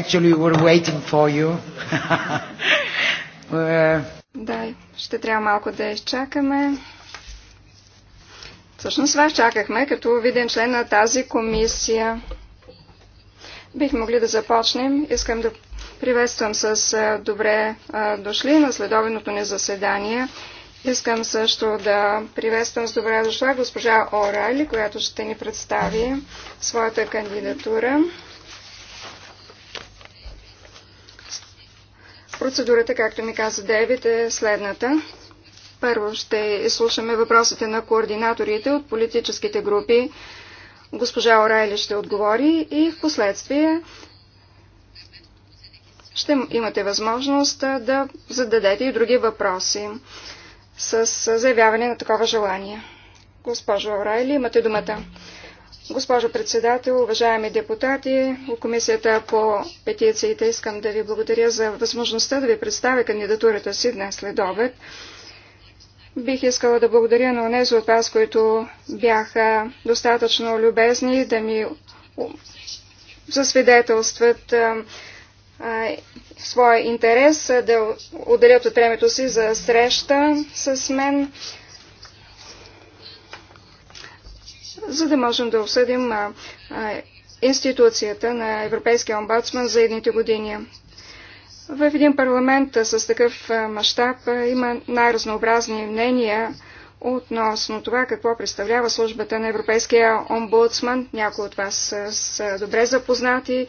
Actually, were waiting for you. Да, ще трябва малко да изчакаме. Всъщност вас чакахме като виден член на тази комисия. Бих могли да започнем. Искам да приветствам с добре дошли на следовеното ни заседание. Искам също да приветствам с добре дошла госпожа Орали, която ще ни представи своята кандидатура. Процедурата, както ми каза Девит, е следната. Първо ще изслушаме въпросите на координаторите от политическите групи. Госпожа Орайли ще отговори и в последствие ще имате възможност да зададете и други въпроси с заявяване на такова желание. Госпожо Орайли, имате думата. Госпожо председател, уважаеми депутати от Комисията по петициите, искам да ви благодаря за възможността да ви представя кандидатурата си днес след обед. Бих искала да благодаря на онези от вас, които бяха достатъчно любезни да ми засвидетелстват своя интерес, да отделят от времето си за среща с мен. за да можем да обсъдим институцията на Европейския омбудсман за едните години. В един парламент с такъв мащаб има най-разнообразни мнения относно това какво представлява службата на Европейския омбудсман. Някои от вас са добре запознати,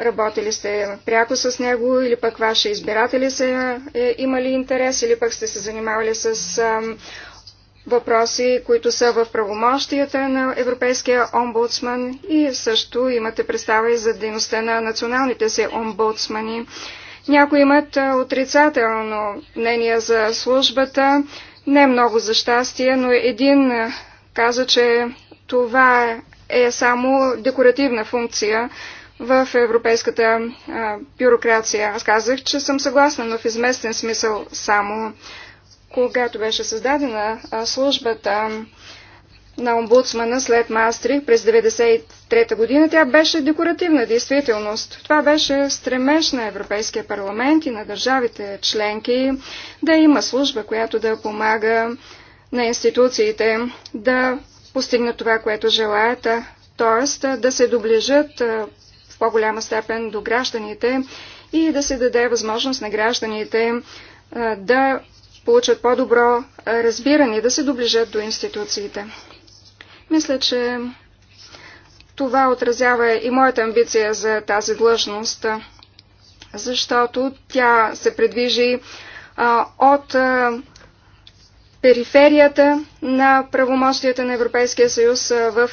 работили сте пряко с него или пък ваши избиратели са е, имали интерес или пък сте се занимавали с въпроси, които са в правомощията на Европейския омбудсман и също имате представа и за дейността на националните си омбудсмани. Някои имат отрицателно мнение за службата, не много за щастие, но един каза, че това е само декоративна функция в европейската бюрокрация. Аз казах, че съм съгласна, но в изместен смисъл само. Когато беше създадена службата на омбудсмана след мастри през 1993 година, тя беше декоративна действителност. Това беше стремеж на Европейския парламент и на държавите членки да има служба, която да помага на институциите да постигнат това, което желаят, т.е. да се доближат в по-голяма степен до гражданите и да се даде възможност на гражданите да получат по-добро разбиране, да се доближат до институциите. Мисля, че това отразява и моята амбиция за тази длъжност, защото тя се предвижи от периферията на правомощията на Европейския съюз в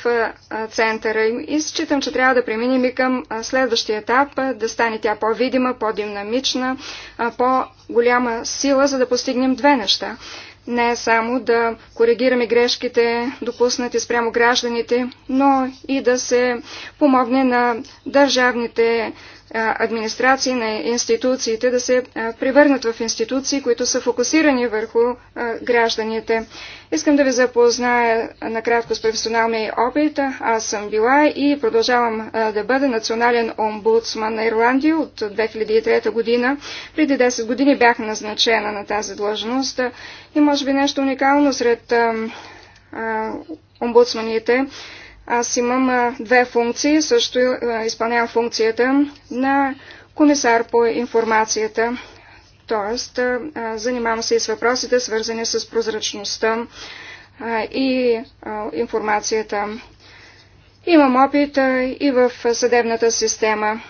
центъра. И считам, че трябва да преминем и към следващия етап, да стане тя по-видима, по-динамична, по-голяма сила, за да постигнем две неща. Не само да коригираме грешките, допуснати спрямо гражданите, но и да се помогне на държавните администрации на институциите да се превърнат в институции, които са фокусирани върху гражданите. Искам да ви запозная накратко с професионалния опит. Аз съм била и продължавам да бъда национален омбудсман на Ирландия от 2003 година. Преди 10 години бях назначена на тази длъжност и може би нещо уникално сред омбудсманите аз имам две функции, също изпълнявам функцията на комисар по информацията. Тоест, занимавам се и с въпросите, свързани с прозрачността и информацията. Имам опит и в съдебната система.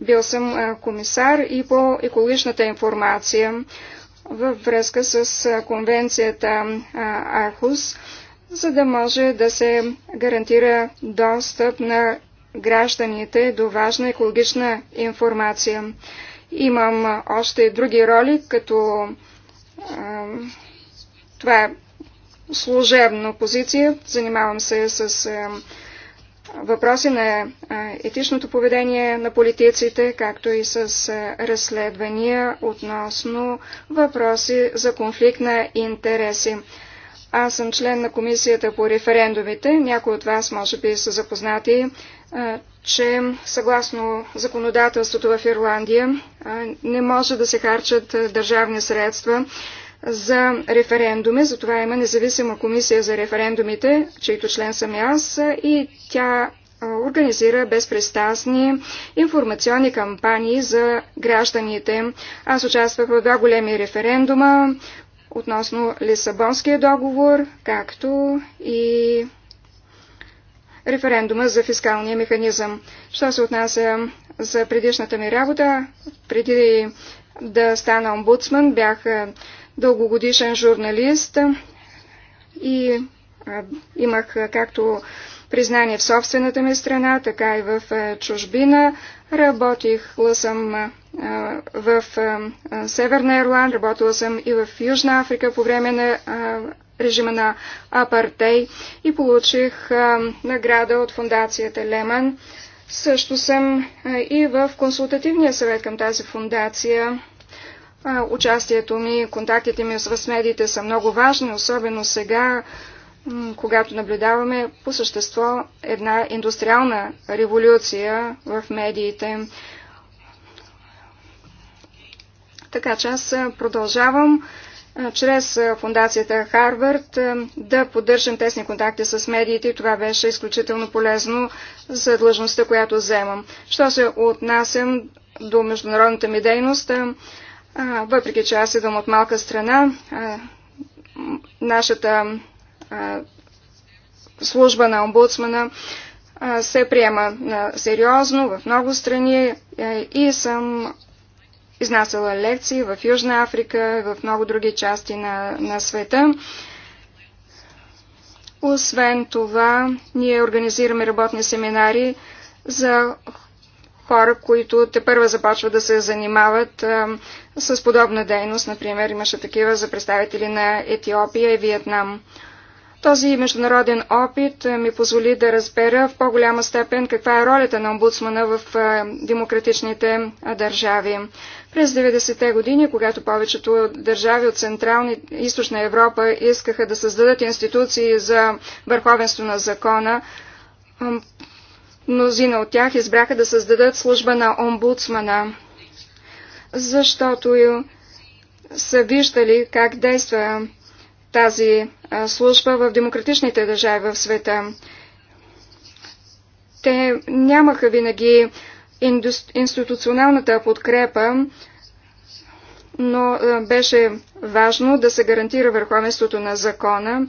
Бил съм комисар и по екологичната информация във връзка с конвенцията АХУС за да може да се гарантира достъп на гражданите до важна екологична информация. Имам още и други роли, като а, това е служебна позиция. Занимавам се с а, въпроси на етичното поведение на политиците, както и с разследвания относно въпроси за конфликт на интереси. Аз съм член на комисията по референдумите. Някои от вас може би са запознати, че съгласно законодателството в Ирландия не може да се харчат държавни средства за референдуми. Затова има независима комисия за референдумите, чието член съм аз и тя организира безпрестасни информационни кампании за гражданите. Аз участвах в два големи референдума, относно Лисабонския договор, както и референдума за фискалния механизъм. Що се отнася за предишната ми работа, преди да стана омбудсман, бях дългогодишен журналист и имах както признание в собствената ми страна, така и в чужбина. Работихла съм в Северна Ирланд, работила съм и в Южна Африка по време на режима на апартей и получих награда от фундацията Леман. Също съм и в консултативния съвет към тази фундация. Участието ми, контактите ми с медиите са много важни, особено сега, когато наблюдаваме по същество една индустриална революция в медиите. Така че аз продължавам чрез фундацията Харвард да поддържам тесни контакти с медиите и това беше изключително полезно за длъжността, която вземам. Що се отнасям до международната ми дейност, въпреки че аз идвам от малка страна, нашата служба на омбудсмана се приема сериозно в много страни е, и съм изнасяла лекции в Южна Африка, в много други части на, на света. Освен това, ние организираме работни семинари за хора, които те първа започват да се занимават а, с подобна дейност. Например, имаше такива за представители на Етиопия и Виетнам. Този международен опит е, ми позволи да разбера в по-голяма степен каква е ролята на омбудсмана в е, демократичните е, държави. През 90-те години, когато повечето държави от Централна и Източна Европа искаха да създадат институции за върховенство на закона, мнозина от тях избраха да създадат служба на омбудсмана, защото са виждали как действа тази служба в демократичните държави в света. Те нямаха винаги институционалната подкрепа, но беше важно да се гарантира върховенството на закона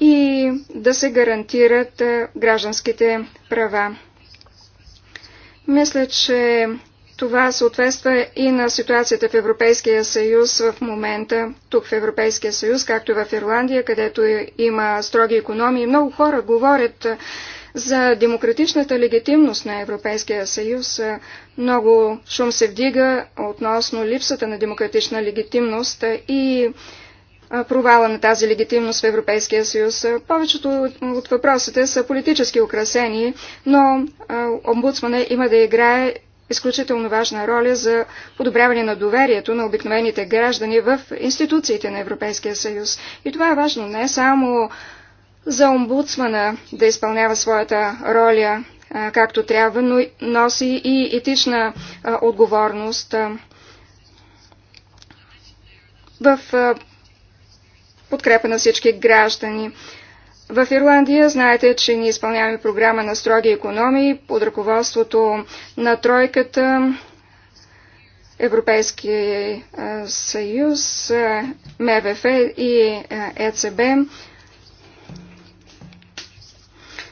и да се гарантират гражданските права. Мисля, че това съответства и на ситуацията в Европейския съюз в момента, тук в Европейския съюз, както и в Ирландия, където има строги економии. Много хора говорят за демократичната легитимност на Европейския съюз. Много шум се вдига относно липсата на демократична легитимност и провала на тази легитимност в Европейския съюз. Повечето от въпросите са политически украсени, но омбудсмана има да играе изключително важна роля за подобряване на доверието на обикновените граждани в институциите на Европейския съюз. И това е важно не само за омбудсмана да изпълнява своята роля както трябва, но носи и етична отговорност. В подкрепа на всички граждани. В Ирландия знаете, че ние изпълняваме програма на строги економии под ръководството на тройката Европейски е, съюз, е, МВФ и ЕЦБ. Е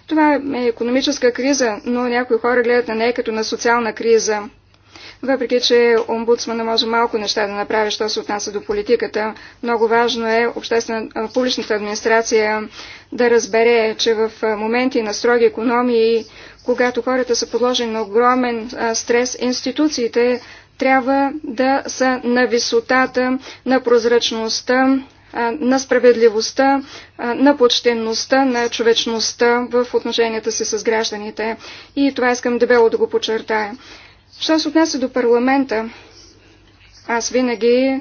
Това е економическа криза, но някои хора гледат на нея като на социална криза – въпреки, че омбудсмана може малко неща да направи, що се отнася до политиката, много важно е обществен, публичната администрация да разбере, че в моменти на строги економии, когато хората са подложени на огромен стрес, институциите трябва да са на висотата на прозрачността, на справедливостта, на почтенността, на човечността в отношенията си с гражданите. И това искам дебело да го подчертая. Що се отнася до парламента, аз винаги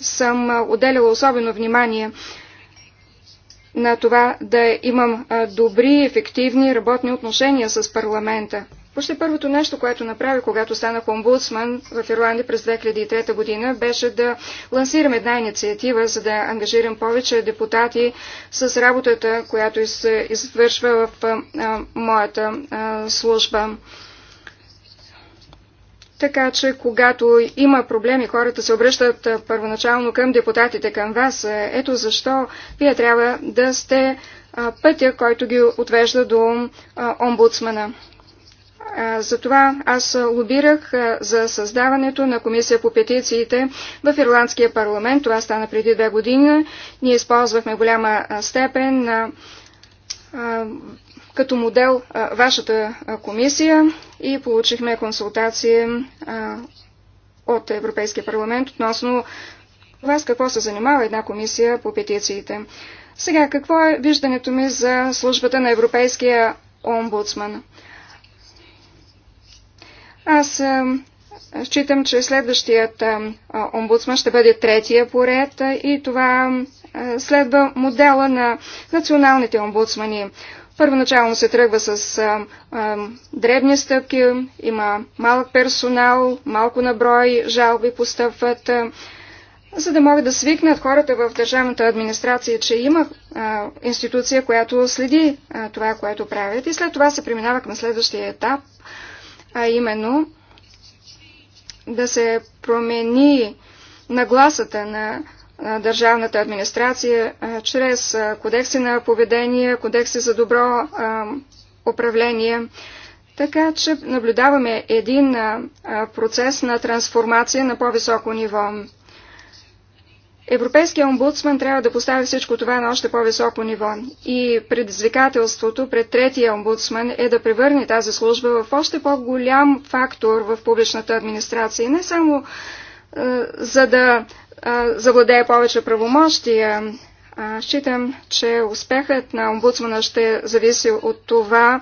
съм отделяла особено внимание на това да имам добри, ефективни работни отношения с парламента. Почти първото нещо, което направи, когато станах омбудсман в Ирландия през 2003 година, беше да лансирам една инициатива, за да ангажирам повече депутати с работата, която се извършва в моята служба. Така че, когато има проблеми, хората се обръщат първоначално към депутатите, към вас. Ето защо вие трябва да сте пътя, който ги отвежда до омбудсмана. Затова аз лобирах за създаването на комисия по петициите в Ирландския парламент. Това стана преди две години. Ние използвахме голяма степен на като модел вашата комисия и получихме консултации от Европейския парламент относно вас, какво се занимава една комисия по петициите. Сега, какво е виждането ми за службата на Европейския омбудсман? Аз считам, че следващият омбудсман ще бъде третия поред и това следва модела на националните омбудсмани. Първоначално се тръгва с а, а, дребни стъпки, има малък персонал, малко наброй, жалби постъпват, а, за да могат да свикнат хората в държавната администрация, че има а, институция, която следи а, това, което правят. И след това се преминава към следващия етап, а именно да се промени нагласата на държавната администрация чрез кодекси на поведение, кодекси за добро управление. Така че наблюдаваме един процес на трансформация на по-високо ниво. Европейския омбудсман трябва да постави всичко това на още по-високо ниво. И предизвикателството пред третия омбудсман е да превърне тази служба в още по-голям фактор в публичната администрация. Не само за да завладее повече правомощия. Считам, че успехът на омбудсмана ще зависи от това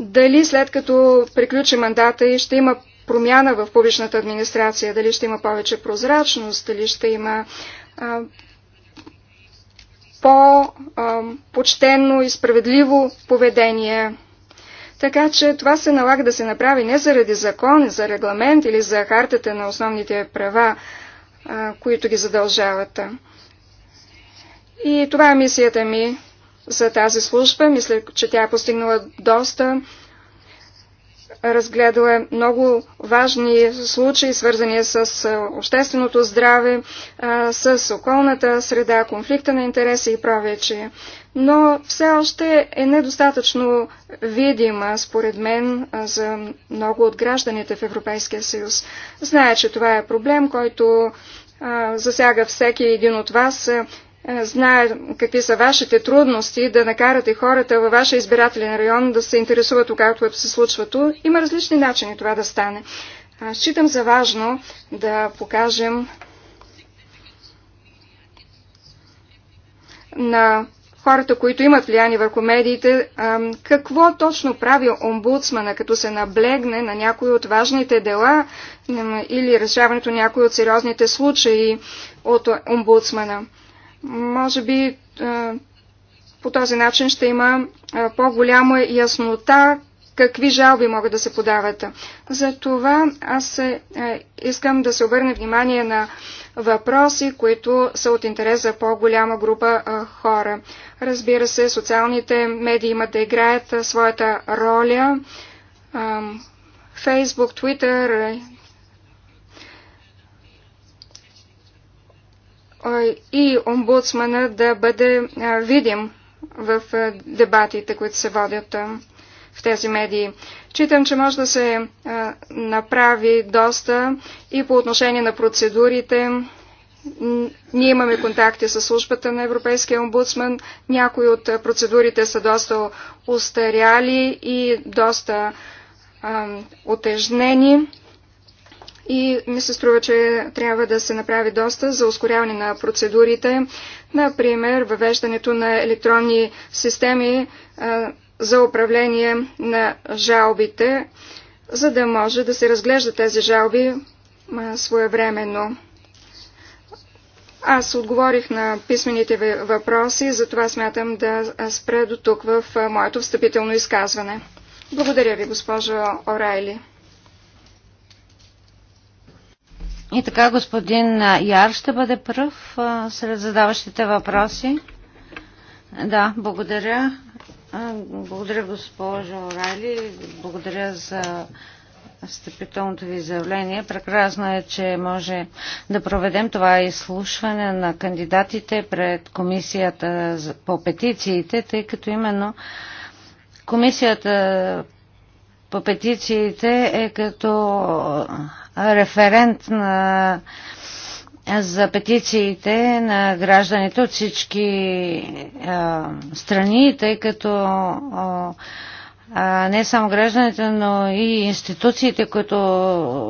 дали след като приключи мандата и ще има промяна в публичната администрация, дали ще има повече прозрачност, дали ще има по-почтенно и справедливо поведение. Така че това се налага да се направи не заради закон, за регламент или за хартата на основните права, които ги задължават. И това е мисията ми за тази служба. Мисля, че тя е постигнала доста. Разгледала е много важни случаи, свързани с общественото здраве, с околната среда, конфликта на интереси и правечия но все още е недостатъчно видима, според мен, за много от гражданите в Европейския съюз. Зная, че това е проблем, който а, засяга всеки един от вас. знае какви са вашите трудности да накарате хората във вашия избирателен район да се интересуват от е се случва тук. Има различни начини това да стане. считам за важно да покажем на хората, които имат влияние върху медиите, какво точно прави омбудсмана, като се наблегне на някои от важните дела или решаването на някои от сериозните случаи от омбудсмана? Може би по този начин ще има по-голяма яснота какви жалби могат да се подават. За това аз е, е, искам да се обърне внимание на въпроси, които са от интерес за по-голяма група а, хора. Разбира се, социалните медии имат да играят а, своята роля. А, Facebook, Twitter и омбудсмана да бъде видим в дебатите, които се водят в тези медии. Читам, че може да се а, направи доста и по отношение на процедурите. Ние имаме контакти с службата на Европейския омбудсман. Някои от процедурите са доста устаряли и доста а, отежнени. И ми се струва, че трябва да се направи доста за ускоряване на процедурите. Например, въвеждането на електронни системи а, за управление на жалбите, за да може да се разглежда тези жалби своевременно. Аз отговорих на писмените ви въпроси, затова смятам да спре до тук в моето встъпително изказване. Благодаря ви, госпожо Орайли. И така, господин Яр ще бъде пръв сред задаващите въпроси. Да, благодаря. Благодаря, госпожо Орали. Благодаря за стъпителното ви заявление. Прекрасно е, че може да проведем това изслушване на кандидатите пред комисията по петициите, тъй като именно комисията по петициите е като референт на за петициите на гражданите от всички а, страни, тъй като а, а, не само гражданите, но и институциите, които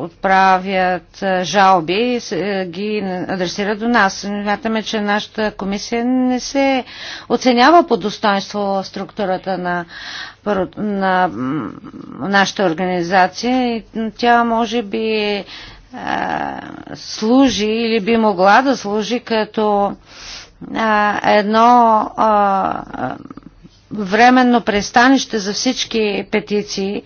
отправят жалби, ги адресират до нас. Смятаме, че нашата комисия не се оценява по достоинство структурата на, на нашата организация и тя може би служи или би могла да служи като едно временно пристанище за всички петиции.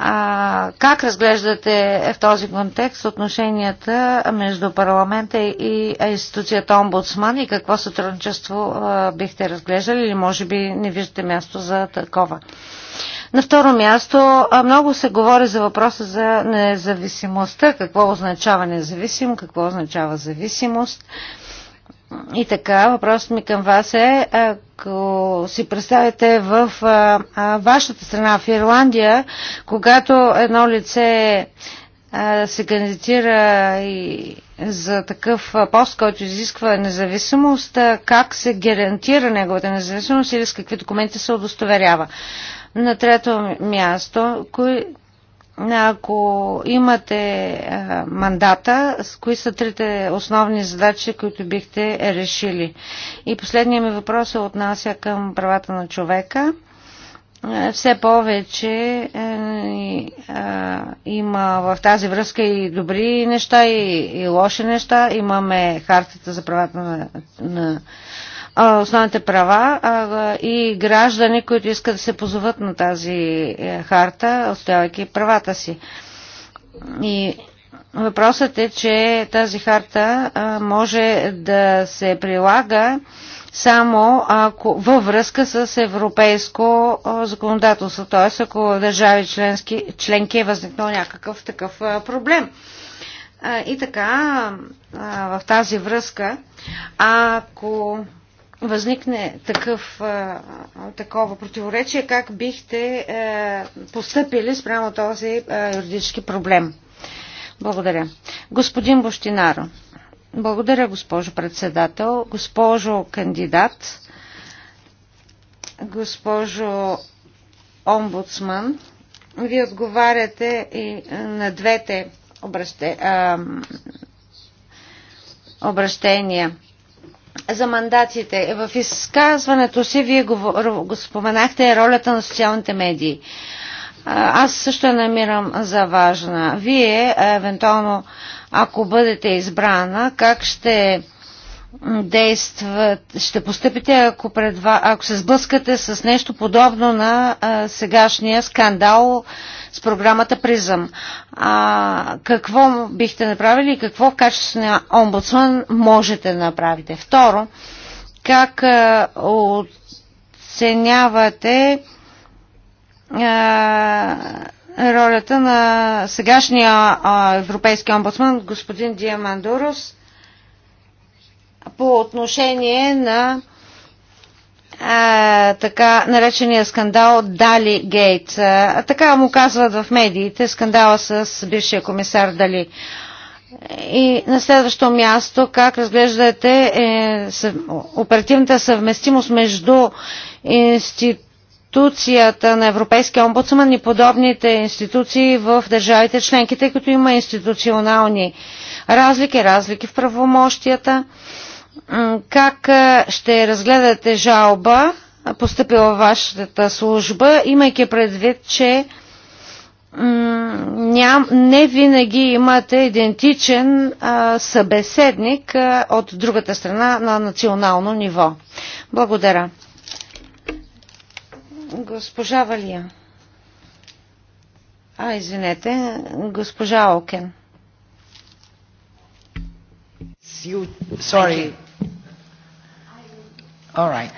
А, как разглеждате в този контекст отношенията между парламента и институцията омбудсман и какво сътрудничество а, бихте разглеждали или може би не виждате място за такова? На второ място, много се говори за въпроса за независимостта. Какво означава независим, какво означава зависимост. И така, въпросът ми към вас е, ако си представите в а, а, вашата страна, в Ирландия, когато едно лице а, се кандидатира и за такъв пост, който изисква независимост, как се гарантира неговата независимост или с какви документи се удостоверява. На трето място, кои, ако имате а, мандата, с кои са трите основни задачи, които бихте решили? И последният ми въпрос се отнася към правата на човека. Все повече е, е, има в тази връзка и добри неща, и, и лоши неща. Имаме хартата за правата на, на основните права и граждани, които искат да се позоват на тази е, харта, отстоявайки правата си. И въпросът е, че тази харта може да се прилага само ако, във връзка с европейско законодателство, т.е. ако в държави членски, членки е възникнал някакъв такъв проблем. И така, в тази връзка, ако възникне такъв, такова противоречие, как бихте е, постъпили спрямо този е, юридически проблем? Благодаря. Господин Бощинаро. Благодаря, госпожо председател. Госпожо кандидат, госпожо омбудсман, вие отговаряте и на двете обръщения за мандатите. Е, в изказването си вие го, споменахте ролята на социалните медии. Аз също я намирам за важна. Вие, евентуално, ако бъдете избрана, как ще действат, ще постъпите, ако, предва, ако се сблъскате с нещо подобно на а, сегашния скандал с програмата Призъм. А, какво бихте направили и какво в качество на омбудсман можете да направите? Второ, как а, оценявате а, ролята на сегашния а, европейски омбудсман господин Диамандурус по отношение на а, така наречения скандал Дали Гейт. А, така му казват в медиите скандала с бившия комисар Дали. И на следващо място, как разглеждате е, съв... оперативната съвместимост между институцията на Европейския омбудсман и подобните институции в държавите членки, тъй като има институционални разлики, разлики в правомощията. Как ще разгледате жалба, поступила в вашата служба, имайки предвид, че ням, не винаги имате идентичен а, събеседник а, от другата страна на национално ниво. Благодаря. Госпожа Валия. А, извинете, госпожа Окен. You, All right.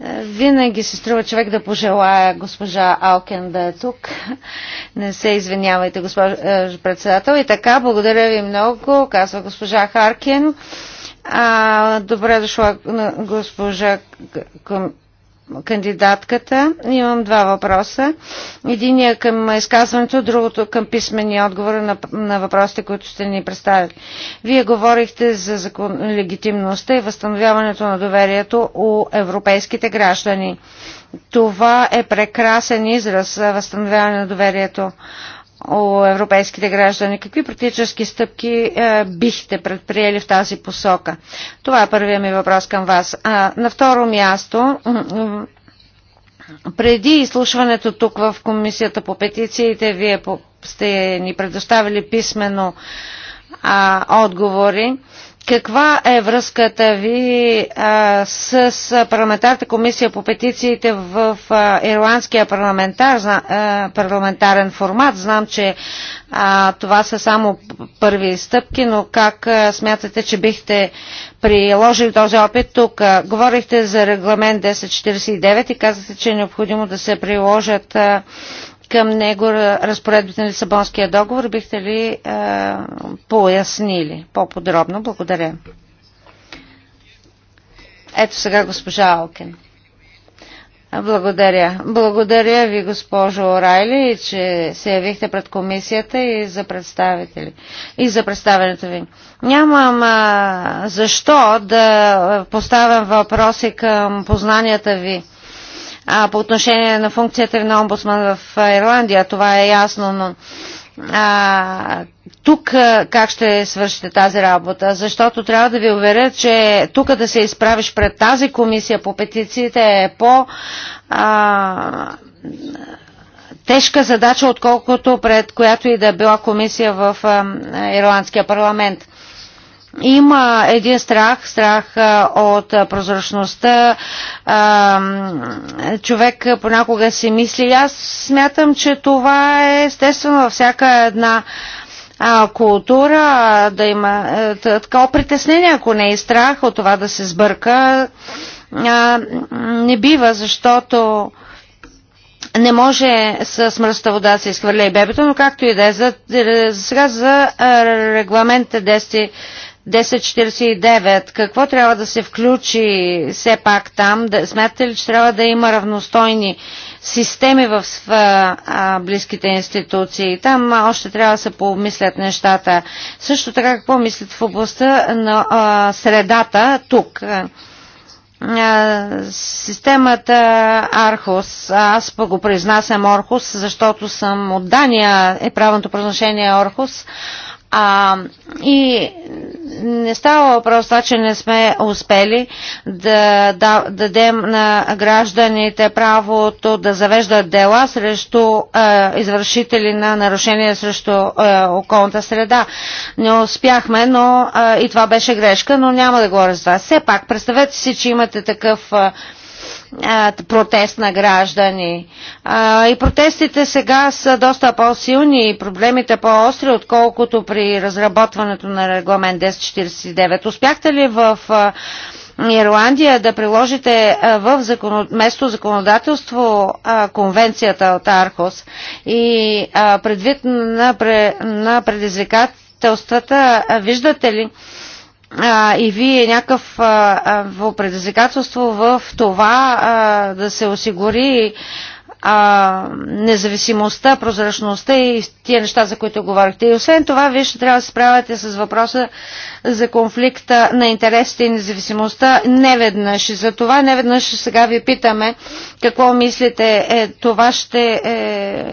Е, винаги се струва човек да пожелая госпожа Алкен да е тук. Не се извинявайте, госпожа е, председател. И така, благодаря ви много, казва госпожа Харкин. А, добре дошла госпожа кандидатката. Имам два въпроса. Единия към изказването, другото към писмения отговор на, на въпросите, които сте ни представили. Вие говорихте за закон, легитимността и възстановяването на доверието у европейските граждани. Това е прекрасен израз за възстановяване на доверието у европейските граждани. Какви практически стъпки е, бихте предприели в тази посока? Това е първият ми въпрос към вас. А, на второ място, преди изслушването тук в Комисията по петициите, вие сте ни предоставили писменно а, отговори. Каква е връзката ви а, с парламентарната комисия по петициите в а, ирландския парламентар, зна, а, парламентарен формат? Знам, че а, това са само първи стъпки, но как а, смятате, че бихте приложили този опит тук? А, говорихте за регламент 1049 и казахте, че е необходимо да се приложат а, към него разпоредбите на Лисабонския договор. Бихте ли е, пояснили по-подробно? Благодаря. Ето сега госпожа Алкен. Благодаря. Благодаря ви, госпожо Орайли, че се явихте пред комисията и за представители, и за представенето ви. Нямам а, защо да поставям въпроси към познанията ви а, по отношение на функцията на омбудсман в Ирландия. Това е ясно, но а, тук как ще свършите тази работа, защото трябва да ви уверя, че тук да се изправиш пред тази комисия по петициите е по а, тежка задача, отколкото пред която и да е била комисия в а, Ирландския парламент. Има един страх, страх от прозрачността. Човек понякога си мисли. Аз смятам, че това е естествено във всяка една култура, да има така притеснение, ако не е и страх от това да се сбърка. Не бива, защото не може с мръста вода да се изхвърля и бебето, но както и да е. За, за сега за регламент 10 1049. Какво трябва да се включи все пак там? Смятате ли, че трябва да има равностойни системи в близките институции? Там още трябва да се помислят нещата. Също така, какво мислят в областта на средата тук? системата Архос, аз го произнасям Орхус, защото съм от Дания, е правилното произношение Орхос, а, и не става въпрос това, че не сме успели да, да дадем на гражданите правото да завеждат дела срещу е, извършители на нарушения срещу е, околната среда. Не успяхме, но е, и това беше грешка, но няма да говоря за това. Все пак, представете си, че имате такъв. Е, протест на граждани. И протестите сега са доста по-силни и проблемите по-остри, отколкото при разработването на регламент 1049. Успяхте ли в Ирландия да приложите в место законодателство конвенцията от Архос и предвид на, на предизвикателствата, виждате ли а, и вие някакъв а, а, предизвикателство в това а, да се осигури а, независимостта, прозрачността и тия неща, за които говорихте. И освен това, вие ще трябва да се справяте с въпроса за конфликта на интересите и независимостта неведнъж. И за това неведнъж сега ви питаме какво мислите, е, това ще е, е,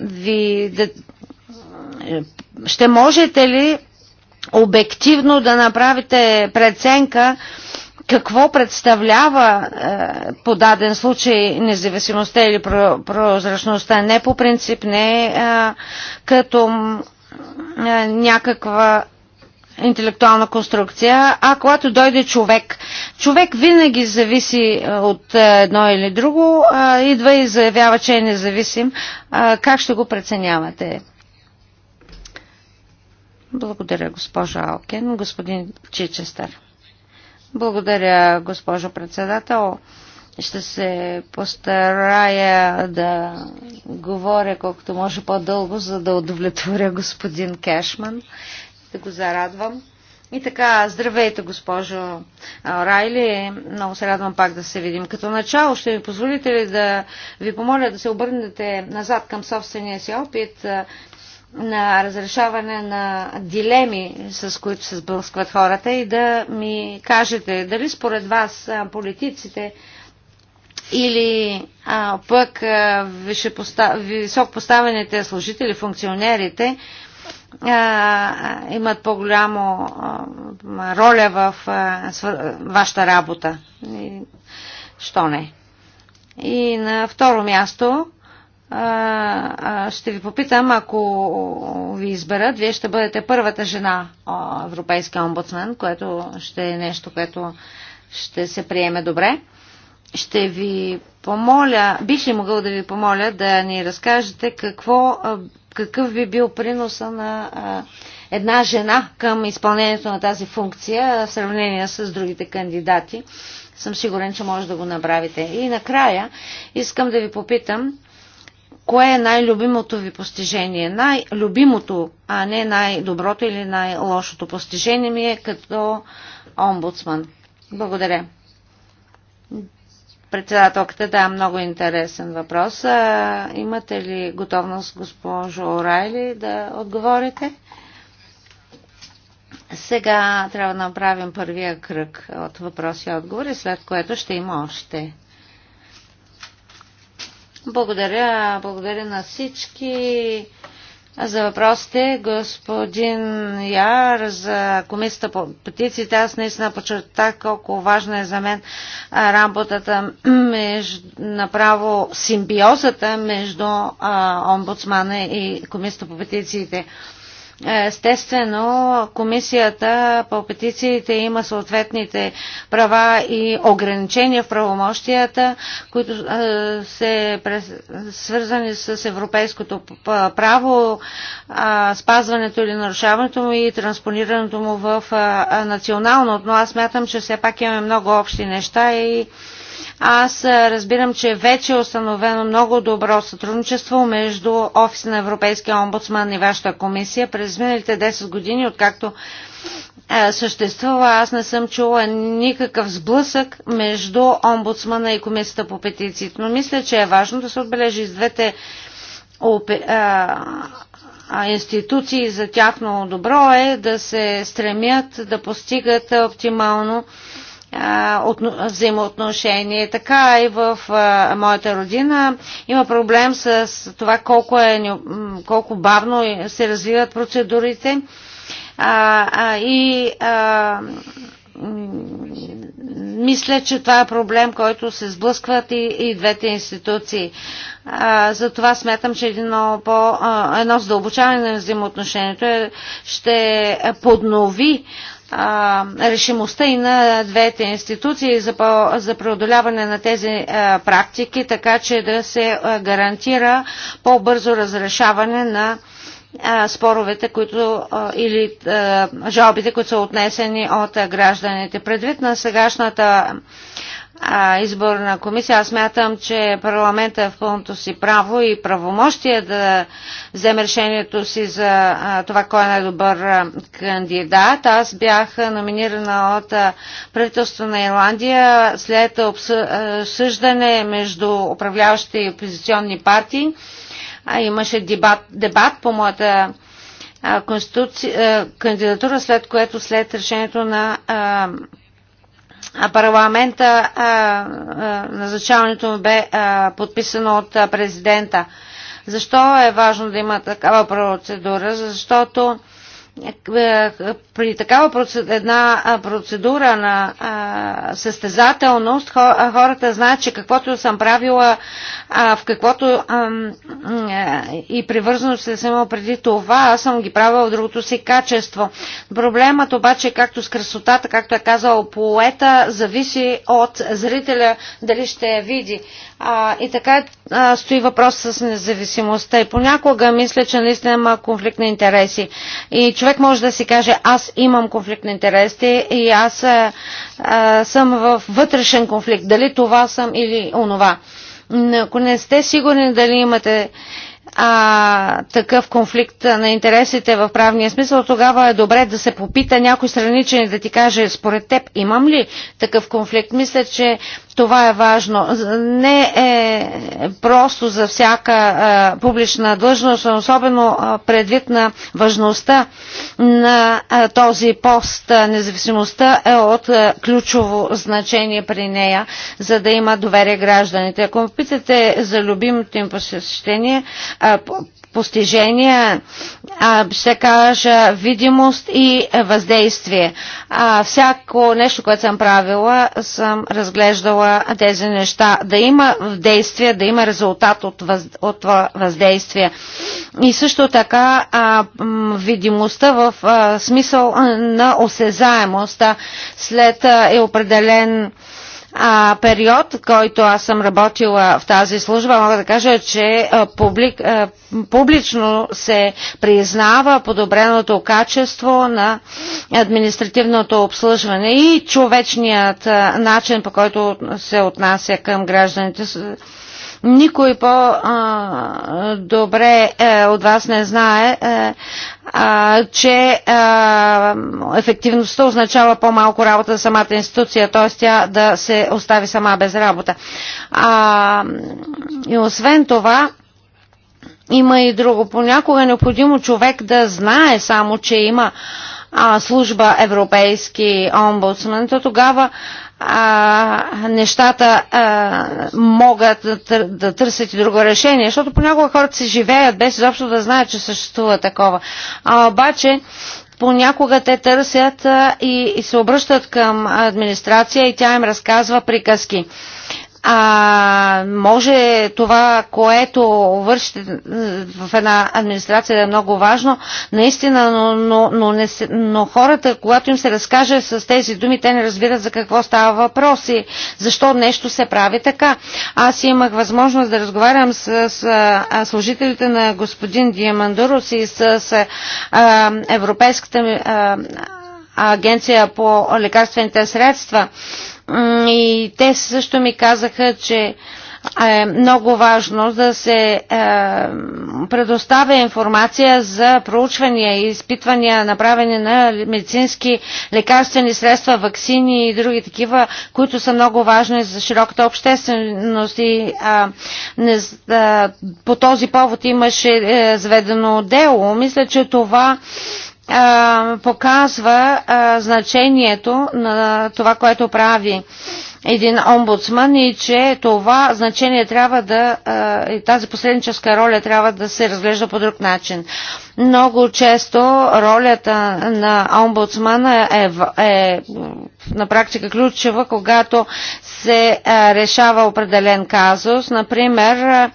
ви да, ще можете ли обективно да направите преценка какво представлява е, по даден случай независимостта или прозрачността. Не по принцип, не е, като е, някаква интелектуална конструкция, а когато дойде човек. Човек винаги зависи е, от е, едно или друго, е, идва и заявява, че е независим. Как ще го преценявате? Благодаря, госпожо Алкен. Господин Чичестър. Благодаря, госпожо председател. Ще се постарая да говоря колкото може по-дълго, за да удовлетворя господин Кешман, да го зарадвам. И така, здравейте, госпожо Райли. Много се радвам пак да се видим. Като начало, ще ми позволите ли да ви помоля да се обърнете назад към собствения си опит на разрешаване на дилеми, с които се сблъскват хората и да ми кажете дали според вас политиците или а, пък а, висок поставените служители, функционерите а, имат по-голямо роля в а, свър... вашата работа. И, що не? И на второ място, ще ви попитам, ако ви изберат, вие ще бъдете първата жена европейски омбудсмен, което ще е нещо, което ще се приеме добре. Ще ви помоля, бих ли могъл да ви помоля да ни разкажете какво, какъв би бил приноса на една жена към изпълнението на тази функция в сравнение с другите кандидати. Съм сигурен, че може да го направите. И накрая искам да ви попитам, Кое е най-любимото ви постижение? Най-любимото, а не най-доброто или най-лошото постижение ми е като омбудсман. Благодаря. Председателката, да, много интересен въпрос. А, имате ли готовност, госпожо Орайли, да отговорите? Сега трябва да направим първия кръг от въпроси и отговори, след което ще има още. Благодаря, благодаря на всички за въпросите. Господин Яр, за комисията по петициите, аз наистина почертах колко важна е за мен работата между, направо симбиозата между а, омбудсмана и комисията по петициите. Естествено, комисията по петициите има съответните права и ограничения в правомощията, които се свързани с европейското право, спазването или нарушаването му и транспонирането му в националното, но аз мятам, че все пак имаме много общи неща и аз е, разбирам, че вече е установено много добро сътрудничество между Офиса на Европейския омбудсман и вашата комисия. През миналите 10 години, откакто е, съществува, аз не съм чула никакъв сблъсък между омбудсмана и комисията по петициите. Но мисля, че е важно да се отбележи с двете институции за тяхно добро е да се стремят да постигат оптимално взаимоотношение. Така и в моята родина има проблем с това колко, е, колко бавно се развиват процедурите и мисля, че това е проблем, който се сблъскват и, и двете институции. А, затова смятам, че едно, по, а, едно задълбочаване на взаимоотношението е, ще поднови решимостта и на двете институции за, по, за преодоляване на тези а, практики, така че да се а, гарантира по-бързо разрешаване на а, споровете които, а, или а, жалбите, които са отнесени от а, гражданите. Предвид на сегашната а, изборна комисия. Аз мятам, че парламента е в пълното си право и правомощие да вземе решението си за а, това кой е най-добър кандидат. Аз бях номинирана от правителство на Ирландия след обсъждане между управляващите и опозиционни партии. А, имаше дебат, дебат по моята а, конституци... а, кандидатура, след което след решението на а, парламента назначаването му бе подписано от президента. Защо е важно да има такава процедура? Защото при такава процедура, една процедура на а, състезателност хората знаят, че каквото съм правила, а, в каквото а, и привързаност съм имала преди това, аз съм ги правила в другото си качество. Проблемът обаче, както с красотата, както е казал поета, зависи от зрителя дали ще я види. А, и така а, стои въпрос с независимостта. И понякога мисля, че наистина има конфликт на интереси. И човек може да си каже аз имам конфликт на интереси и аз а, а, съм в вътрешен конфликт, дали това съм или онова. Но ако не сте сигурни дали имате а, такъв конфликт на интересите в правния смисъл, тогава е добре да се попита някой страничен да ти каже според теб имам ли такъв конфликт. Мисля, че това е важно. Не е просто за всяка а, публична длъжност, особено а, предвид на важността на а, този пост. А, независимостта е от а, ключово значение при нея, за да има доверие гражданите. Ако ме питате за любимото им посещение, постижения, ще кажа видимост и въздействие. Всяко нещо, което съм правила, съм разглеждала тези неща. Да има действие, да има резултат от, въз, от това въздействие. И също така видимостта в смисъл на осезаемост. След е определен а, период, който аз съм работила в тази служба, мога да кажа, че а, е, публик, а, е, публично се признава подобреното качество на административното обслужване и човечният а, е, начин, по който се отнася към гражданите. Никой по-добре е, от вас не знае, е, че ефективността означава по-малко работа за самата институция, т.е. тя да се остави сама без работа. И освен това, има и друго. Понякога е необходимо човек да знае само, че има служба Европейски омбудсмен, то тогава а, нещата а, могат да, да търсят и друго решение, защото понякога хората се живеят без изобщо да знаят, че съществува такова. А обаче понякога те търсят а, и, и се обръщат към администрация и тя им разказва приказки а, може това, което вършите в една администрация да е много важно, наистина, но, но, но, не се, но хората, когато им се разкаже с тези думи, те не разбират за какво става въпрос и защо нещо се прави така. Аз имах възможност да разговарям с, с а, служителите на господин Диамандурус и с, с а, Европейската а, агенция по лекарствените средства. А, и те също ми казаха, че е много важно да се е, предоставя информация за проучвания и изпитвания, направени на медицински лекарствени средства, вакцини и други такива, които са много важни за широката общественост. И е, не, е, по този повод имаше е, заведено дело. Мисля, че това е, показва значението на това, което прави един омбудсман и че това значение трябва да, и тази посредническа роля трябва да се разглежда по друг начин. Много често ролята на омбудсмана е, е на практика ключова, когато се решава определен казус. Например,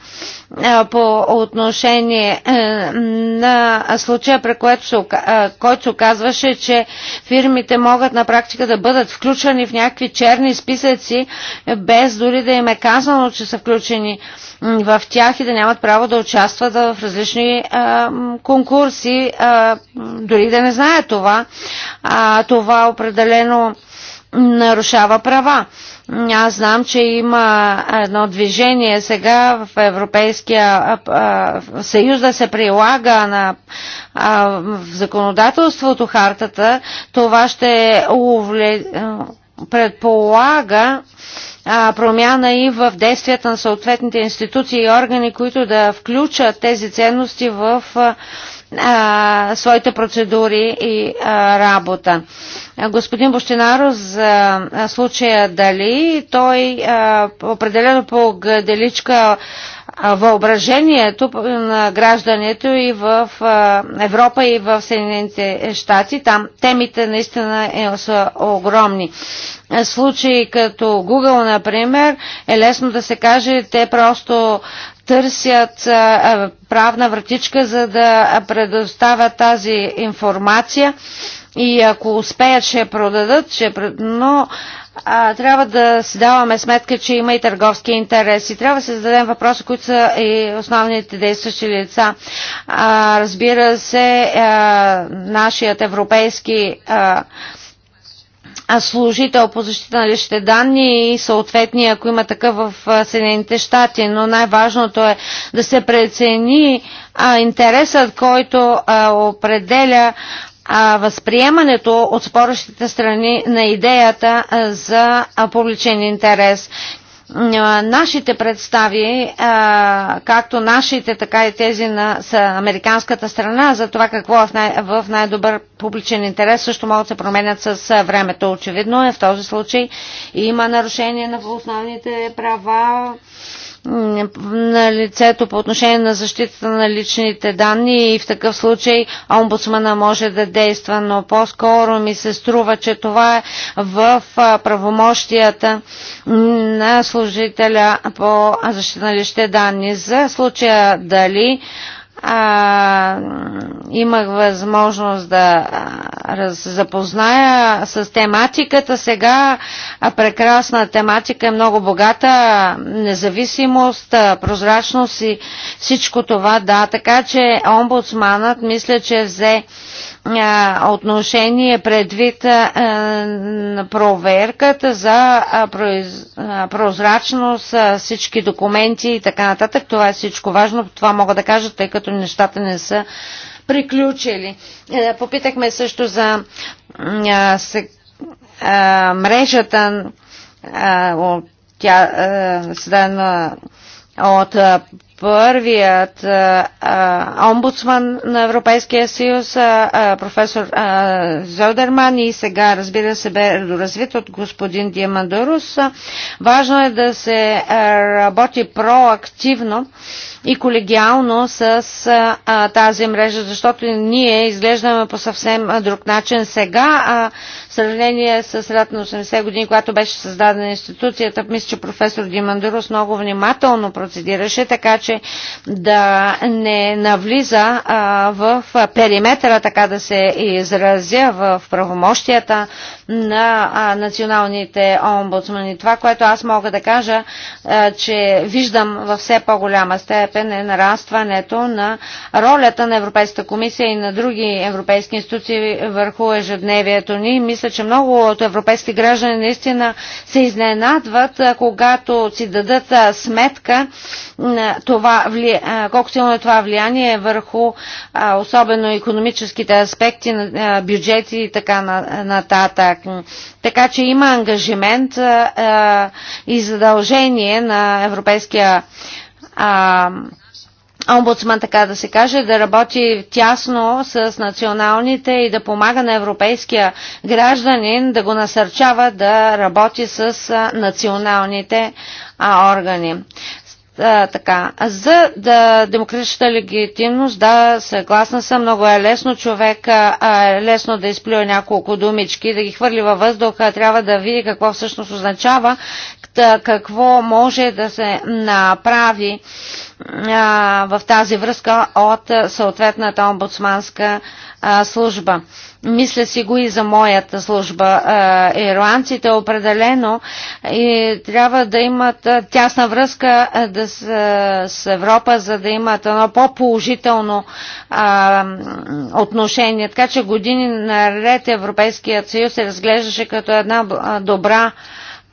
по отношение е, на случая, при което се, е, който се оказваше, че фирмите могат на практика да бъдат включвани в някакви черни списъци, без дори да им е казано, че са включени в тях и да нямат право да участват в различни а, е, конкурси, а, дори да не знаят това. А, това определено нарушава права. Аз знам, че има едно движение сега в Европейския съюз да се прилага на в законодателството хартата. Това ще увле... предполага промяна и в действията на съответните институции и органи, които да включат тези ценности в а, своите процедури и а, работа господин Бощинаро за случая Дали. Той определено по гаделичка въображението на гражданието и в Европа и в Съединените щати. Там темите наистина е, са огромни. Случаи като Google, например, е лесно да се каже, те просто търсят правна вратичка, за да предоставят тази информация и ако успеят, ще продадат, ще... но а, трябва да си даваме сметка, че има и търговски интереси. Трябва да се зададем въпроса, които са и основните действащи лица. А, разбира се, а, нашият европейски а, служител по защита на личните данни и съответни, ако има такъв в Съединените щати. Но най-важното е да се прецени а, интересът, който а, определя възприемането от спорещите страни на идеята за публичен интерес. Нашите представи, както нашите, така и тези на американската страна, за това какво е в, най- в най-добър публичен интерес, също могат да се променят с времето. Очевидно е в този случай има нарушение на основните права на лицето по отношение на защитата на личните данни и в такъв случай омбудсмана може да действа, но по-скоро ми се струва, че това е в правомощията на служителя по защита на личните данни. За случая дали а, имах възможност да запозная с тематиката. Сега а прекрасна тематика е много богата. Независимост, прозрачност и всичко това, да. Така че омбудсманът мисля, че взе отношение предвид на проверката за прозрачност, всички документи и така нататък. Това е всичко важно. Това мога да кажа, тъй като нещата не са приключили. Попитахме също за мрежата от тя създадена от първият а, а, омбудсман на Европейския съюз, а, а, професор а, Зодерман и сега, разбира се, бе доразвит от господин Диамандорус. Важно е да се а, работи проактивно. А, и колегиално с а, тази мрежа, защото ние изглеждаме по съвсем друг начин сега, а в сравнение с средата на 80 години, когато беше създадена институцията, мисля, че професор Димандурус много внимателно процедираше, така че да не навлиза а, в периметъра, така да се изразя, в правомощията на а, националните омбудсмани. Това, което аз мога да кажа, а, че виждам във все по-голяма степен степен е нарастването на ролята на Европейската комисия и на други европейски институции върху ежедневието ни. Мисля, че много от европейски граждани наистина се изненадват, когато си дадат сметка това, колко силно е това влияние върху особено економическите аспекти на бюджети и така нататък. Така че има ангажимент и задължение на Европейския омбудсман, така да се каже, да работи тясно с националните и да помага на европейския гражданин, да го насърчава да работи с националните органи. А, така, за да демократичната легитимност, да, съгласна съм, много е лесно човек а, е лесно да изплюе няколко думички, да ги хвърли във въздуха, трябва да види какво всъщност означава какво може да се направи в тази връзка от съответната омбудсманска служба. Мисля си го и за моята служба. Ирландците определено и трябва да имат тясна връзка да с, с Европа, за да имат едно по-положително отношение. Така че години наред Европейският съюз се разглеждаше като една добра а,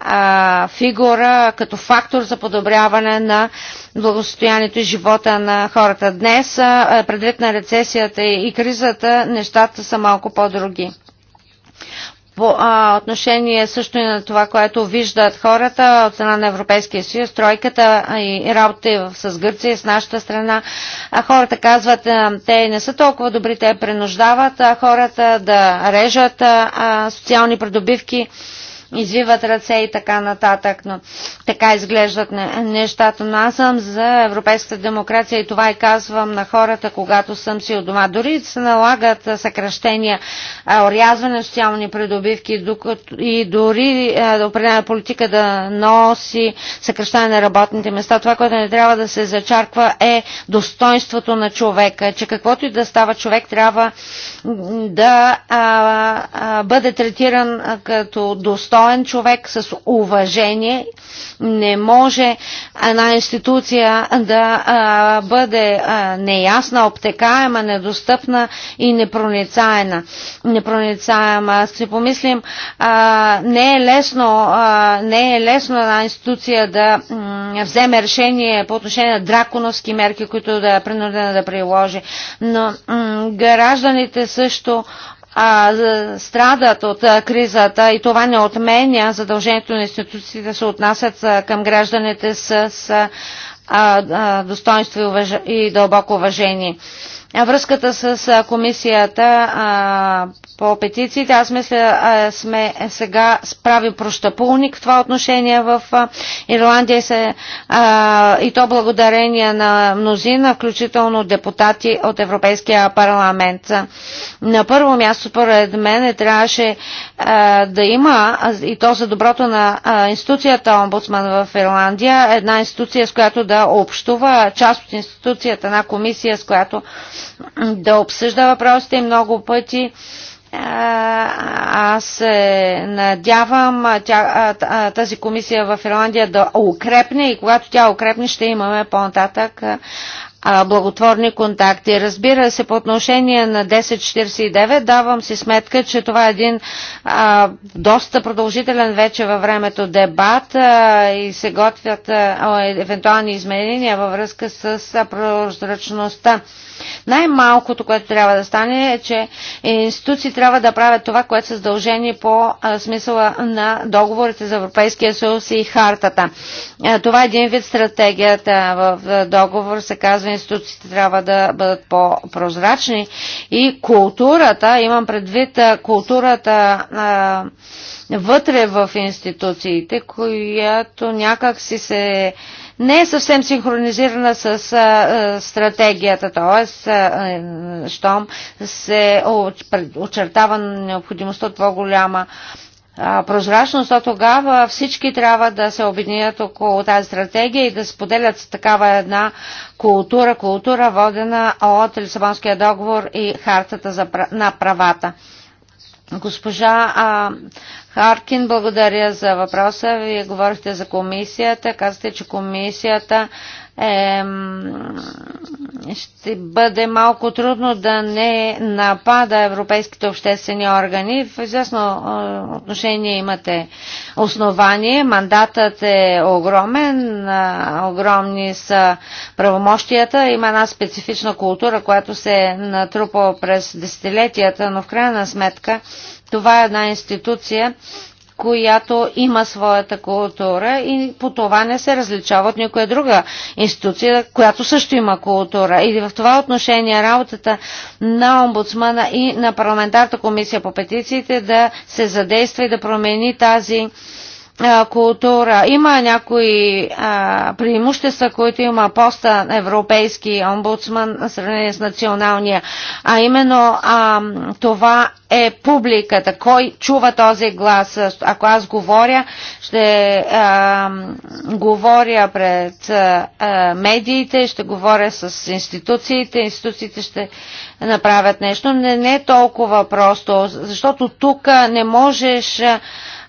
а, фигура като фактор за подобряване на благосостоянието и живота на хората. Днес, а, е, предвид на рецесията и кризата, нещата са малко по-други по а, отношение също и на това, което виждат хората от страна на Европейския съюз, тройката и работа с Гърция и с нашата страна. А хората казват, а, те не са толкова добри, те принуждават а хората да режат а, социални придобивки. А, извиват ръце и така нататък, но така изглеждат нещата. Но аз съм за европейската демокрация и това и казвам на хората, когато съм си от дома. Дори се налагат съкръщения, орязване на социални придобивки и дори определена политика да носи съкръщане на работните места. Това, което не трябва да се зачарква е достоинството на човека, че каквото и да става човек трябва да а, а, бъде третиран като достоинство достоен човек с уважение. Не може една институция да а, бъде а, неясна, обтекаема, недостъпна и непроницаема. непроницаема. Си помислим, а, не, е лесно, а, не е лесно една институция да м, вземе решение по отношение на драконовски мерки, които да е принудена да приложи. Но м, гражданите също а, страдат от а, кризата и това не отменя задължението на институциите да се отнасят а, към гражданите с а, а, достоинство и, и дълбоко уважение връзката с комисията по петициите. Аз мисля, сме сега справи прощапулник в това отношение в Ирландия се, и то благодарение на мнозина, включително депутати от Европейския парламент. На първо място, според мен, трябваше да има, и то за доброто на институцията омбудсман в Ирландия, една институция, с която да общува, част от институцията, една комисия, с която да обсъжда въпросите много пъти аз се надявам тя, тази комисия в Ирландия да укрепне и когато тя укрепне ще имаме по-нататък благотворни контакти. Разбира се, по отношение на 1049 давам си сметка, че това е един а, доста продължителен вече във времето дебат а, и се готвят а, евентуални изменения във връзка с прозрачността. Най-малкото, което трябва да стане е, че институции трябва да правят това, което са задължени по а, смисъла на договорите за Европейския съюз и хартата. Е, това е един вид стратегията в договор. Се казва, институциите трябва да бъдат по-прозрачни и културата, имам предвид е, културата е, вътре в институциите, която някак си се не е съвсем синхронизирана с а, стратегията, т.е. щом се очертава необходимостта от по-голяма прозрачност, то тогава всички трябва да се объединят около тази стратегия и да споделят такава една култура, култура водена от Лисабонския договор и хартата за, на правата. Госпожа а, Харкин, благодаря за въпроса. Вие говорихте за комисията. Казахте, че комисията е, ще бъде малко трудно да не напада европейските обществени органи. В известно е, отношение имате основание. Мандатът е огромен, е, огромни са правомощията. Има една специфична култура, която се натрупа през десетилетията, но в крайна сметка това е една институция, която има своята култура и по това не се различава от никоя друга институция, която също има култура. И в това отношение работата на омбудсмана и на парламентарната комисия по петициите да се задейства и да промени тази култура. Има някои а, преимущества, които има поста европейски омбудсман в сравнение с националния, а именно а, това е публиката. Кой чува този глас? Ако аз говоря, ще а, говоря пред а, медиите, ще говоря с институциите, институциите ще направят нещо. Не, не е толкова просто, защото тук не можеш а,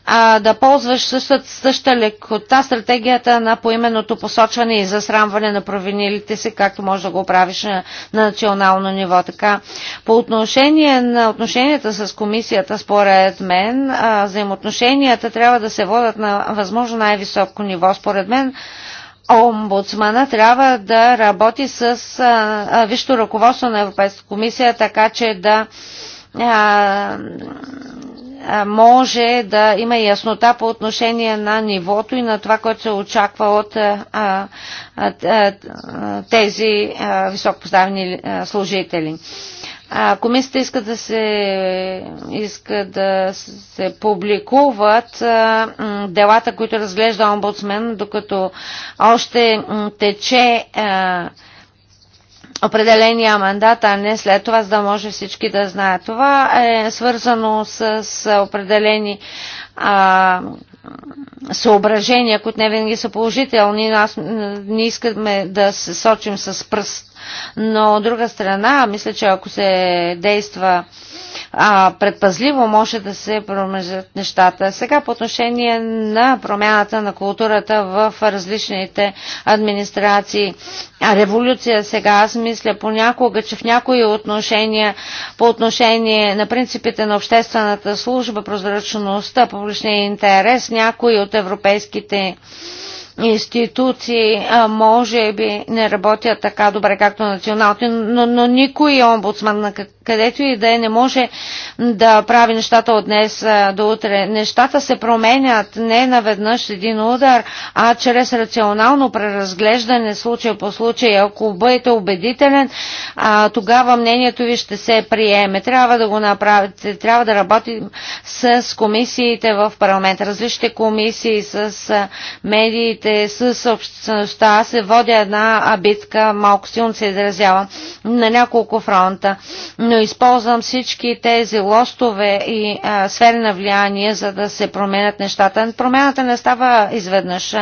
а, да ползваш същата, същата лекота стратегията на поименното посочване и засрамване на провинилите си, както може да го правиш на, на национално ниво. Така, по отношение на отношенията с комисията, според мен, а, взаимоотношенията трябва да се водят на възможно най-високо ниво. Според мен, омбудсмана трябва да работи с а, висшето ръководство на Европейската комисия, така че да а, може да има яснота по отношение на нивото и на това, което се очаква от тези високопоставени служители. Комисията иска да се, иска да се публикуват делата, които разглежда омбудсмен, докато още тече определения мандат, а не след това, за да може всички да знаят. Това е свързано с определени а, съображения, които не винаги са положителни. Аз не искаме да се сочим с пръст. Но от друга страна, мисля, че ако се действа а, а, предпазливо може да се промежат нещата. Сега по отношение на промяната на културата в различните администрации. Революция сега, аз мисля понякога, че в някои отношения, по отношение на принципите на обществената служба, прозрачността, публичния интерес, някои от европейските институции може би не работят така добре, както националните, но, но никой омбудсман, на където и да е, не може да прави нещата от днес до утре. Нещата се променят не наведнъж един удар, а чрез рационално преразглеждане случай по случай. Ако бъдете убедителен, а, тогава мнението ви ще се приеме. Трябва да го направите, трябва да работим с комисиите в парламент, различните комисии, с медиите, интересите с се води една битка, малко силно се изразява, на няколко фронта. Но използвам всички тези лостове и а, сфери на влияние, за да се променят нещата. Промяната не става изведнъж.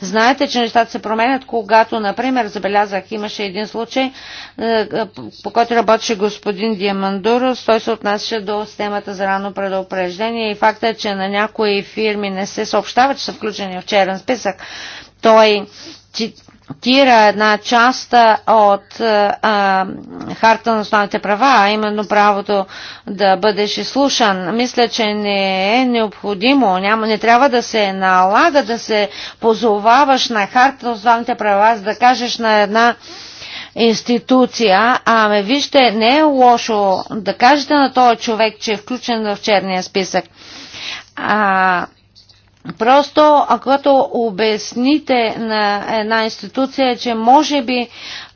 Знаете, че нещата се променят, когато, например, забелязах, имаше един случай, по който работеше господин Диамандурос. Той се отнасяше до системата за рано предупреждение и факта, че на някои фирми не се съобщава, че са включени в черен списък. Той цитира една част от а, Харта на основните права, а именно правото да бъдеш слушан. Мисля, че не е необходимо, няма, не трябва да се налага да се позоваваш на Харта на основните права, за да кажеш на една институция, ами вижте, не е лошо да кажете на този човек, че е включен в черния списък. А, Просто, ако обясните на една институция, че може би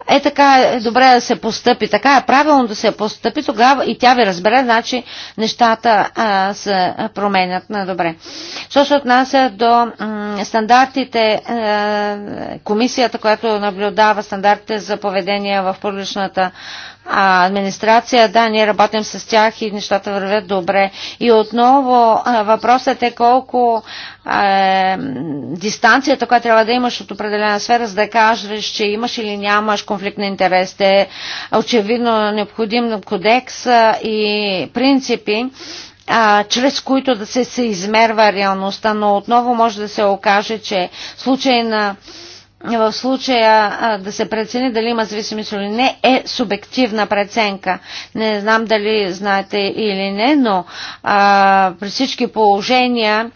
е така е добре да се постъпи, така е правилно да се постъпи, тогава и тя ви разбере, значи нещата а, се променят на добре. Що се отнася до стандартите, а, е, комисията, която наблюдава стандартите за поведение в публичната а, администрация. Да, ние работим с тях и нещата вървят добре. И отново а, въпросът е колко а, дистанцията, която трябва да имаш от определена сфера, за да кажеш, че имаш или нямаш конфликт на интерес. Те очевидно необходим кодекс а, и принципи а, чрез които да се, се измерва реалността, но отново може да се окаже, че случай на а, в случая да се прецени дали има зависимост или не, е субективна преценка. Не знам дали знаете или не, но а, при всички положения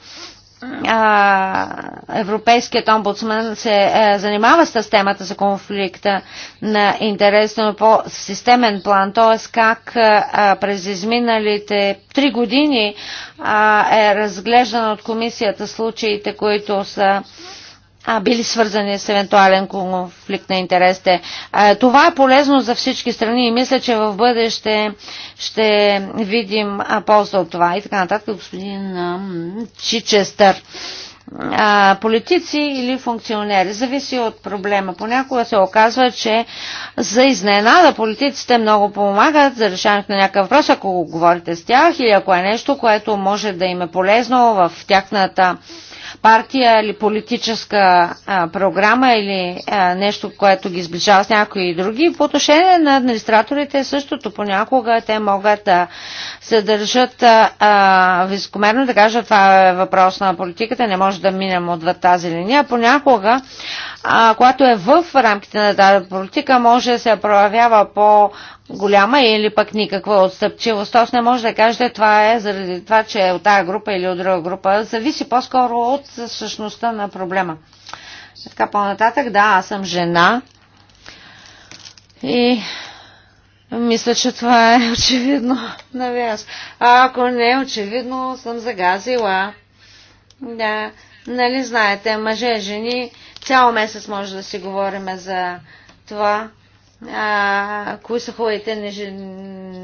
а, Европейският омбудсман се а, е, занимава с темата за конфликта на интерес, но по системен план, т.е. как е, а, през изминалите три години а, е разглеждан от комисията случаите, които са а, а, били свързани с евентуален конфликт на интересите. А, това е полезно за всички страни и мисля, че в бъдеще ще видим полза от това. И така нататък, господин а, Чичестър. А, политици или функционери. Зависи от проблема. Понякога се оказва, че за изненада политиците много помагат за решаването на някакъв въпрос, ако говорите с тях или ако е нещо, което може да им е полезно в тяхната партия или политическа а, програма или а, нещо, което ги сближава с някои други. По отношение на администраторите е същото. Понякога те могат да се държат а, високомерно, да кажат това е въпрос на политиката, не може да минем отвъд тази линия. Понякога, а, когато е в рамките на тази политика, може да се проявява по голяма или пък никаква отстъпчивост. Тоест не може да кажете това е заради това, че е от тази група или от друга група. Зависи по-скоро от същността на проблема. Така по-нататък, да, аз съм жена и мисля, че това е очевидно навяз. Нали а ако не е очевидно, съм загазила. Да, нали знаете, мъже, жени, цял месец може да си говорим за това а, кои са хубавите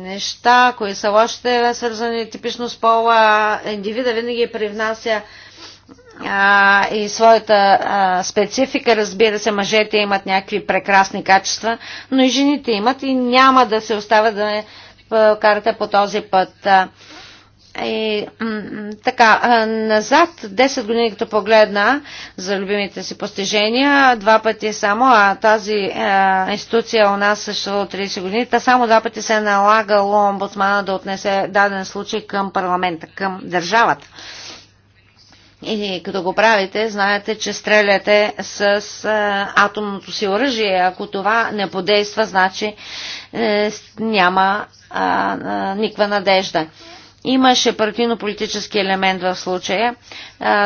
неща, кои са лошите, свързани типично с пола. Индивида винаги привнася а, и своята а, специфика. Разбира се, мъжете имат някакви прекрасни качества, но и жените имат и няма да се остава да не карате по този път. А, и така, назад 10 години, като погледна за любимите си постижения, два пъти само, а тази е, институция у нас също 30 години, та само два пъти се е налагало омбудсмана да отнесе даден случай към парламента, към държавата. И като го правите, знаете, че стреляте с а, атомното си оръжие. Ако това не подейства, значи е, няма а, а, никаква надежда. Имаше партийно-политически елемент в случая,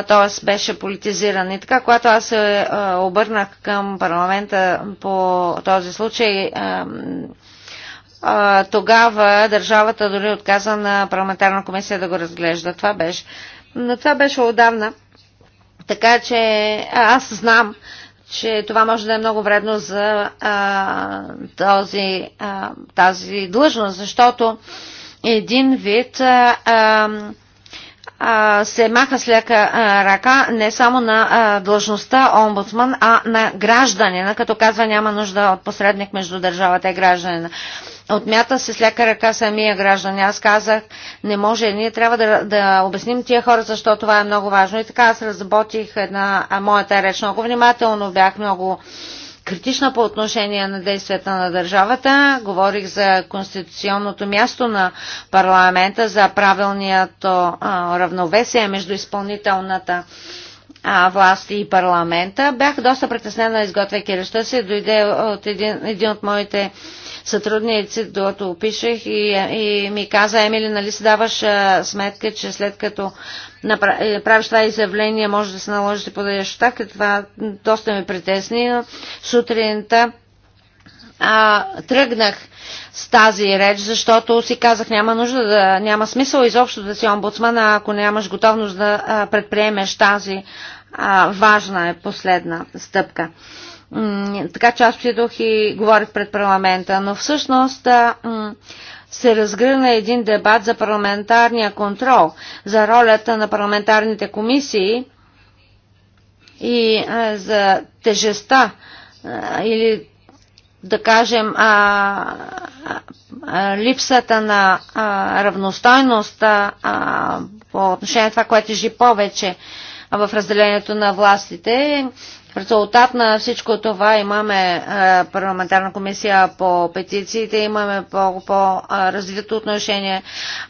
т.е. беше политизиран. И така, когато аз се обърнах към парламента по този случай, тогава държавата дори отказа на парламентарна комисия да го разглежда. Това беше. Но това беше отдавна. Така че аз знам, че това може да е много вредно за а, този, а, тази длъжност, защото един вид а, а, се маха с лека ръка не само на а, длъжността омбудсман, а на гражданина, като казва няма нужда от посредник между държавата и гражданина. Отмята се с лека ръка самия граждан. Аз казах, не може, ние трябва да, да обясним тия хора, защо това е много важно. И така аз разработих една а, моята реч. Много внимателно бях много критична по отношение на действията на държавата. Говорих за конституционното място на парламента, за правилното равновесие между изпълнителната власт и парламента. Бях доста притеснена, изготвяйки реща си. Дойде от един, един от моите сътрудници, дото опишех и, и ми каза, Емили, нали си даваш а, сметка, че след като е, правиш това изявление, може да се наложи да подадеш оставка. Това доста ме притесни. Сутринта а, тръгнах с тази реч, защото си казах, няма нужда да, няма смисъл изобщо да си омбудсмана, ако нямаш готовност да предприемеш тази а, важна е последна стъпка. М така че аз отидох и говорих пред парламента, но всъщност а, се разгръна един дебат за парламентарния контрол, за ролята на парламентарните комисии и за тежеста, или да кажем а, а, липсата на а, равностойност а, по отношение на това, което жи повече в разделението на властите. В резултат на всичко това имаме е, парламентарна комисия по петициите, имаме по-развито отношение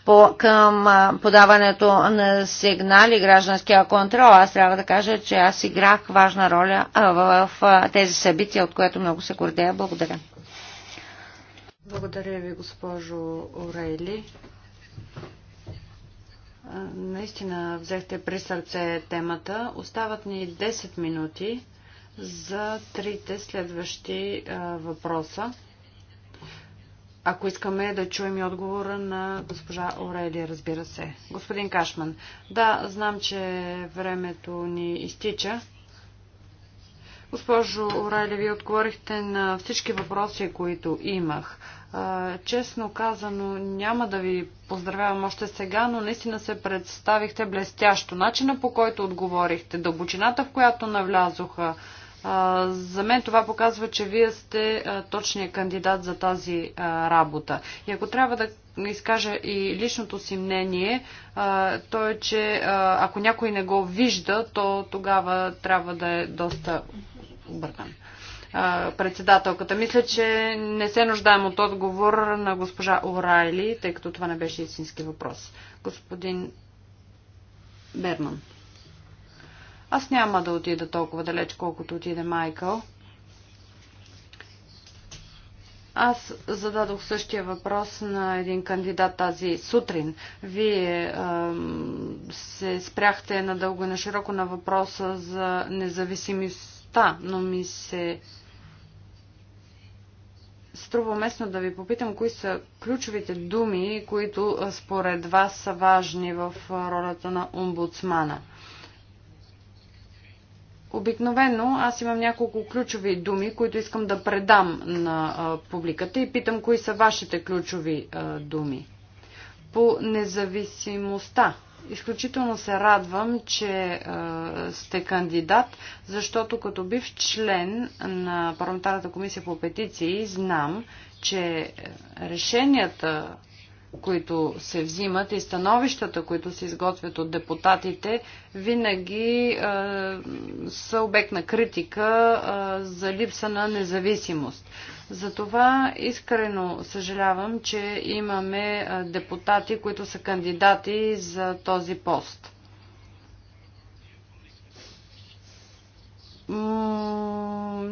по, към е, подаването на сигнали, гражданския контрол. Аз трябва да кажа, че аз играх важна роля е, в тези събития, от което много се гордея. Благодаря. Благодаря ви, госпожо Орейли. Наистина взехте при сърце темата. Остават ни 10 минути за трите следващи въпроса. Ако искаме да чуем и отговора на госпожа Орелия, разбира се. Господин Кашман, да, знам, че времето ни изтича. Госпожо Орайля, вие отговорихте на всички въпроси, които имах. Честно казано, няма да ви поздравявам още сега, но наистина се представихте блестящо. Начина по който отговорихте, дълбочината, в която навлязоха, за мен това показва, че вие сте точният кандидат за тази работа. И ако трябва да изкажа и личното си мнение, то е, че ако някой не го вижда, то тогава трябва да е доста объркан. Председателката. Мисля, че не се нуждаем от отговор на госпожа Орайли, тъй като това не беше истински въпрос. Господин Берман. Аз няма да отида толкова далеч, колкото отиде Майкъл. Аз зададох същия въпрос на един кандидат тази сутрин. Вие се спряхте надълго и на широко на въпроса за независимост частта, но ми се струва местно да ви попитам, кои са ключовите думи, които според вас са важни в ролята на омбудсмана. Обикновено аз имам няколко ключови думи, които искам да предам на публиката и питам кои са вашите ключови думи. По независимостта Изключително се радвам, че е, сте кандидат, защото като бив член на парламентарната комисия по петиции знам, че решенията които се взимат и становищата, които се изготвят от депутатите, винаги е, са обект на критика е, за липса на независимост. Затова искрено съжалявам, че имаме депутати, които са кандидати за този пост.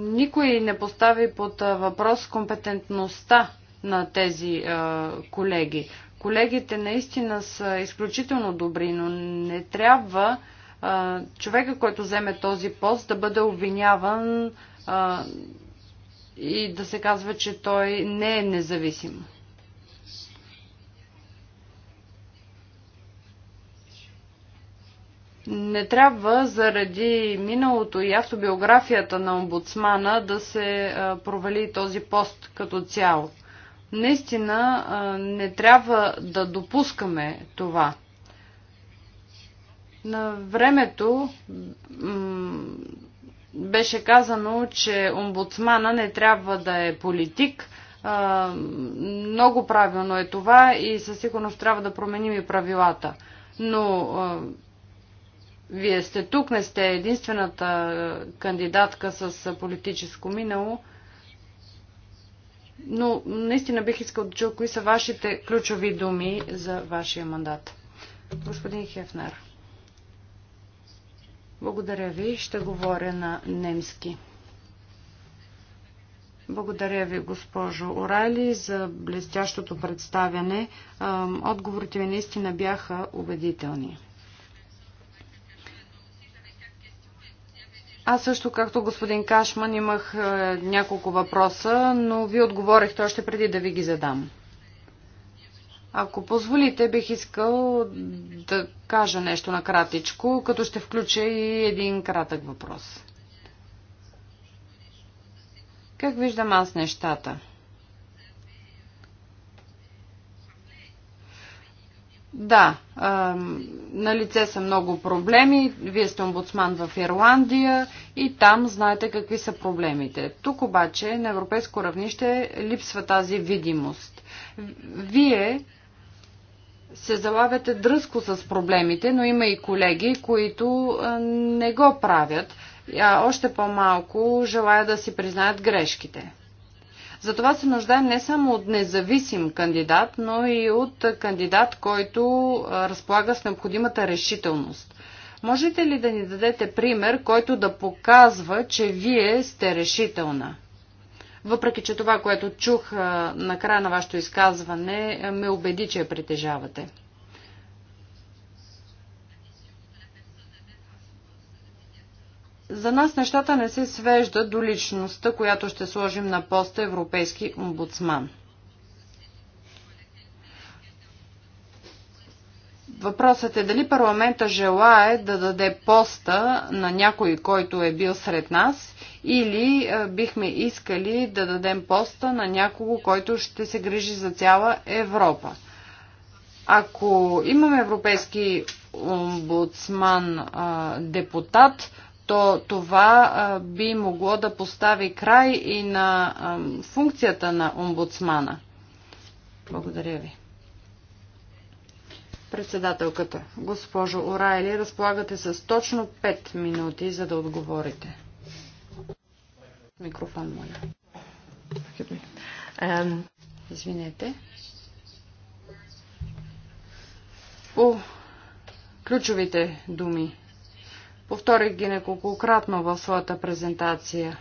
Никой не постави под въпрос компетентността на тези а, колеги. Колегите наистина са изключително добри, но не трябва а, човека, който вземе този пост, да бъде обвиняван а, и да се казва, че той не е независим. не трябва заради миналото и автобиографията на омбудсмана да се провали този пост като цяло. Наистина не трябва да допускаме това. На времето беше казано, че омбудсмана не трябва да е политик. Много правилно е това и със сигурност трябва да променим и правилата. Но вие сте тук, не сте единствената кандидатка с политическо минало но наистина бих искал да чуя кои са вашите ключови думи за вашия мандат. Господин Хефнер. Благодаря ви. Ще говоря на немски. Благодаря ви, госпожо Орайли, за блестящото представяне. Отговорите ви наистина бяха убедителни. Аз също, както господин Кашман, имах е, няколко въпроса, но ви отговорихте още преди да ви ги задам. Ако позволите, бих искал да кажа нещо накратичко, като ще включа и един кратък въпрос. Как виждам аз нещата? Да, на лице са много проблеми. Вие сте омбудсман в Ирландия и там знаете какви са проблемите. Тук обаче на европейско равнище липсва тази видимост. Вие се залавяте дръзко с проблемите, но има и колеги, които не го правят. А още по-малко желая да си признаят грешките. Затова се нуждаем не само от независим кандидат, но и от кандидат, който разполага с необходимата решителност. Можете ли да ни дадете пример, който да показва, че вие сте решителна? Въпреки, че това, което чух на края на вашето изказване, ме убеди, че я притежавате. За нас нещата не се свеждат до личността, която ще сложим на поста Европейски омбудсман. Въпросът е дали парламента желае да даде поста на някой, който е бил сред нас, или е, бихме искали да дадем поста на някого, който ще се грижи за цяла Европа. Ако имаме европейски омбудсман депутат, то това а, би могло да постави край и на а, функцията на омбудсмана. Благодаря ви. Председателката, госпожо Орайли, разполагате с точно 5 минути, за да отговорите. Микрофон, моля. Извинете. По ключовите думи Повторих ги неколкократно в своята презентация.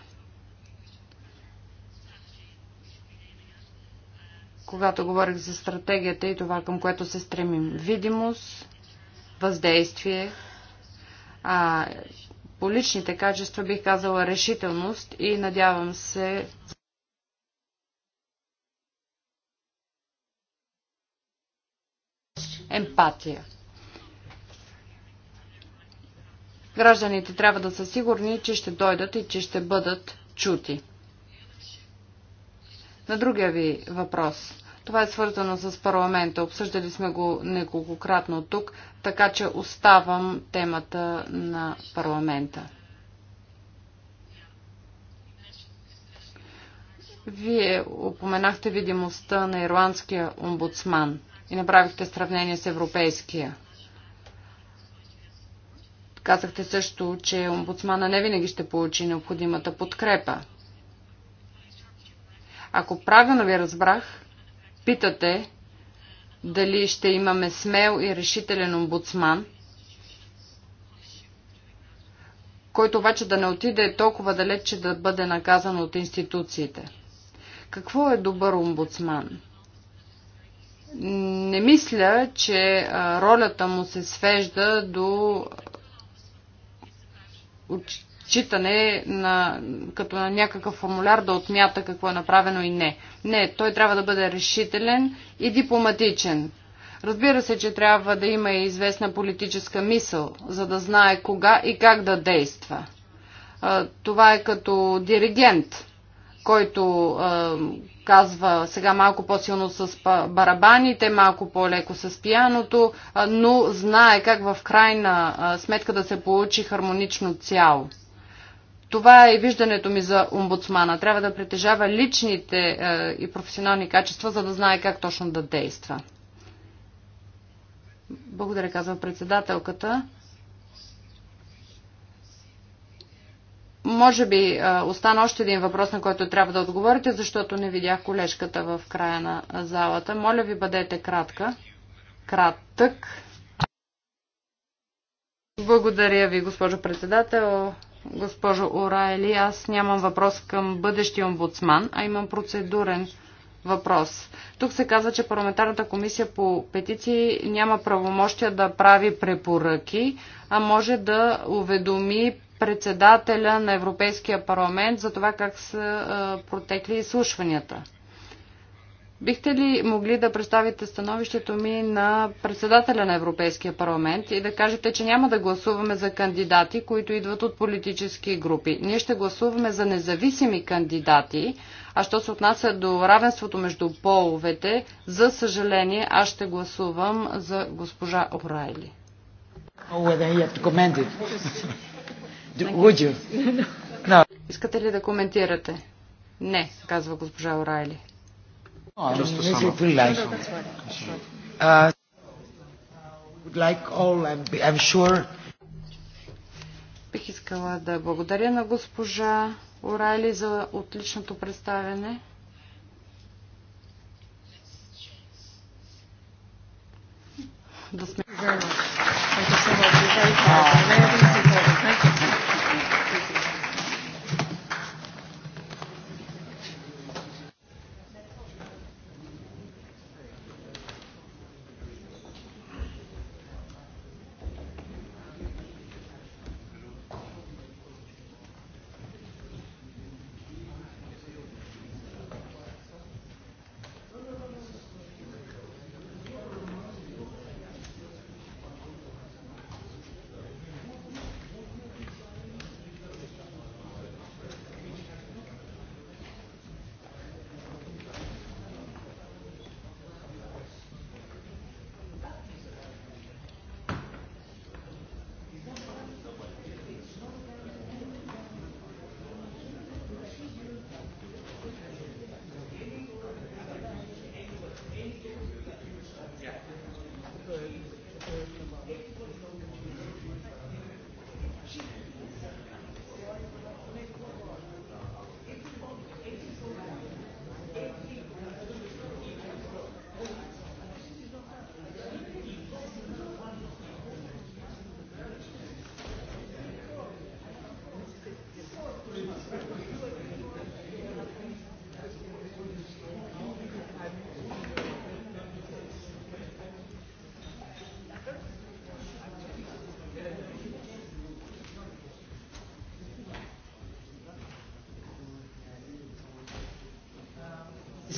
Когато говорих за стратегията и това, към което се стремим. Видимост, въздействие, а по личните качества бих казала решителност и надявам се емпатия. Гражданите трябва да са сигурни, че ще дойдат и че ще бъдат чути. На другия ви въпрос. Това е свързано с парламента. Обсъждали сме го неколкократно тук, така че оставам темата на парламента. Вие упоменахте видимостта на ирландския омбудсман и направихте сравнение с европейския. Казахте също, че омбудсмана не винаги ще получи необходимата подкрепа. Ако правилно ви разбрах, питате дали ще имаме смел и решителен омбудсман, който обаче да не отиде толкова далеч, че да бъде наказан от институциите. Какво е добър омбудсман? Не мисля, че ролята му се свежда до отчитане на, като на някакъв формуляр да отмята какво е направено и не. Не, той трябва да бъде решителен и дипломатичен. Разбира се, че трябва да има и известна политическа мисъл, за да знае кога и как да действа. Това е като диригент – който а, казва сега малко по-силно с барабаните, малко по-леко с пияното, а, но знае как в крайна а, сметка да се получи хармонично цяло. Това е виждането ми за омбудсмана. Трябва да притежава личните е, и професионални качества, за да знае как точно да действа. Благодаря, казва председателката. Може би остана още един въпрос, на който трябва да отговорите, защото не видях колежката в края на залата. Моля ви, бъдете кратка. Кратък. Благодаря ви, госпожо председател. Госпожо Орайли, аз нямам въпрос към бъдещия омбудсман, а имам процедурен въпрос. Тук се казва, че парламентарната комисия по петиции няма правомощия да прави препоръки, а може да уведоми председателя на Европейския парламент за това как са протекли изслушванията. Бихте ли могли да представите становището ми на председателя на Европейския парламент и да кажете, че няма да гласуваме за кандидати, които идват от политически групи? Ние ще гласуваме за независими кандидати, а що се отнася до равенството между половете, за съжаление аз ще гласувам за госпожа Орайли. Oh, Would you? No. Искате ли да коментирате? Не, казва госпожа Орайли. Uh, Бих искала да благодаря на госпожа Орайли за отличното представяне. Да сме. Ah.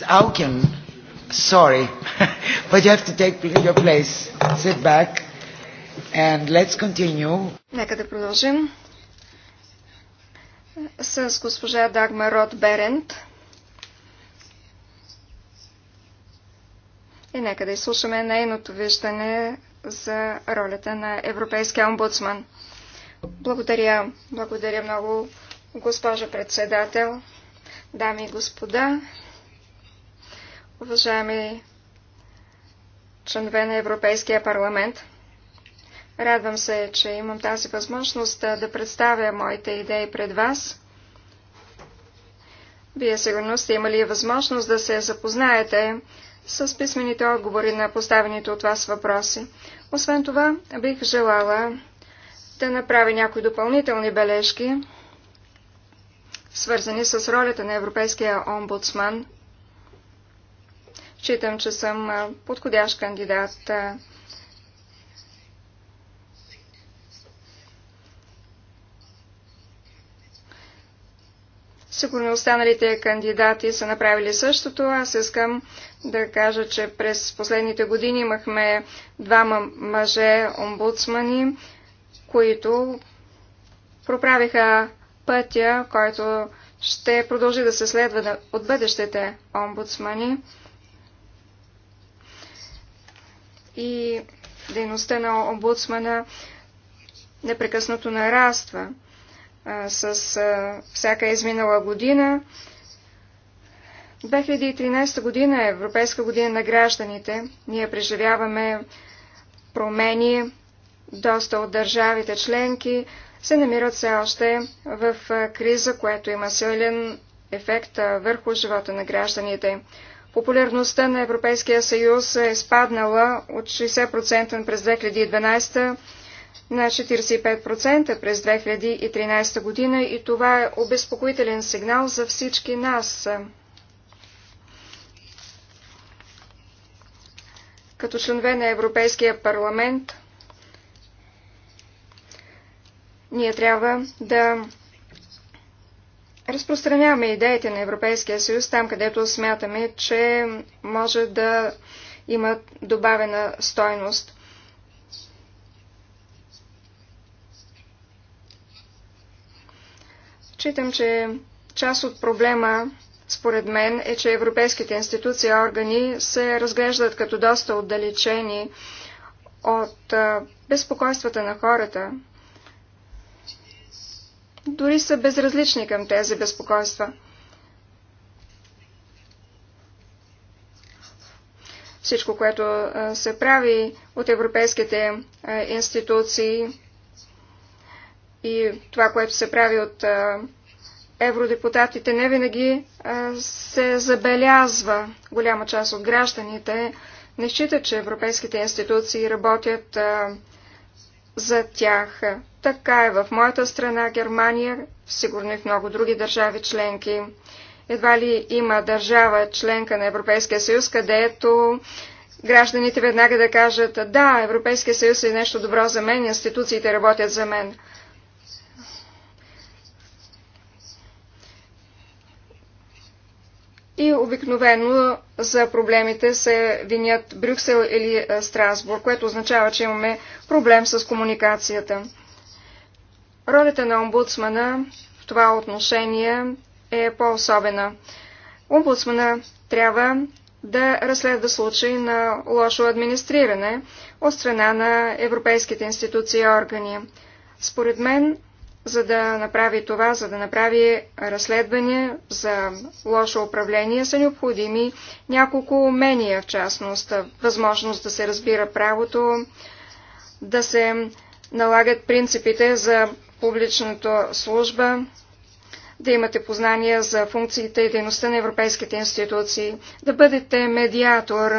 Auken, sorry, but you have to take your place. Sit back and let's continue. Нека да продължим с госпожа Дагма Рот Берент. И нека да изслушаме нейното виждане за ролята на Европейския омбудсман. Благодаря, благодаря много, госпожа председател, дами и господа, уважаеми членове на Европейския парламент. Радвам се, че имам тази възможност да представя моите идеи пред вас. Вие сигурно сте имали възможност да се запознаете с писмените отговори на поставените от вас въпроси. Освен това, бих желала да направя някои допълнителни бележки, свързани с ролята на Европейския омбудсман Читам, че съм подходящ кандидат. Сигурно останалите кандидати са направили същото. Аз искам да кажа, че през последните години имахме двама мъже омбудсмани, които проправиха пътя, който ще продължи да се следва от бъдещите омбудсмани и дейността на омбудсмана непрекъснато нараства. С всяка изминала година 2013 година е Европейска година на гражданите. Ние преживяваме промени. Доста от държавите членки се намират все още в криза, която има силен ефект върху живота на гражданите. Популярността на Европейския съюз е спаднала от 60% през 2012 на 45% през 2013 година и това е обезпокоителен сигнал за всички нас. Като членове на Европейския парламент, ние трябва да разпространяваме идеите на Европейския съюз там, където смятаме, че може да имат добавена стойност. Читам, че част от проблема, според мен, е, че европейските институции и органи се разглеждат като доста отдалечени от безпокойствата на хората дори са безразлични към тези безпокойства. Всичко, което се прави от европейските институции и това, което се прави от евродепутатите, не винаги се забелязва. Голяма част от гражданите не считат, че европейските институции работят за тях. Така е в моята страна Германия, сигурно и в много други държави членки. Едва ли има държава членка на Европейския съюз, където гражданите веднага да кажат да, Европейския съюз е нещо добро за мен, институциите работят за мен. И обикновено за проблемите се винят Брюксел или Страсбург, което означава, че имаме проблем с комуникацията. Ролята на омбудсмана в това отношение е по-особена. Омбудсмана трябва да разследва случаи на лошо администриране от страна на европейските институции и органи. Според мен, за да направи това, за да направи разследване за лошо управление, са необходими няколко умения, в частност, възможност да се разбира правото, да се налагат принципите за публичната служба, да имате познания за функциите и дейността на европейските институции, да бъдете медиатор,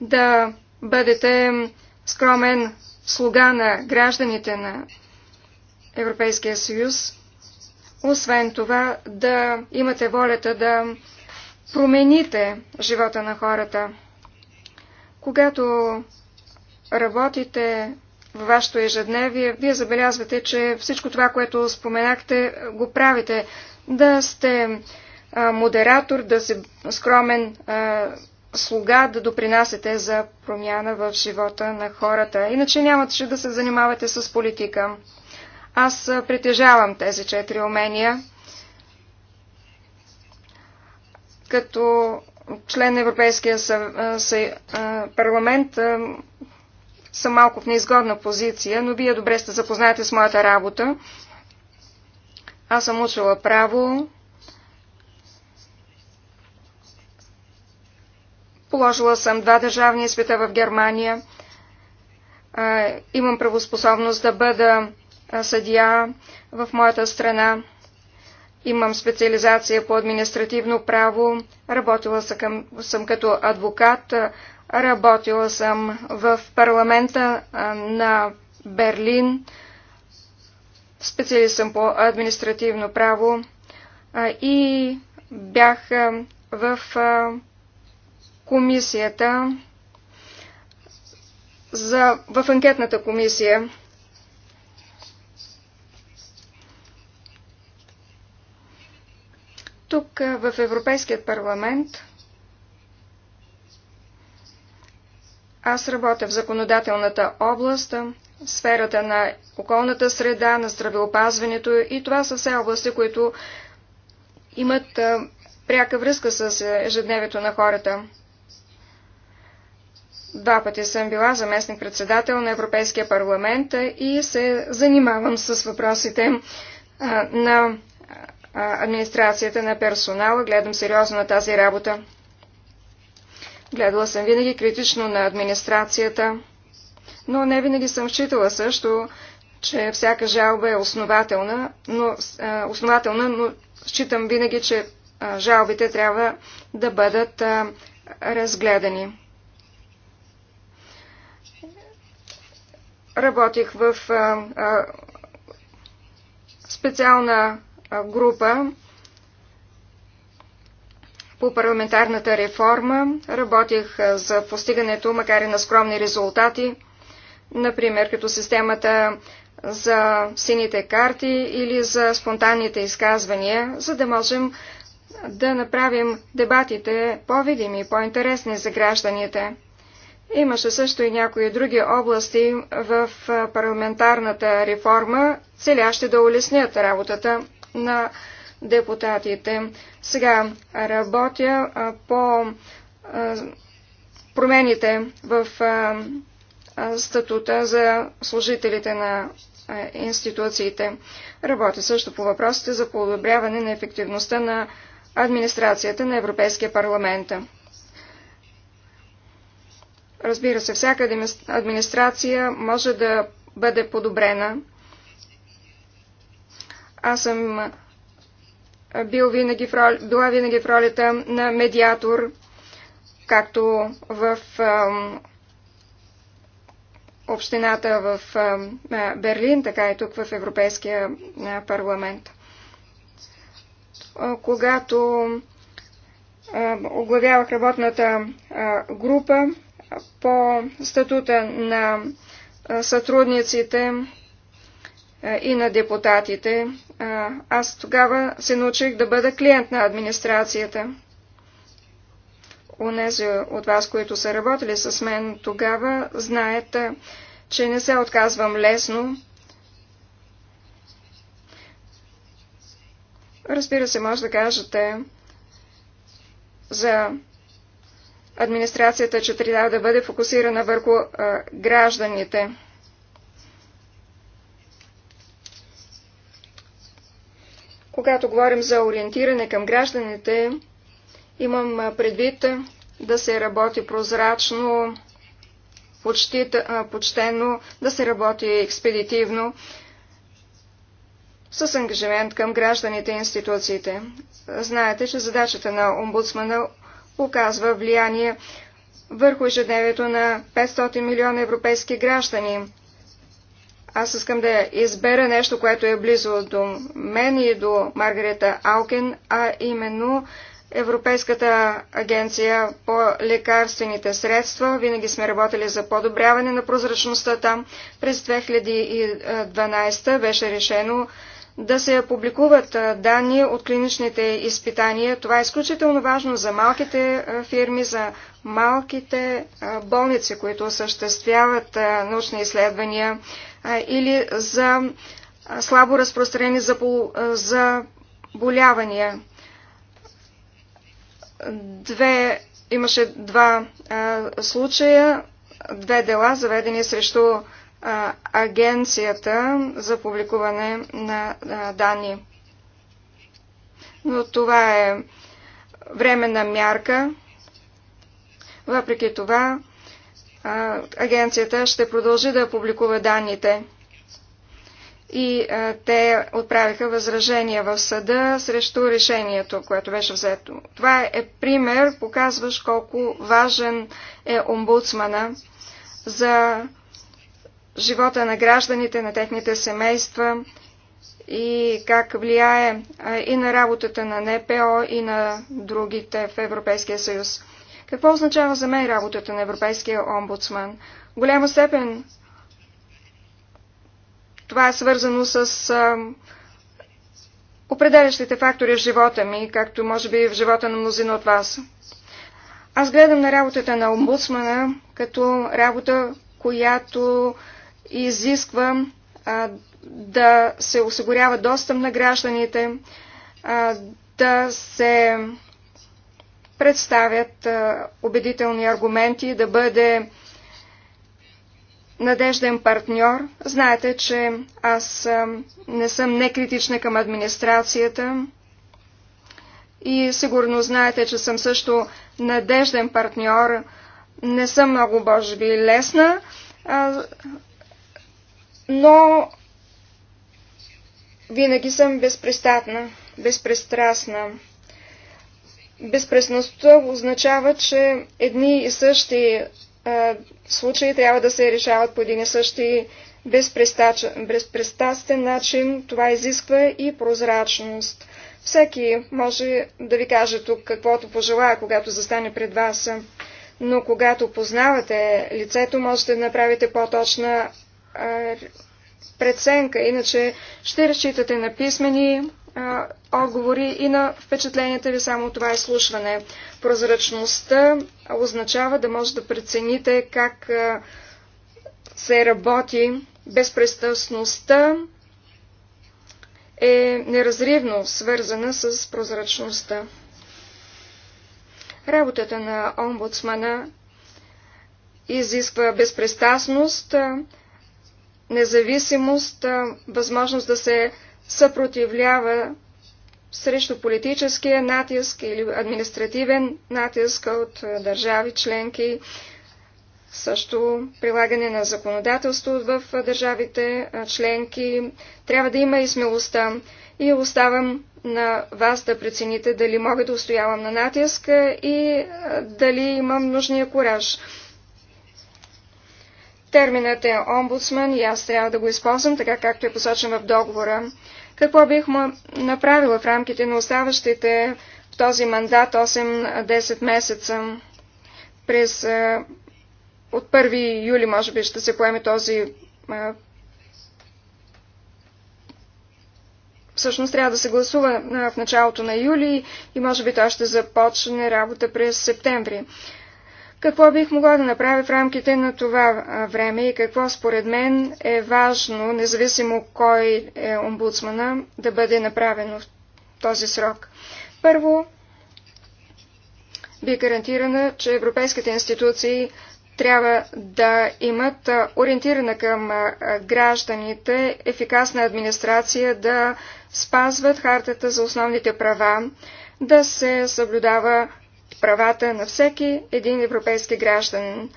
да бъдете скромен слуга на гражданите на Европейския съюз. Освен това, да имате волята да промените живота на хората. Когато работите във вашето ежедневие, вие забелязвате, че всичко това, което споменахте, го правите. Да сте а, модератор, да сте скромен а, слуга, да допринасяте за промяна в живота на хората. Иначе нямаше да се занимавате с политика. Аз притежавам тези четири умения. Като член на Европейския съ... Съ... парламент съм малко в неизгодна позиция, но вие добре сте запознаете с моята работа. Аз съм учила право, положила съм два държавни изпита в Германия, имам правоспособност да бъда съдия в моята страна. Имам специализация по административно право, работила съм, съм като адвокат, Работила съм в парламента на Берлин. Специалист съм по административно право и бях в комисията за, в анкетната комисия. Тук в Европейският парламент Аз работя в законодателната област, сферата на околната среда, на здравеопазването и това са все области, които имат пряка връзка с ежедневието на хората. Два пъти съм била заместник-председател на Европейския парламент и се занимавам с въпросите на администрацията на персонала. Гледам сериозно на тази работа. Гледала съм винаги критично на администрацията, но не винаги съм считала също, че всяка жалба е основателна, но, а, основателна, но считам винаги, че а, жалбите трябва да бъдат а, разгледани. Работих в а, а, специална група по парламентарната реформа работих за постигането, макар и на скромни резултати, например като системата за сините карти или за спонтанните изказвания, за да можем да направим дебатите по-видими и по-интересни за гражданите. Имаше също и някои други области в парламентарната реформа, целящи да улеснят работата на депутатите. Сега работя по промените в статута за служителите на институциите. Работя също по въпросите за подобряване на ефективността на администрацията на Европейския парламент. Разбира се, всяка администрация може да бъде подобрена. Аз съм бил винаги в роли, била винаги в ролята на медиатор, както в а, общината в а, Берлин, така и тук в Европейския парламент. Когато а, оглавявах работната а, група по статута на а, сътрудниците, е, и на депутатите. Е, аз тогава се научих да бъда клиент на администрацията. Унези от вас, които са работили с мен тогава, знаят, е, че не се отказвам лесно. Разбира се, може да кажете за администрацията, че трябва да бъде фокусирана върху а, гражданите. Когато говорим за ориентиране към гражданите, имам предвид да се работи прозрачно, почти, почтено, да се работи експедитивно, с ангажимент към гражданите и институциите. Знаете, че задачата на омбудсмана оказва влияние върху ежедневието на 500 милиона европейски граждани. Аз искам да избера нещо, което е близо до мен и до Маргарета Алкен, а именно Европейската агенция по лекарствените средства. Винаги сме работили за подобряване на прозрачността там. През 2012 беше решено да се публикуват данни от клиничните изпитания. Това е изключително важно за малките фирми, за малките болници, които осъществяват научни изследвания, или за слабо разпространени заболявания. Две, имаше два а, случая, две дела, заведени срещу а, агенцията за публикуване на а, данни. Но това е временна мярка. Въпреки това, агенцията ще продължи да публикува данните. И те отправиха възражения в съда срещу решението, което беше взето. Това е пример, показваш колко важен е омбудсмана за живота на гражданите, на техните семейства и как влияе и на работата на НПО и на другите в Европейския съюз. Какво означава за мен работата на Европейския омбудсман? В голяма степен това е свързано с а, определящите фактори в живота ми, както може би в живота на мнозина от вас. Аз гледам на работата на омбудсмана като работа, която изисква а, да се осигурява достъп на гражданите, а, да се представят убедителни аргументи, да бъде надежден партньор. Знаете, че аз не съм некритична към администрацията и сигурно знаете, че съм също надежден партньор. Не съм много, може би, лесна, но винаги съм безпристатна, безпристрастна безпресността означава, че едни и същи а, случаи трябва да се решават по един и същи безпрестастен начин. Това изисква и прозрачност. Всеки може да ви каже тук каквото пожелая, когато застане пред вас. Но когато познавате лицето, можете да направите по-точна преценка. Иначе ще разчитате на писмени а, отговори и на впечатленията ви само от това изслушване. Прозрачността означава да може да прецените как а, се работи. Безпрестъсността е неразривно свързана с прозрачността. Работата на омбудсмана изисква безпрестасност, независимост, възможност да се съпротивлява срещу политическия натиск или административен натиск от държави членки, също прилагане на законодателство в държавите членки. Трябва да има и смелостта. И оставам на вас да прецените дали мога да устоявам на натиска и дали имам нужния кураж. Терминът е омбудсман и аз трябва да го използвам така, както е посочен в договора. Какво бих му направила в рамките на оставащите в този мандат 8-10 месеца? През, от 1 юли, може би, ще се поеме този всъщност трябва да се гласува в началото на юли и може би той ще започне работа през септември. Какво бих могла да направя в рамките на това време и какво според мен е важно, независимо кой е омбудсмана, да бъде направено в този срок? Първо, би гарантирана, че европейските институции трябва да имат ориентирана към гражданите ефикасна администрация, да спазват хартата за основните права, да се съблюдава правата на всеки един европейски гражданин.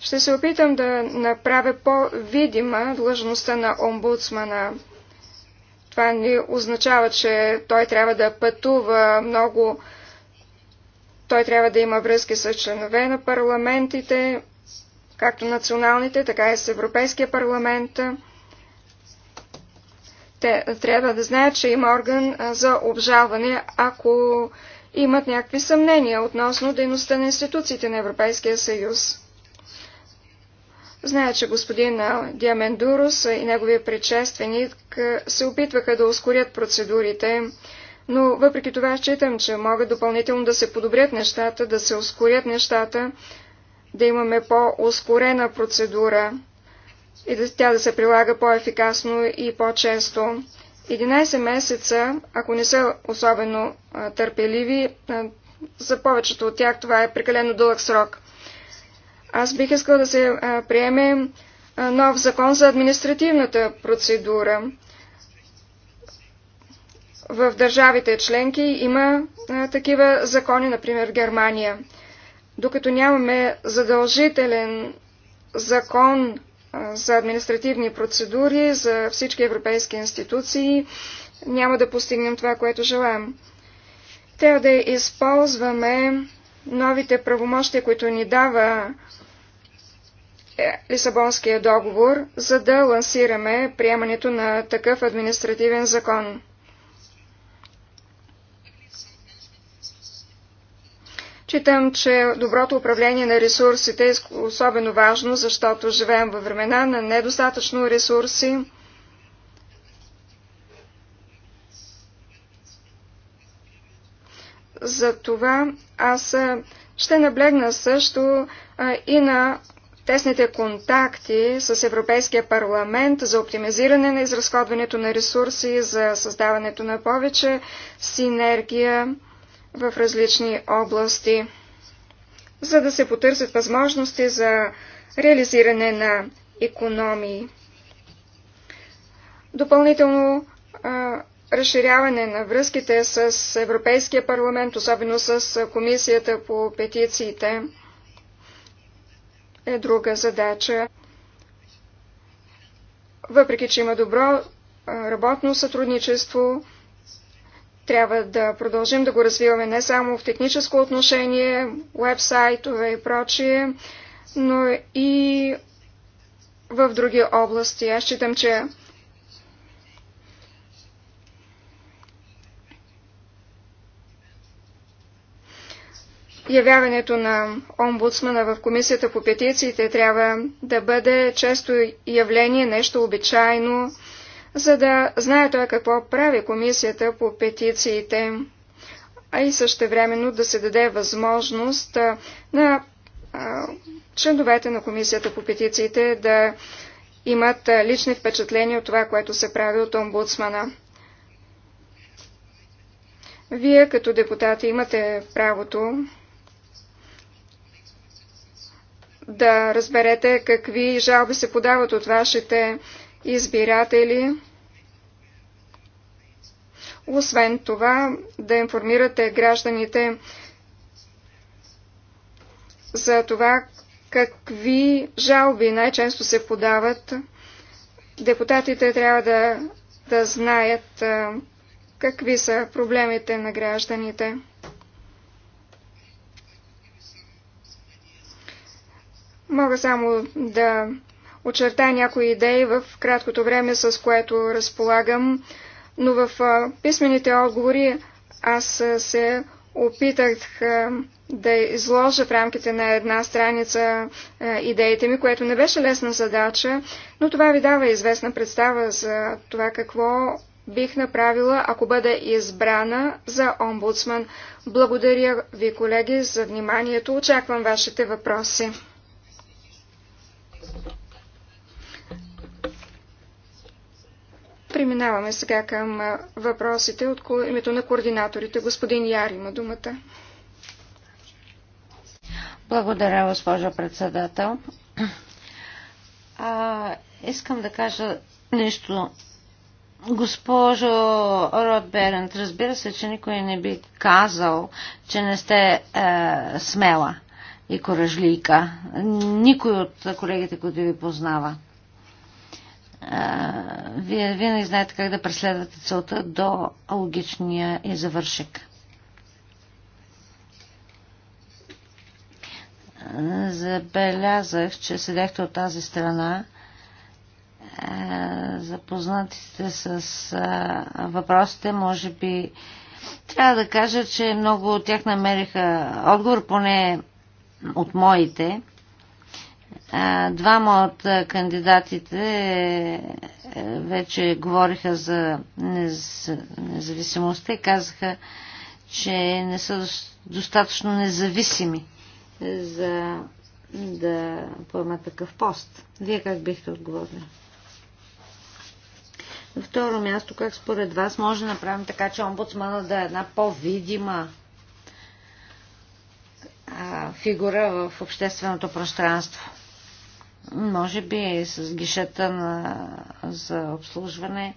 Ще се опитам да направя по-видима длъжността на омбудсмана. Това не означава, че той трябва да пътува много. Той трябва да има връзки с членове на парламентите, както националните, така и с Европейския парламент. Те трябва да знаят, че има орган за обжалване, ако имат някакви съмнения относно дейността на институциите на Европейския съюз. Зная, че господин Диамендурус и неговия предшественик се опитваха да ускорят процедурите, но въпреки това считам, че могат допълнително да се подобрят нещата, да се ускорят нещата, да имаме по-ускорена процедура и да, тя да се прилага по-ефикасно и по-често. 11 месеца, ако не са особено а, търпеливи, а, за повечето от тях това е прекалено дълъг срок. Аз бих искал да се а, приеме а, нов закон за административната процедура. В държавите членки има а, такива закони, например Германия. Докато нямаме задължителен закон за административни процедури за всички европейски институции, няма да постигнем това, което желаем. Трябва да използваме новите правомощия, които ни дава е, Лисабонския договор, за да лансираме приемането на такъв административен закон. Читам, че доброто управление на ресурсите е особено важно, защото живеем във времена на недостатъчно ресурси. За това аз ще наблегна също и на тесните контакти с Европейския парламент за оптимизиране на изразходването на ресурси, за създаването на повече синергия в различни области, за да се потърсят възможности за реализиране на економии. Допълнително а, разширяване на връзките с Европейския парламент, особено с Комисията по петициите, е друга задача. Въпреки, че има добро работно сътрудничество, трябва да продължим да го развиваме не само в техническо отношение, вебсайтове и прочие, но и в други области. Аз считам, че явяването на омбудсмана в комисията по петициите трябва да бъде често явление, нещо обичайно, за да знае той какво прави комисията по петициите, а и също времено да се даде възможност на членовете на комисията по петициите да имат лични впечатления от това, което се прави от омбудсмана. Вие като депутати имате правото да разберете какви жалби се подават от вашите избиратели. Освен това, да информирате гражданите за това какви жалби най-често се подават. Депутатите трябва да, да знаят какви са проблемите на гражданите. Мога само да очерта някои идеи в краткото време, с което разполагам, но в писмените отговори аз се опитах да изложа в рамките на една страница идеите ми, което не беше лесна задача, но това ви дава известна представа за това какво бих направила, ако бъда избрана за омбудсман. Благодаря ви, колеги, за вниманието. Очаквам вашите въпроси. Преминаваме сега към въпросите от името на координаторите. Господин Яр има думата. Благодаря, госпожо председател. А, искам да кажа нещо. Госпожо Род Берент, разбира се, че никой не би казал, че не сте е, смела и коражлийка. Никой от колегите, които ви познава вие винаги знаете как да преследвате целта до логичния и завършек. Забелязах, че седехте от тази страна. Запознати сте с въпросите, може би трябва да кажа, че много от тях намериха отговор, поне от моите. Двама от кандидатите е, е, вече говориха за независимостта и казаха, че не са достатъчно независими е, за да поемат такъв пост. Вие как бихте отговорили? На второ място, как според вас може да направим така, че омбудсмана да е една по-видима фигура в общественото пространство? Може би с гишета на, за обслужване,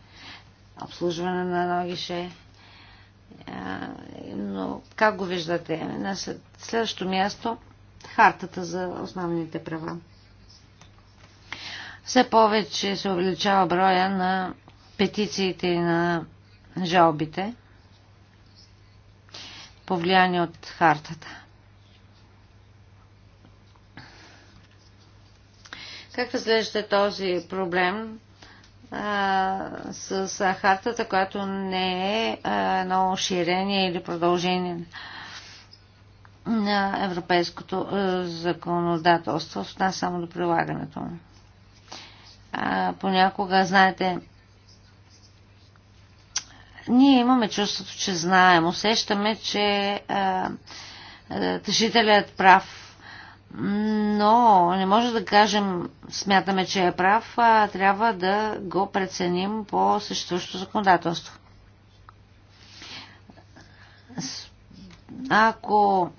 обслужване на едно гише. Но как го виждате? На следващото място хартата за основните права. Все повече се увеличава броя на петициите и на жалбите, повлияни от хартата. Как разглеждате този проблем а, с, с хартата, която не е а, едно ширение или продължение на европейското а, законодателство, не само до прилагането му? понякога, знаете, ние имаме чувството, че знаем, усещаме, че а, тъжителят прав но не може да кажем, смятаме, че е прав, а трябва да го преценим по съществуващото законодателство. Ако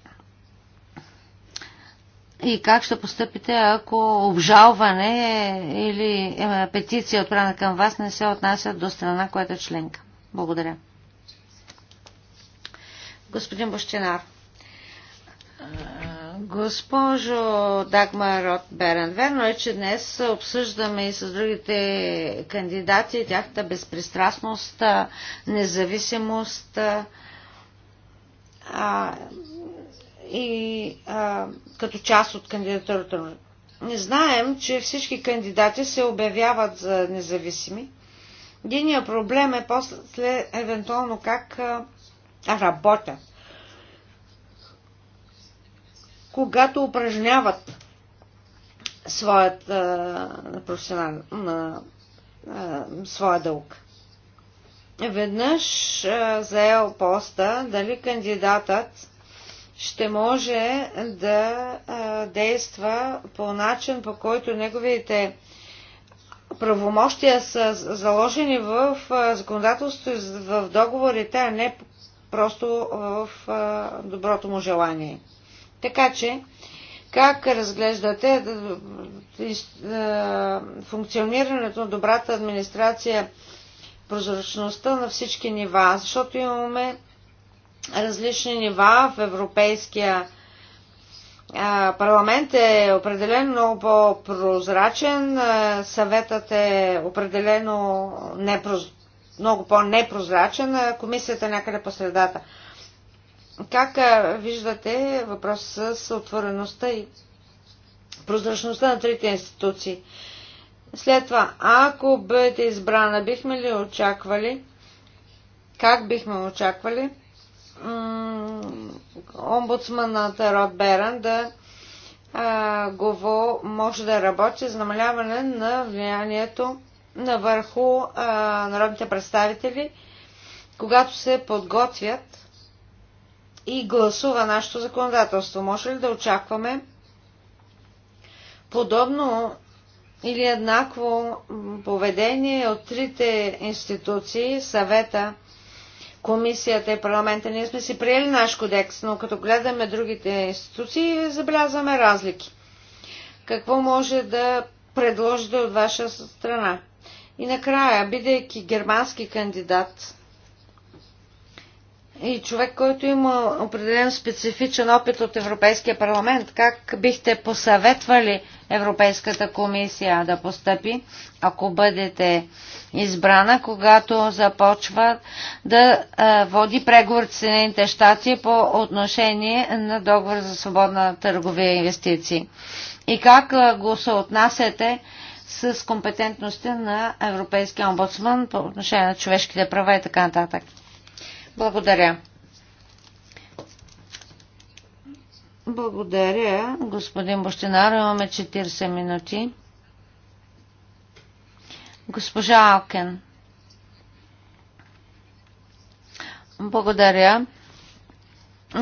и как ще постъпите, ако обжалване или е, петиция отправена към вас не се отнася до страна, която е членка? Благодаря. Господин Бощинар, Госпожо Дагмар Рот Берен, верно е, че днес обсъждаме и с другите кандидати тяхта безпристрастност, независимост а, и а, като част от кандидатурата. Не знаем, че всички кандидати се обявяват за независими. Единият проблем е после евентуално как а, работят когато упражняват на своя дълг. Веднъж заел поста, дали кандидатът ще може да действа по начин, по който неговите правомощия са заложени в законодателството в договорите, а не просто в доброто му желание. Така че, как разглеждате е, е, е, функционирането на добрата администрация, прозрачността на всички нива, защото имаме различни нива в Европейския парламент е определено много по-прозрачен, съветът е определено непроз... много по-непрозрачен, комисията е някъде по средата. Как виждате въпрос с отвореността и прозрачността на трите институции? След това, ако бъдете избрана, бихме ли очаквали, как бихме очаквали омбудсманът Род Беран да го може да работи за намаляване на влиянието на върху народните представители, когато се подготвят и гласува нашето законодателство. Може ли да очакваме подобно или еднакво поведение от трите институции, съвета, комисията и парламента. Ние сме си приели наш кодекс, но като гледаме другите институции, забелязваме разлики. Какво може да предложите от ваша страна? И накрая, бидейки германски кандидат, и човек, който има определен специфичен опит от Европейския парламент, как бихте посъветвали Европейската комисия да постъпи, ако бъдете избрана, когато започва да води преговор с Съединените щати по отношение на договор за свободна търговия и инвестиции? И как го съотнасяте с компетентността на Европейския омбудсман по отношение на човешките права и така нататък? Благодаря. Благодаря, господин Бощинар. Имаме 40 минути. Госпожа Алкен. Благодаря.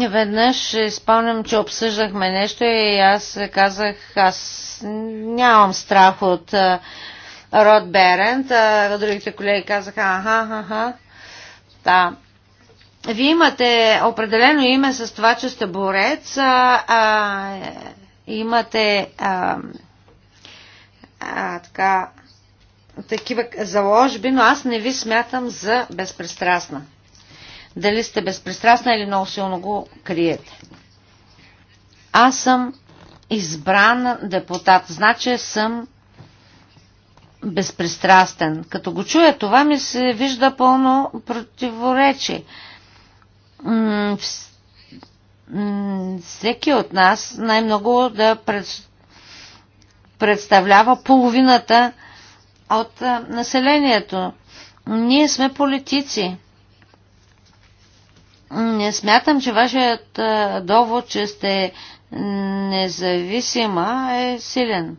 Веднъж спомням, че обсъждахме нещо и аз казах, аз нямам страх от Род Берент. другите колеги казаха, аха, аха. Да. Вие имате определено име с това, че сте борец, а, а, имате а, а, така, такива заложби, но аз не ви смятам за безпристрастна. Дали сте безпристрастна или много силно го криете. Аз съм избран депутат, значи съм безпристрастен. Като го чуя това ми се вижда пълно противоречие всеки от нас най-много да пред, представлява половината от а, населението. Ние сме политици. Не смятам, че вашият а, довод, че сте независима, е силен.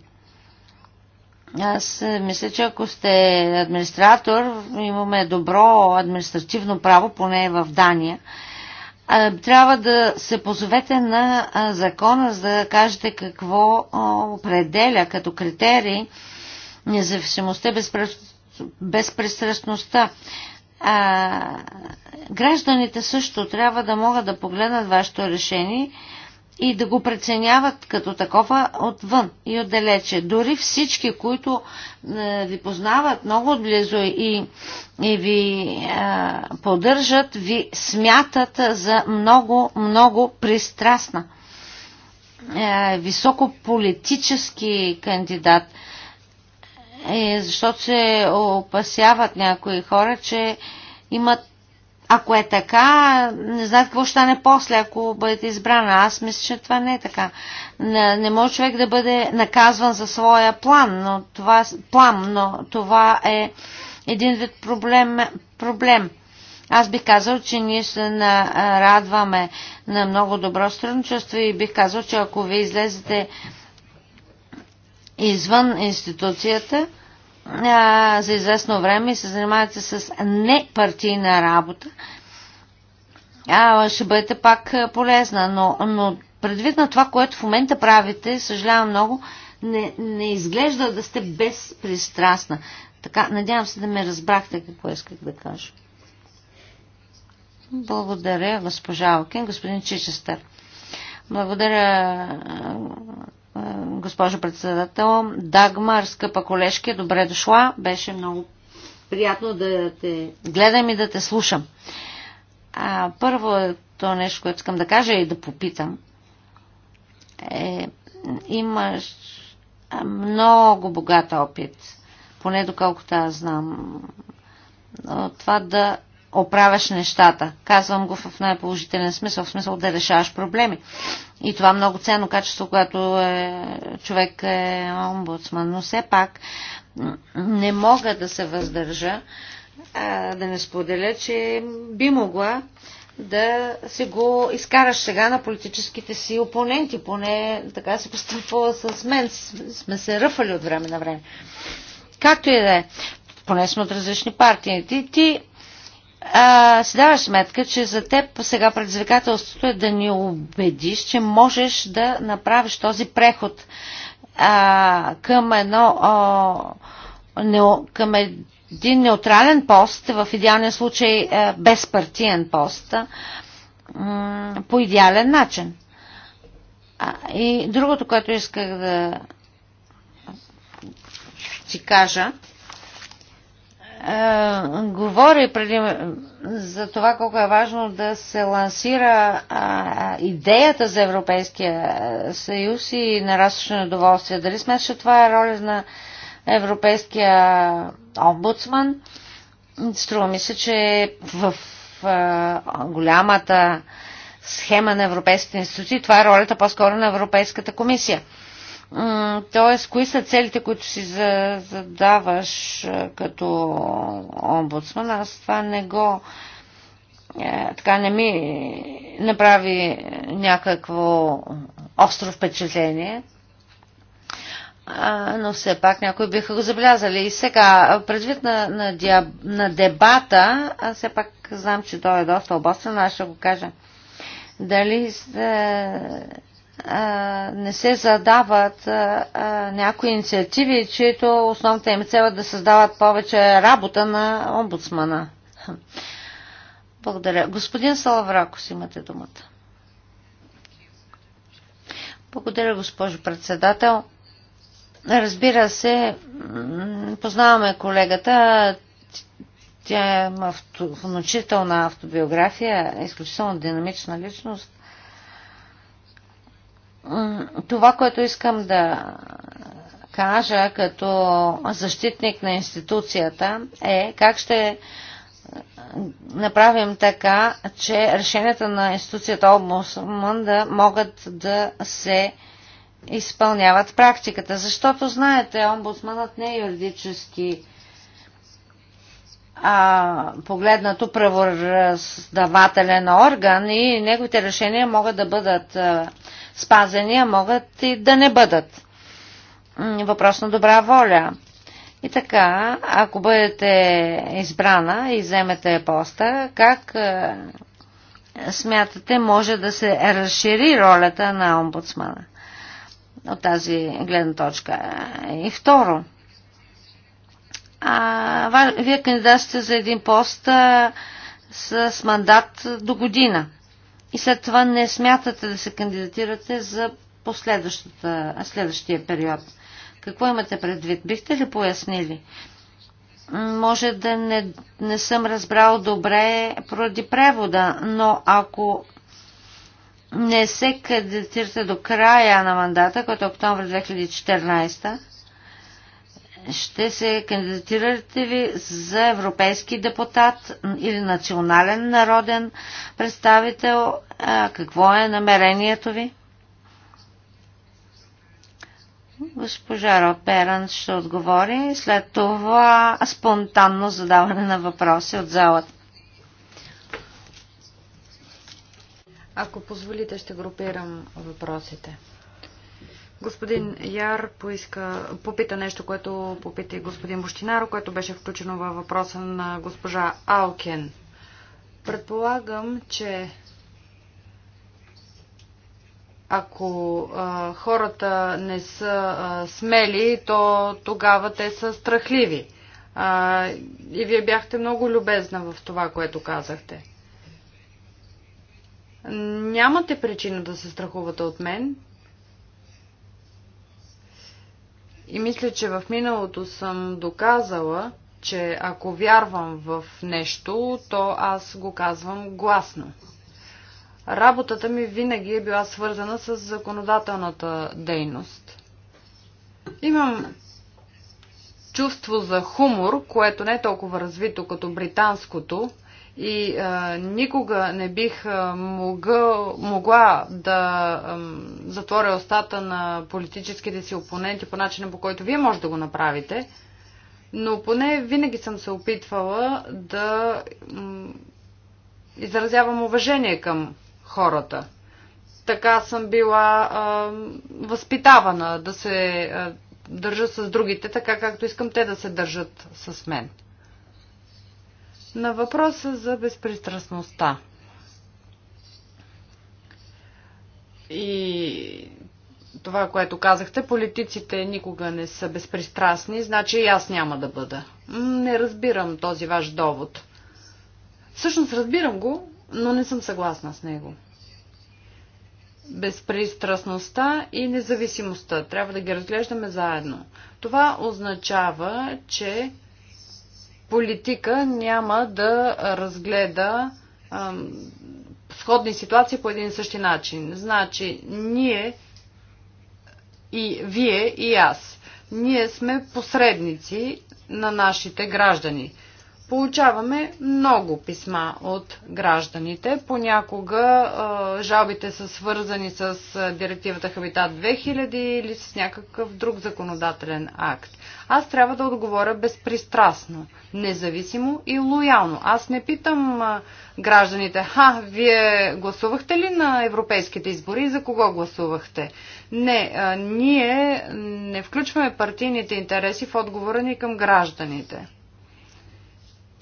Аз мисля, че ако сте администратор, имаме добро административно право, поне в Дания трябва да се позовете на закона, за да кажете какво определя като критерии независимостта, безпристрастността. А, гражданите също трябва да могат да погледнат вашето решение и да го преценяват като такова отвън и отдалече. Дори всички, които е, ви познават много отблизо и, и ви е, поддържат, ви смятат за много, много пристрастна. Е, високополитически кандидат. Е, защото се опасяват някои хора, че имат ако е така, не знаят какво ще стане после, ако бъдете избрана. Аз мисля, че това не е така. Не, не може човек да бъде наказван за своя план, но това, план, но това е един вид проблем. проблем. Аз бих казал, че ние се радваме на много добро сътрудничество и бих казал, че ако ви излезете извън институцията, а, за известно време и се занимавате с непартийна работа, а, ще бъдете пак полезна. Но, но предвид на това, което в момента правите, съжалявам много, не, не изглежда да сте безпристрастна. Така, надявам се да ме разбрахте какво исках да кажа. Благодаря, госпожа Окин, господин Чичестър. Благодаря, госпожо председател. Дагмар, скъпа колежки, добре дошла. Беше много приятно да те гледам и да те слушам. А, първото нещо, което искам да кажа и да попитам е, имаш много богат опит, поне доколкото аз знам, това да оправяш нещата. Казвам го в най-положителен смисъл, в смисъл да решаваш проблеми. И това е много ценно качество, когато е, човек е омбудсман. Но все пак не мога да се въздържа, а, да не споделя, че би могла да се го изкараш сега на политическите си опоненти. Поне така се постъпва с мен. Сме се ръфали от време на време. Както и да е. Поне сме от различни партии. Ти, ти а, си даваш сметка, че за теб сега предизвикателството е да ни убедиш, че можеш да направиш този преход а, към едно а, не, към един неутрален пост, в идеалния случай е, безпартиен пост, а, по идеален начин. А, и другото, което исках да ти кажа, е, говори преди за това колко е важно да се лансира а, идеята за Европейския съюз и нарастващо недоволствие. Дали смяташ, че това е роля на Европейския омбудсман? Струва ми се, че в а, голямата схема на европейските институции това е ролята по-скоро на Европейската комисия. Тоест, кои са целите, които си задаваш като омбудсман? Аз това не го. Е, така не ми направи някакво остро впечатление. но все пак някои биха го забелязали. И сега, предвид на, на, диаб, на дебата, аз все пак знам, че той е доста обострен, аз ще го кажа. Дали сте не се задават някои инициативи, чието основната им цел е да създават повече работа на омбудсмана. Благодаря. Господин си имате думата. Благодаря, госпожо председател. Разбира се, познаваме колегата. Тя има е внушителна автобиография, изключително динамична личност. Това, което искам да кажа като защитник на институцията е как ще направим така, че решенията на институцията Обмусман да могат да се изпълняват практиката. Защото, знаете, омбудсманът не е юридически а, погледнато правораздавателен орган и неговите решения могат да бъдат а, спазени, а могат и да не бъдат. Въпрос на добра воля. И така, ако бъдете избрана и вземете поста, как а, смятате може да се разшири ролята на омбудсмана от тази гледна точка? И второ, а, вие кандидатствате за един пост а, с мандат до година. И след това не смятате да се кандидатирате за последващата, следващия период. Какво имате предвид? Бихте ли пояснили? Може да не, не съм разбрал добре поради превода, но ако не се кандидатирате до края на мандата, който е октомври 2014, ще се кандидатирате ви за европейски депутат или национален народен представител? Какво е намерението ви? Госпожа Роперан ще отговори. След това спонтанно задаване на въпроси от залата. Ако позволите, ще групирам въпросите. Господин Яр поиска, попита нещо, което попита и господин Бощинаро, което беше включено във въпроса на госпожа Алкен. Предполагам, че ако а, хората не са а, смели, то тогава те са страхливи. А, и вие бяхте много любезна в това, което казахте. Нямате причина да се страхувате от мен. И мисля, че в миналото съм доказала, че ако вярвам в нещо, то аз го казвам гласно. Работата ми винаги е била свързана с законодателната дейност. Имам чувство за хумор, което не е толкова развито като британското, и а, никога не бих а, могъл, могла да а, затворя устата на политическите си опоненти по начина по който вие може да го направите, но поне винаги съм се опитвала да м, изразявам уважение към хората. Така съм била а, възпитавана да се а, държа с другите, така както искам те да се държат с мен. На въпроса за безпристрастността. И това, което казахте, политиците никога не са безпристрастни, значи и аз няма да бъда. Не разбирам този ваш довод. Всъщност разбирам го, но не съм съгласна с него. Безпристрастността и независимостта трябва да ги разглеждаме заедно. Това означава, че политика няма да разгледа сходни ситуации по един и същи начин. Значи, ние и вие и аз. Ние сме посредници на нашите граждани. Получаваме много писма от гражданите. Понякога жалбите са свързани с директивата Хабитат 2000 или с някакъв друг законодателен акт. Аз трябва да отговоря безпристрастно, независимо и лоялно. Аз не питам гражданите, ха, вие гласувахте ли на европейските избори и за кого гласувахте? Не, ние не включваме партийните интереси в отговора ни към гражданите.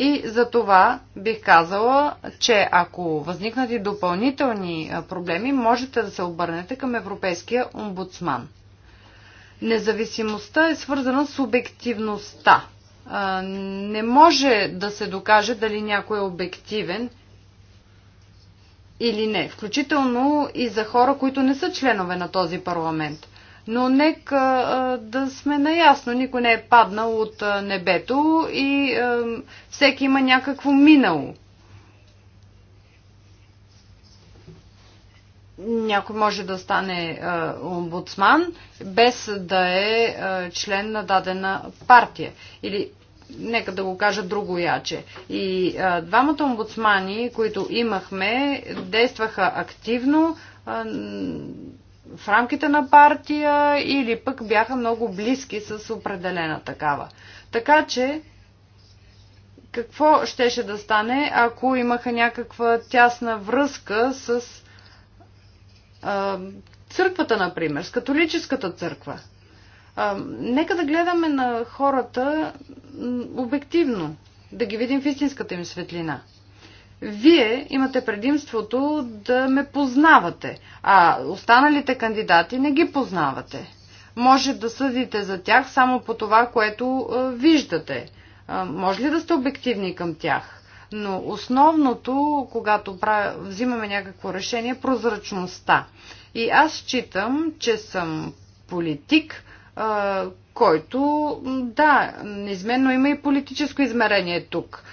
И за това бих казала, че ако възникнат и допълнителни проблеми, можете да се обърнете към Европейския омбудсман. Независимостта е свързана с обективността. Не може да се докаже дали някой е обективен или не, включително и за хора, които не са членове на този парламент. Но нека да сме наясно, никой не е паднал от небето и всеки има някакво минало. някой може да стане омбудсман, без да е член на дадена партия. Или, нека да го кажа друго яче. И двамата омбудсмани, които имахме, действаха активно в рамките на партия или пък бяха много близки с определена такава. Така че, какво щеше да стане, ако имаха някаква тясна връзка с а, църквата, например, с католическата църква? А, нека да гледаме на хората обективно, да ги видим в истинската им светлина – вие имате предимството да ме познавате, а останалите кандидати не ги познавате. Може да съдите за тях само по това, което виждате. Може ли да сте обективни към тях? Но основното, когато взимаме някакво решение, е прозрачността. И аз считам, че съм политик, който, да, неизменно има и политическо измерение тук.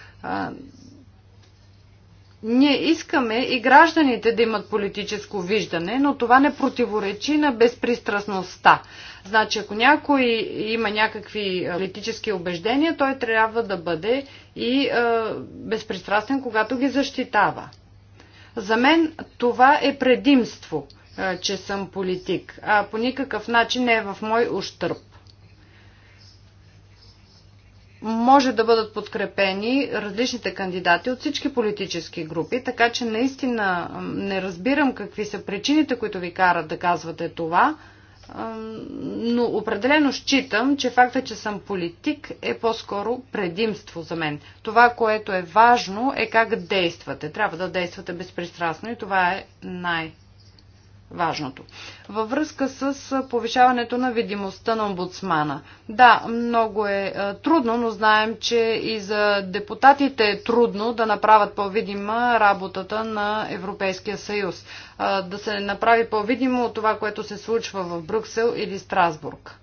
Ние искаме и гражданите да имат политическо виждане, но това не противоречи на безпристрастността. Значи, ако някой има някакви политически убеждения, той трябва да бъде и е, безпристрастен, когато ги защитава. За мен това е предимство, е, че съм политик, а по никакъв начин не е в мой ущърп може да бъдат подкрепени различните кандидати от всички политически групи, така че наистина не разбирам какви са причините, които ви карат да казвате това, но определено считам, че факта, че съм политик е по-скоро предимство за мен. Това, което е важно е как действате. Трябва да действате безпристрастно и това е най-важно важното. Във връзка с повишаването на видимостта на омбудсмана. Да, много е трудно, но знаем, че и за депутатите е трудно да направят по-видима работата на Европейския съюз. Да се направи по-видимо това, което се случва в Брюксел или Страсбург.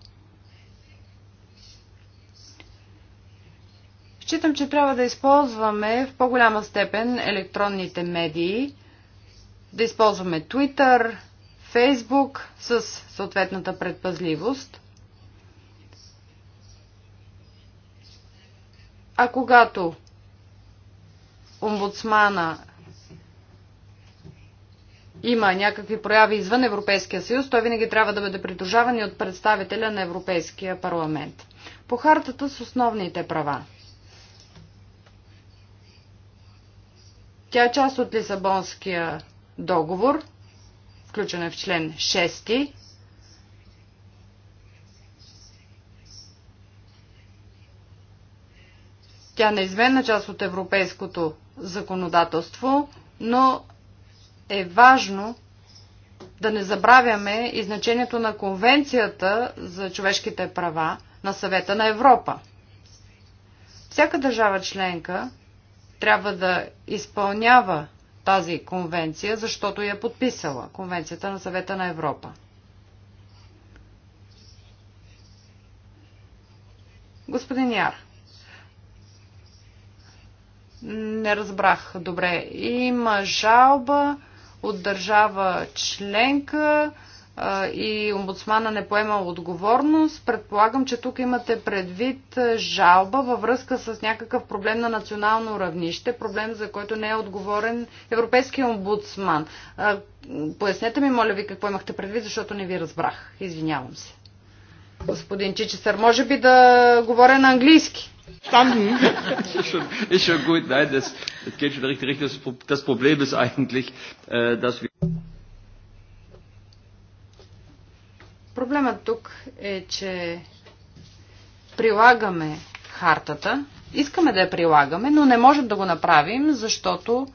Считам, че трябва да използваме в по-голяма степен електронните медии, да използваме Twitter, Фейсбук с съответната предпазливост. А когато омбудсмана има някакви прояви извън Европейския съюз, той винаги трябва да бъде придружаван и от представителя на Европейския парламент. По хартата с основните права. Тя е част от Лисабонския договор – включена е в член 6. Тя е неизменна част от европейското законодателство, но е важно да не забравяме и значението на Конвенцията за човешките права на съвета на Европа. Всяка държава членка трябва да изпълнява тази конвенция, защото я подписала Конвенцията на съвета на Европа. Господин Яр, не разбрах добре. Има жалба от държава членка и омбудсмана не поема отговорност. Предполагам, че тук имате предвид жалба във връзка с някакъв проблем на национално равнище, проблем за който не е отговорен европейския омбудсман. Пояснете ми, моля ви, какво имахте предвид, защото не ви разбрах. Извинявам се. Господин Чичесър, може би да говоря на английски. Standen. ist, schon, ist schon gut. Nein, das, das geht schon richtig. das Problem ist eigentlich, äh, dass wir. Проблемът тук е, че прилагаме хартата, искаме да я прилагаме, но не можем да го направим, защото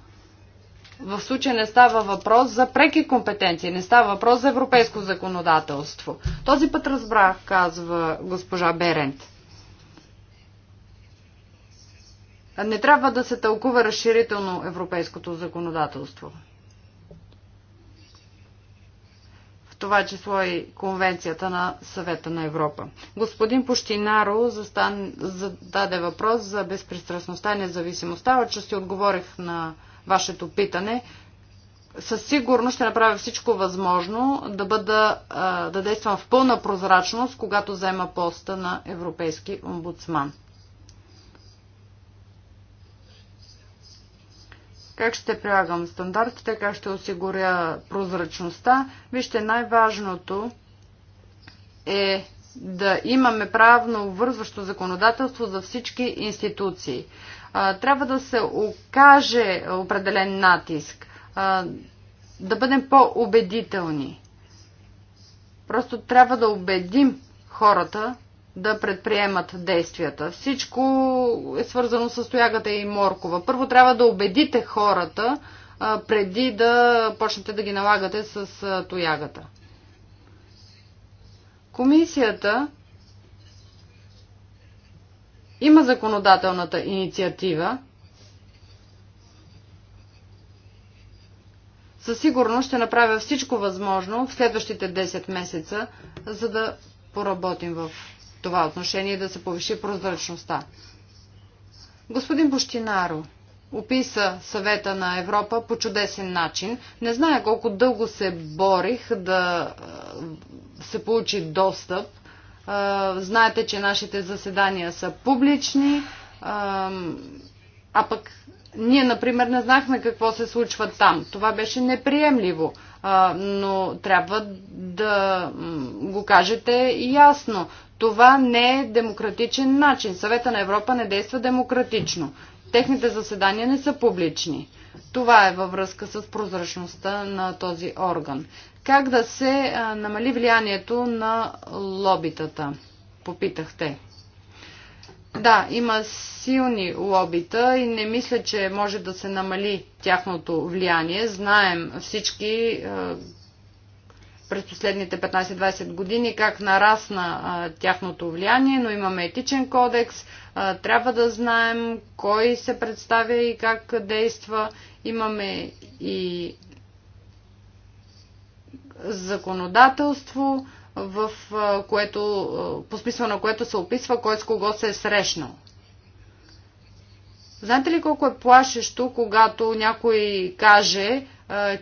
в случая не става въпрос за преки компетенции, не става въпрос за европейско законодателство. Този път разбрах, казва госпожа Берент. Не трябва да се тълкува разширително европейското законодателство. това число и Конвенцията на Съвета на Европа. Господин Пощинаро застан, зададе въпрос за безпристрастността и независимостта. че си отговорих на вашето питане. Със сигурност ще направя всичко възможно да, бъда, да действам в пълна прозрачност, когато взема поста на Европейски омбудсман. Как ще прилагам стандартите, как ще осигуря прозрачността? Вижте, най-важното е да имаме правно обвързващо законодателство за всички институции. Трябва да се окаже определен натиск, да бъдем по-убедителни. Просто трябва да убедим хората да предприемат действията. Всичко е свързано с тоягата и моркова. Първо трябва да убедите хората, преди да почнете да ги налагате с тоягата. Комисията има законодателната инициатива. Със сигурност ще направя всичко възможно в следващите 10 месеца, за да поработим в това отношение да се повиши прозрачността. Господин Бощинаро описа съвета на Европа по чудесен начин. Не зная колко дълго се борих да се получи достъп. Знаете, че нашите заседания са публични, а пък ние, например, не знахме какво се случва там. Това беше неприемливо но трябва да го кажете ясно. Това не е демократичен начин. Съвета на Европа не действа демократично. Техните заседания не са публични. Това е във връзка с прозрачността на този орган. Как да се намали влиянието на лобитата? Попитахте. Да, има силни лобита и не мисля, че може да се намали тяхното влияние. Знаем всички е, през последните 15-20 години как нарасна е, тяхното влияние, но имаме етичен кодекс, е, трябва да знаем кой се представя и как действа. Имаме и законодателство, в което, по смисъл на което се описва кой с кого се е срещнал. Знаете ли колко е плашещо, когато някой каже,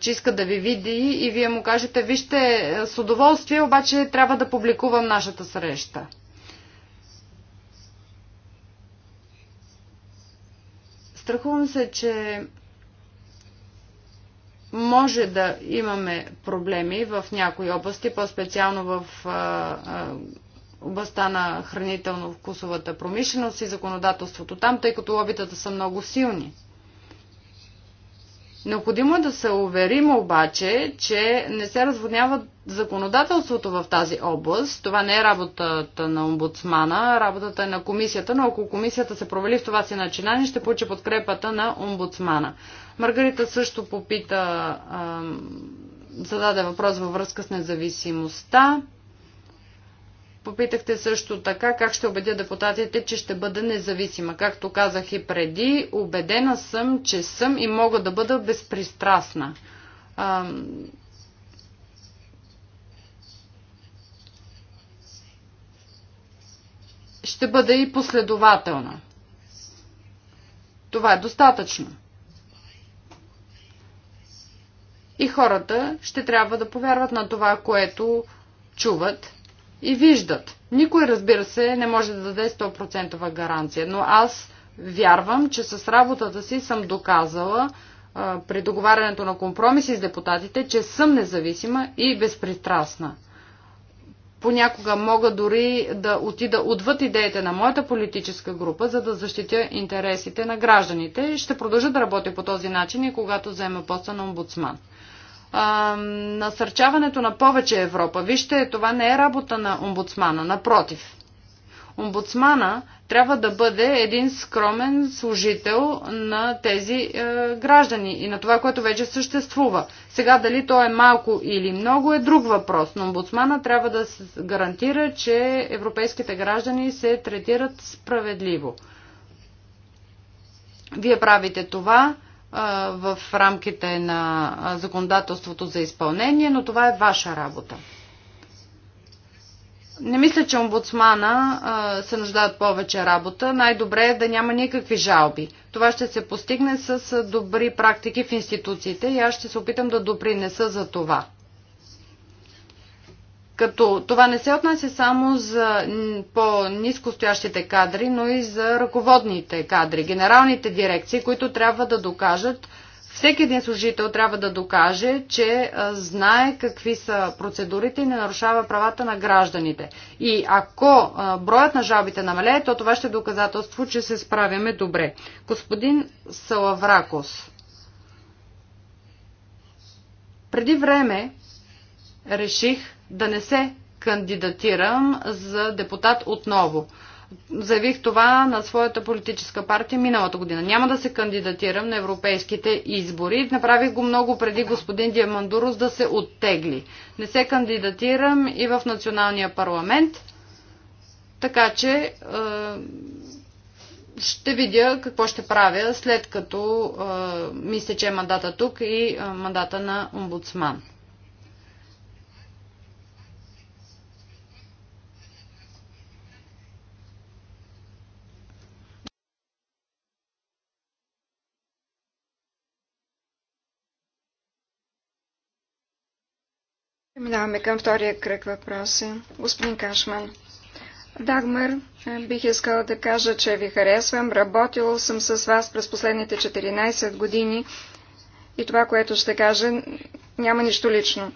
че иска да ви види и вие му кажете, вижте, с удоволствие, обаче трябва да публикувам нашата среща. Страхувам се, че може да имаме проблеми в някои области, по-специално в областта на хранително-вкусовата промишленост и законодателството там, тъй като лобитата са много силни. Необходимо е да се уверим обаче, че не се разводнява законодателството в тази област. Това не е работата на омбудсмана, работата е на комисията, но ако комисията се провали в това си начинание, ще получи подкрепата на омбудсмана. Маргарита също попита, зададе въпрос във връзка с независимостта. Попитахте също така как ще убедя депутатите, че ще бъда независима. Както казах и преди, убедена съм, че съм и мога да бъда безпристрастна. Ще бъда и последователна. Това е достатъчно. И хората ще трябва да повярват на това, което чуват и виждат. Никой, разбира се, не може да даде 100% гаранция, но аз вярвам, че с работата си съм доказала а, при договарянето на компромиси с депутатите, че съм независима и безпристрастна. Понякога мога дори да отида отвъд идеите на моята политическа група, за да защитя интересите на гражданите. Ще продължа да работя по този начин и когато взема поста на омбудсман насърчаването на повече Европа. Вижте, това не е работа на омбудсмана, напротив. Омбудсмана трябва да бъде един скромен служител на тези е, граждани и на това, което вече съществува. Сега дали то е малко или много е друг въпрос, но омбудсмана трябва да гарантира, че европейските граждани се третират справедливо. Вие правите това в рамките на законодателството за изпълнение, но това е ваша работа. Не мисля, че омбудсмана се нуждаят повече работа. Най-добре е да няма никакви жалби. Това ще се постигне с добри практики в институциите и аз ще се опитам да допринеса за това. Като това не се отнася само за по-низко стоящите кадри, но и за ръководните кадри, генералните дирекции, които трябва да докажат, всеки един служител трябва да докаже, че знае какви са процедурите и не нарушава правата на гражданите. И ако броят на жалбите намалее, то това ще е доказателство, че се справяме добре. Господин Салавракос, преди време реших, да не се кандидатирам за депутат отново. Заявих това на своята политическа партия миналата година. Няма да се кандидатирам на европейските избори. Направих го много преди господин Диамандурус да се оттегли. Не се кандидатирам и в националния парламент. Така че е, ще видя какво ще правя след като е, ми сече мандата тук и е, мандата на омбудсман. Минаваме към втория кръг въпроси. Господин Кашман. Дагмар, е, бих искала да кажа, че ви харесвам. Работил съм с вас през последните 14 години и това, което ще кажа, няма нищо лично.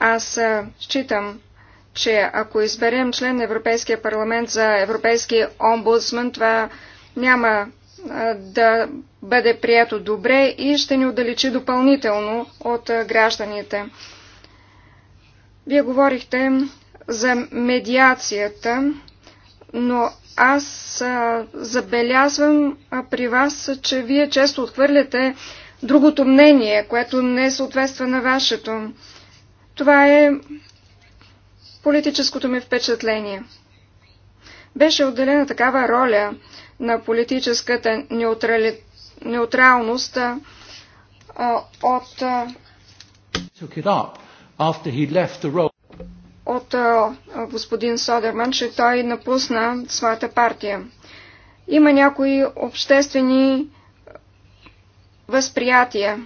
Аз е, считам, че ако изберем член на Европейския парламент за Европейски омбудсман, това няма е, да бъде прието добре и ще ни отдалечи допълнително от гражданите. Вие говорихте за медиацията, но аз а, забелязвам а, при вас, че вие често отхвърляте другото мнение, което не съответства на вашето. Това е политическото ми впечатление. Беше отделена такава роля на политическата неутрали... неутралност а, от. А after he left the role. От а, господин Содерман, че той напусна своята партия. Има някои обществени възприятия.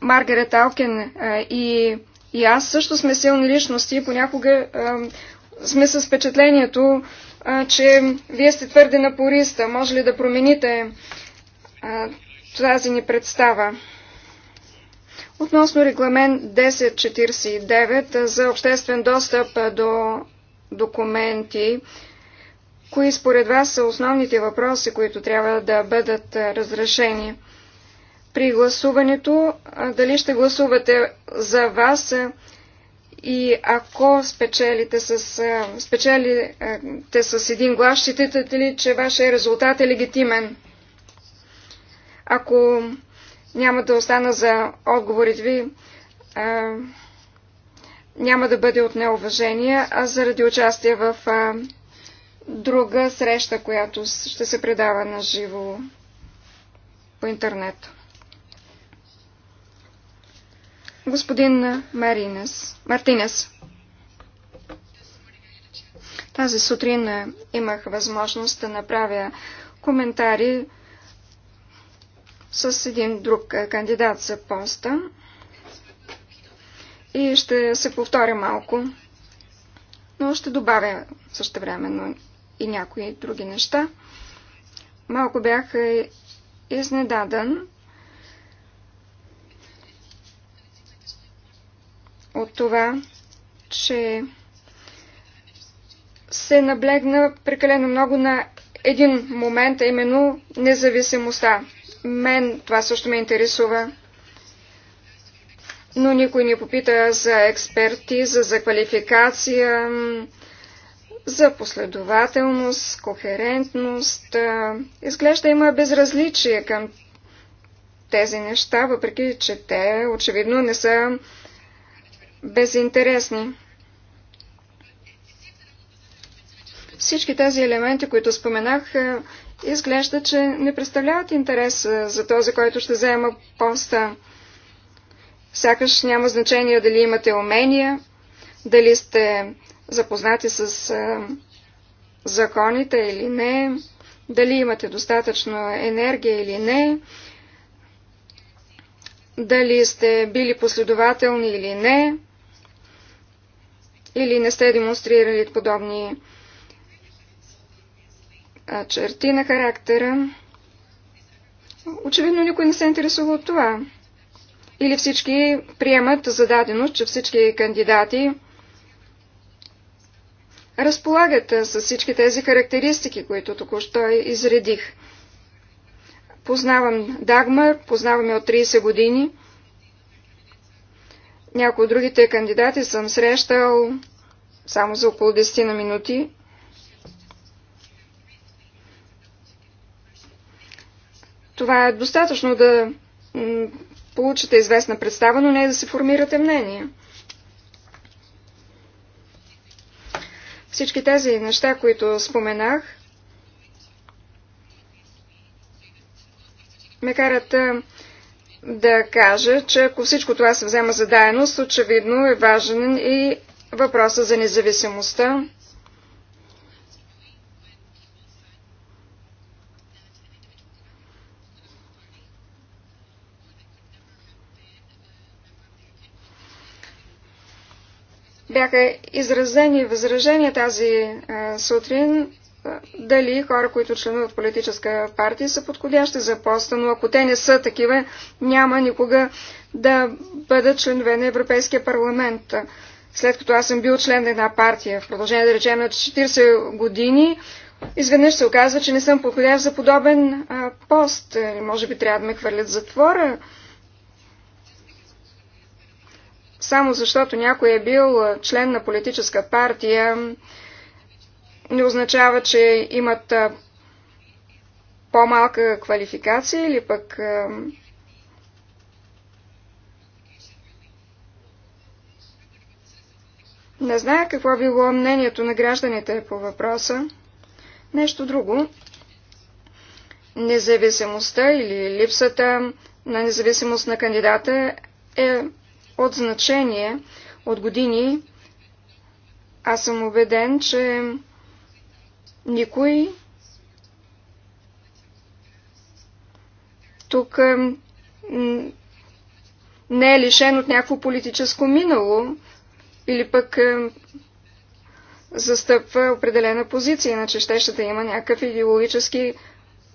Маргарет Алкен и, и аз също сме силни личности. Понякога а, сме с впечатлението, а, че вие сте твърде напориста. Може ли да промените а, тази ни представа. Относно регламент 1049 за обществен достъп до документи, кои според вас са основните въпроси, които трябва да бъдат разрешени? При гласуването, дали ще гласувате за вас и ако спечелите с, спечелите с един глас, считате ли, че вашия резултат е легитимен? Ако няма да остана за отговорите ви, а, няма да бъде от неуважение, а заради участие в а, друга среща, която ще се предава на живо по интернет. Господин Маринес, Мартинес, тази сутрин имах възможност да направя коментари с един друг е, кандидат за поста. И ще се повторя малко, но ще добавя също времено и някои други неща. Малко бях е, изнедадан от това, че се наблегна прекалено много на един момент, а именно независимостта. Мен това също ме интересува. Но никой не попита за експертиза, за квалификация, за последователност, кохерентност. Изглежда има безразличие към тези неща, въпреки че те очевидно не са безинтересни. Всички тези елементи, които споменах, изглежда, че не представляват интерес за този, който ще взема поста. Сякаш няма значение дали имате умения, дали сте запознати с законите или не, дали имате достатъчно енергия или не, дали сте били последователни или не, или не сте демонстрирали подобни черти на характера. Очевидно никой не се интересува от това. Или всички приемат зададеност, че всички кандидати разполагат с всички тези характеристики, които току-що изредих. Познавам Дагмар, познаваме от 30 години. Някои от другите кандидати съм срещал само за около 10 на минути. Това е достатъчно да получите известна представа, но не да се формирате мнение. Всички тези неща, които споменах, ме карат да кажа, че ако всичко това се взема за дайност, очевидно е важен и въпроса за независимостта. Бяха изразени възражения тази сутрин дали хора, които членуват политическа партия, са подходящи за поста, но ако те не са такива, няма никога да бъдат членове на Европейския парламент. След като аз съм бил член на една партия в продължение да речем на 40 години, изведнъж се оказва, че не съм подходящ за подобен пост. Може би трябва да ме хвърлят затвора. само защото някой е бил член на политическа партия, не означава, че имат по-малка квалификация или пък Не зная какво било мнението на гражданите по въпроса. Нещо друго. Независимостта или липсата на независимост на кандидата е от значение от години. Аз съм убеден, че никой тук не е лишен от някакво политическо минало или пък застъпва определена позиция, иначе ще ще да има някакъв идеологически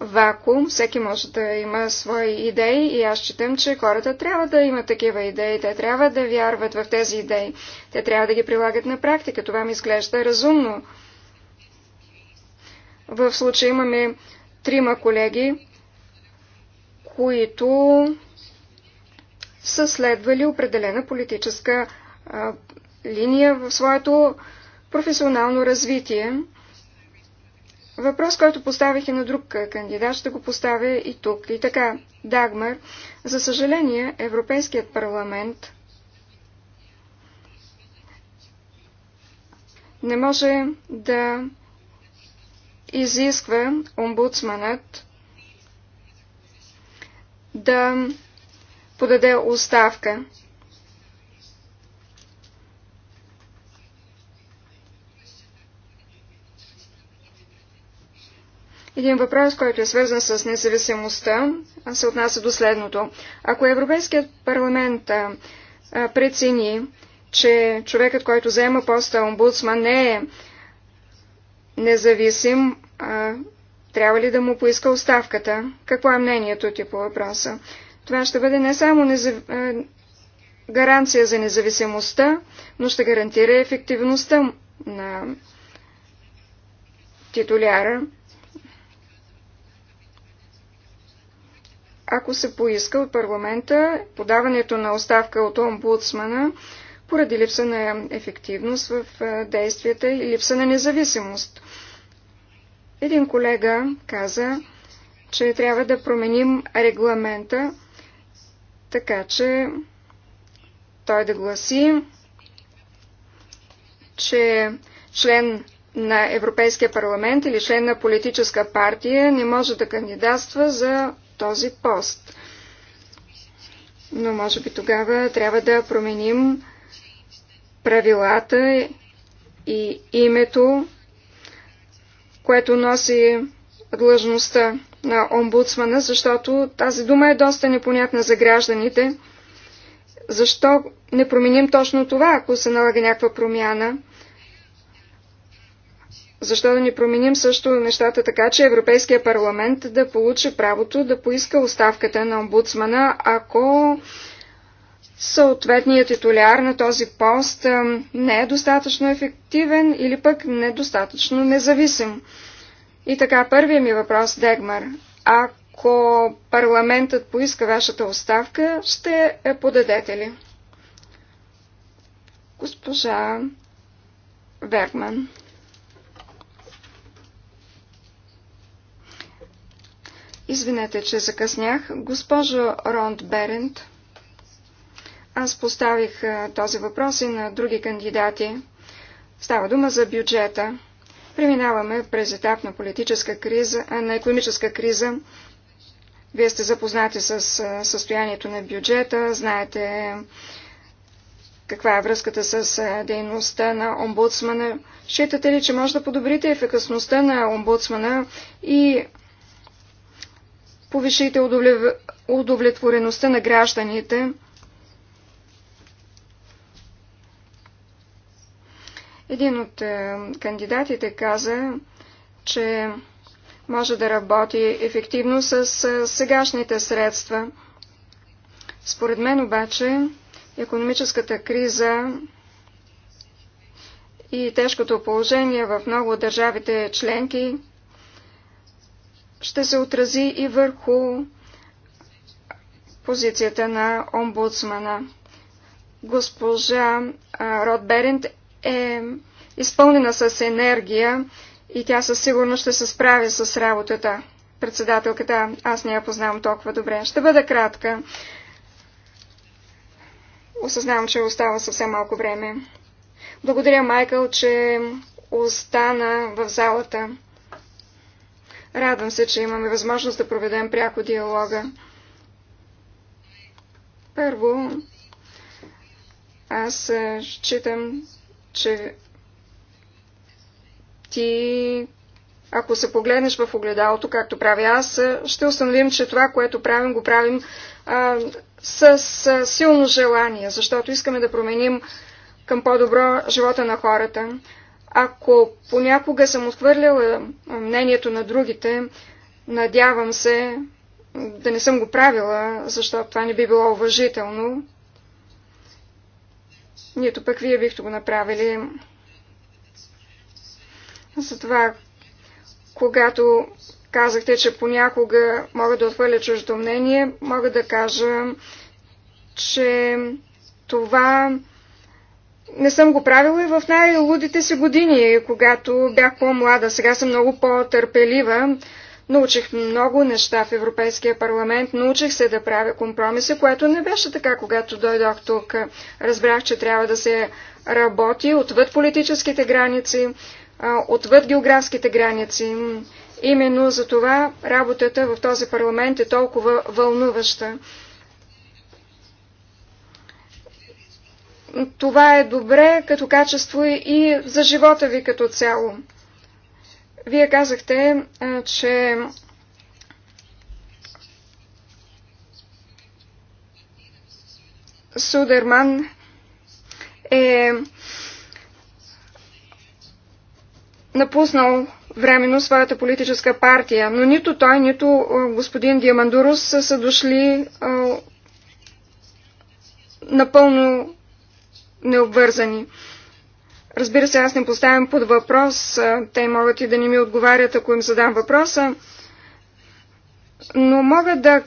вакуум, всеки може да има свои идеи и аз считам, че хората трябва да имат такива идеи, те трябва да вярват в тези идеи, те трябва да ги прилагат на практика, това ми изглежда разумно. В случая имаме трима колеги, които са следвали определена политическа а, линия в своето професионално развитие. Въпрос, който поставих и на друг кандидат, ще го поставя и тук. И така, Дагмар, за съжаление, Европейският парламент не може да изисква омбудсманът да подаде оставка. Един въпрос, който е свързан с независимостта, се отнася до следното. Ако Европейският парламент а, прецени, че човекът, който заема поста омбудсман, не е независим, а, трябва ли да му поиска оставката? Какво е мнението ти по въпроса? Това ще бъде не само незав... гаранция за независимостта, но ще гарантира ефективността на титуляра ако се поиска от парламента подаването на оставка от омбудсмана поради липса на ефективност в действията и липса на независимост. Един колега каза, че трябва да променим регламента, така че той да гласи, че член на Европейския парламент или член на политическа партия не може да кандидатства за този пост. Но може би тогава трябва да променим правилата и името, което носи длъжността на омбудсмана, защото тази дума е доста непонятна за гражданите. Защо не променим точно това, ако се налага някаква промяна? Защо да не променим също нещата така, че Европейския парламент да получи правото да поиска оставката на омбудсмана, ако съответният титуляр на този пост не е достатъчно ефективен или пък недостатъчно независим. И така, първият ми въпрос, Дегмар. Ако парламентът поиска вашата оставка, ще я подадете ли? Госпожа Бергман. Извинете, че закъснях. Госпожо Ронд Берент, аз поставих този въпрос и на други кандидати. Става дума за бюджета. Преминаваме през етап на политическа криза, а на економическа криза. Вие сте запознати с състоянието на бюджета, знаете каква е връзката с дейността на омбудсмана. Считате ли, че може да подобрите ефикасността на омбудсмана и повишите удовлетвореността на гражданите. Един от е, кандидатите каза, че може да работи ефективно с е, сегашните средства. Според мен обаче економическата криза и тежкото положение в много от държавите членки ще се отрази и върху позицията на омбудсмана. Госпожа Род Берент е изпълнена с енергия и тя със сигурност ще се справи с работата. Председателката, аз не я познавам толкова добре. Ще бъда кратка. Осъзнавам, че остава съвсем малко време. Благодаря, Майкъл, че остана в залата. Радвам се, че имаме възможност да проведем пряко диалога. Първо, аз считам, че ти, ако се погледнеш в огледалото, както правя аз, ще установим, че това, което правим, го правим а, с, с силно желание, защото искаме да променим към по-добро живота на хората. Ако понякога съм отхвърляла мнението на другите, надявам се да не съм го правила, защото това не би било уважително. Нито пък вие бихте го направили. Затова, когато казахте, че понякога мога да отхвърля чуждо мнение, мога да кажа, че това не съм го правила и в най-лудите си години, когато бях по-млада. Сега съм много по-търпелива. Научих много неща в Европейския парламент, научих се да правя компромиси, което не беше така, когато дойдох тук. Разбрах, че трябва да се работи отвъд политическите граници, отвъд географските граници. Именно за това работата в този парламент е толкова вълнуваща. това е добре като качество и за живота ви като цяло. Вие казахте, че Судерман е напуснал временно своята политическа партия, но нито той, нито господин Диамандурус са дошли напълно необвързани. Разбира се, аз не поставям под въпрос, те могат и да не ми отговарят, ако им задам въпроса, но мога да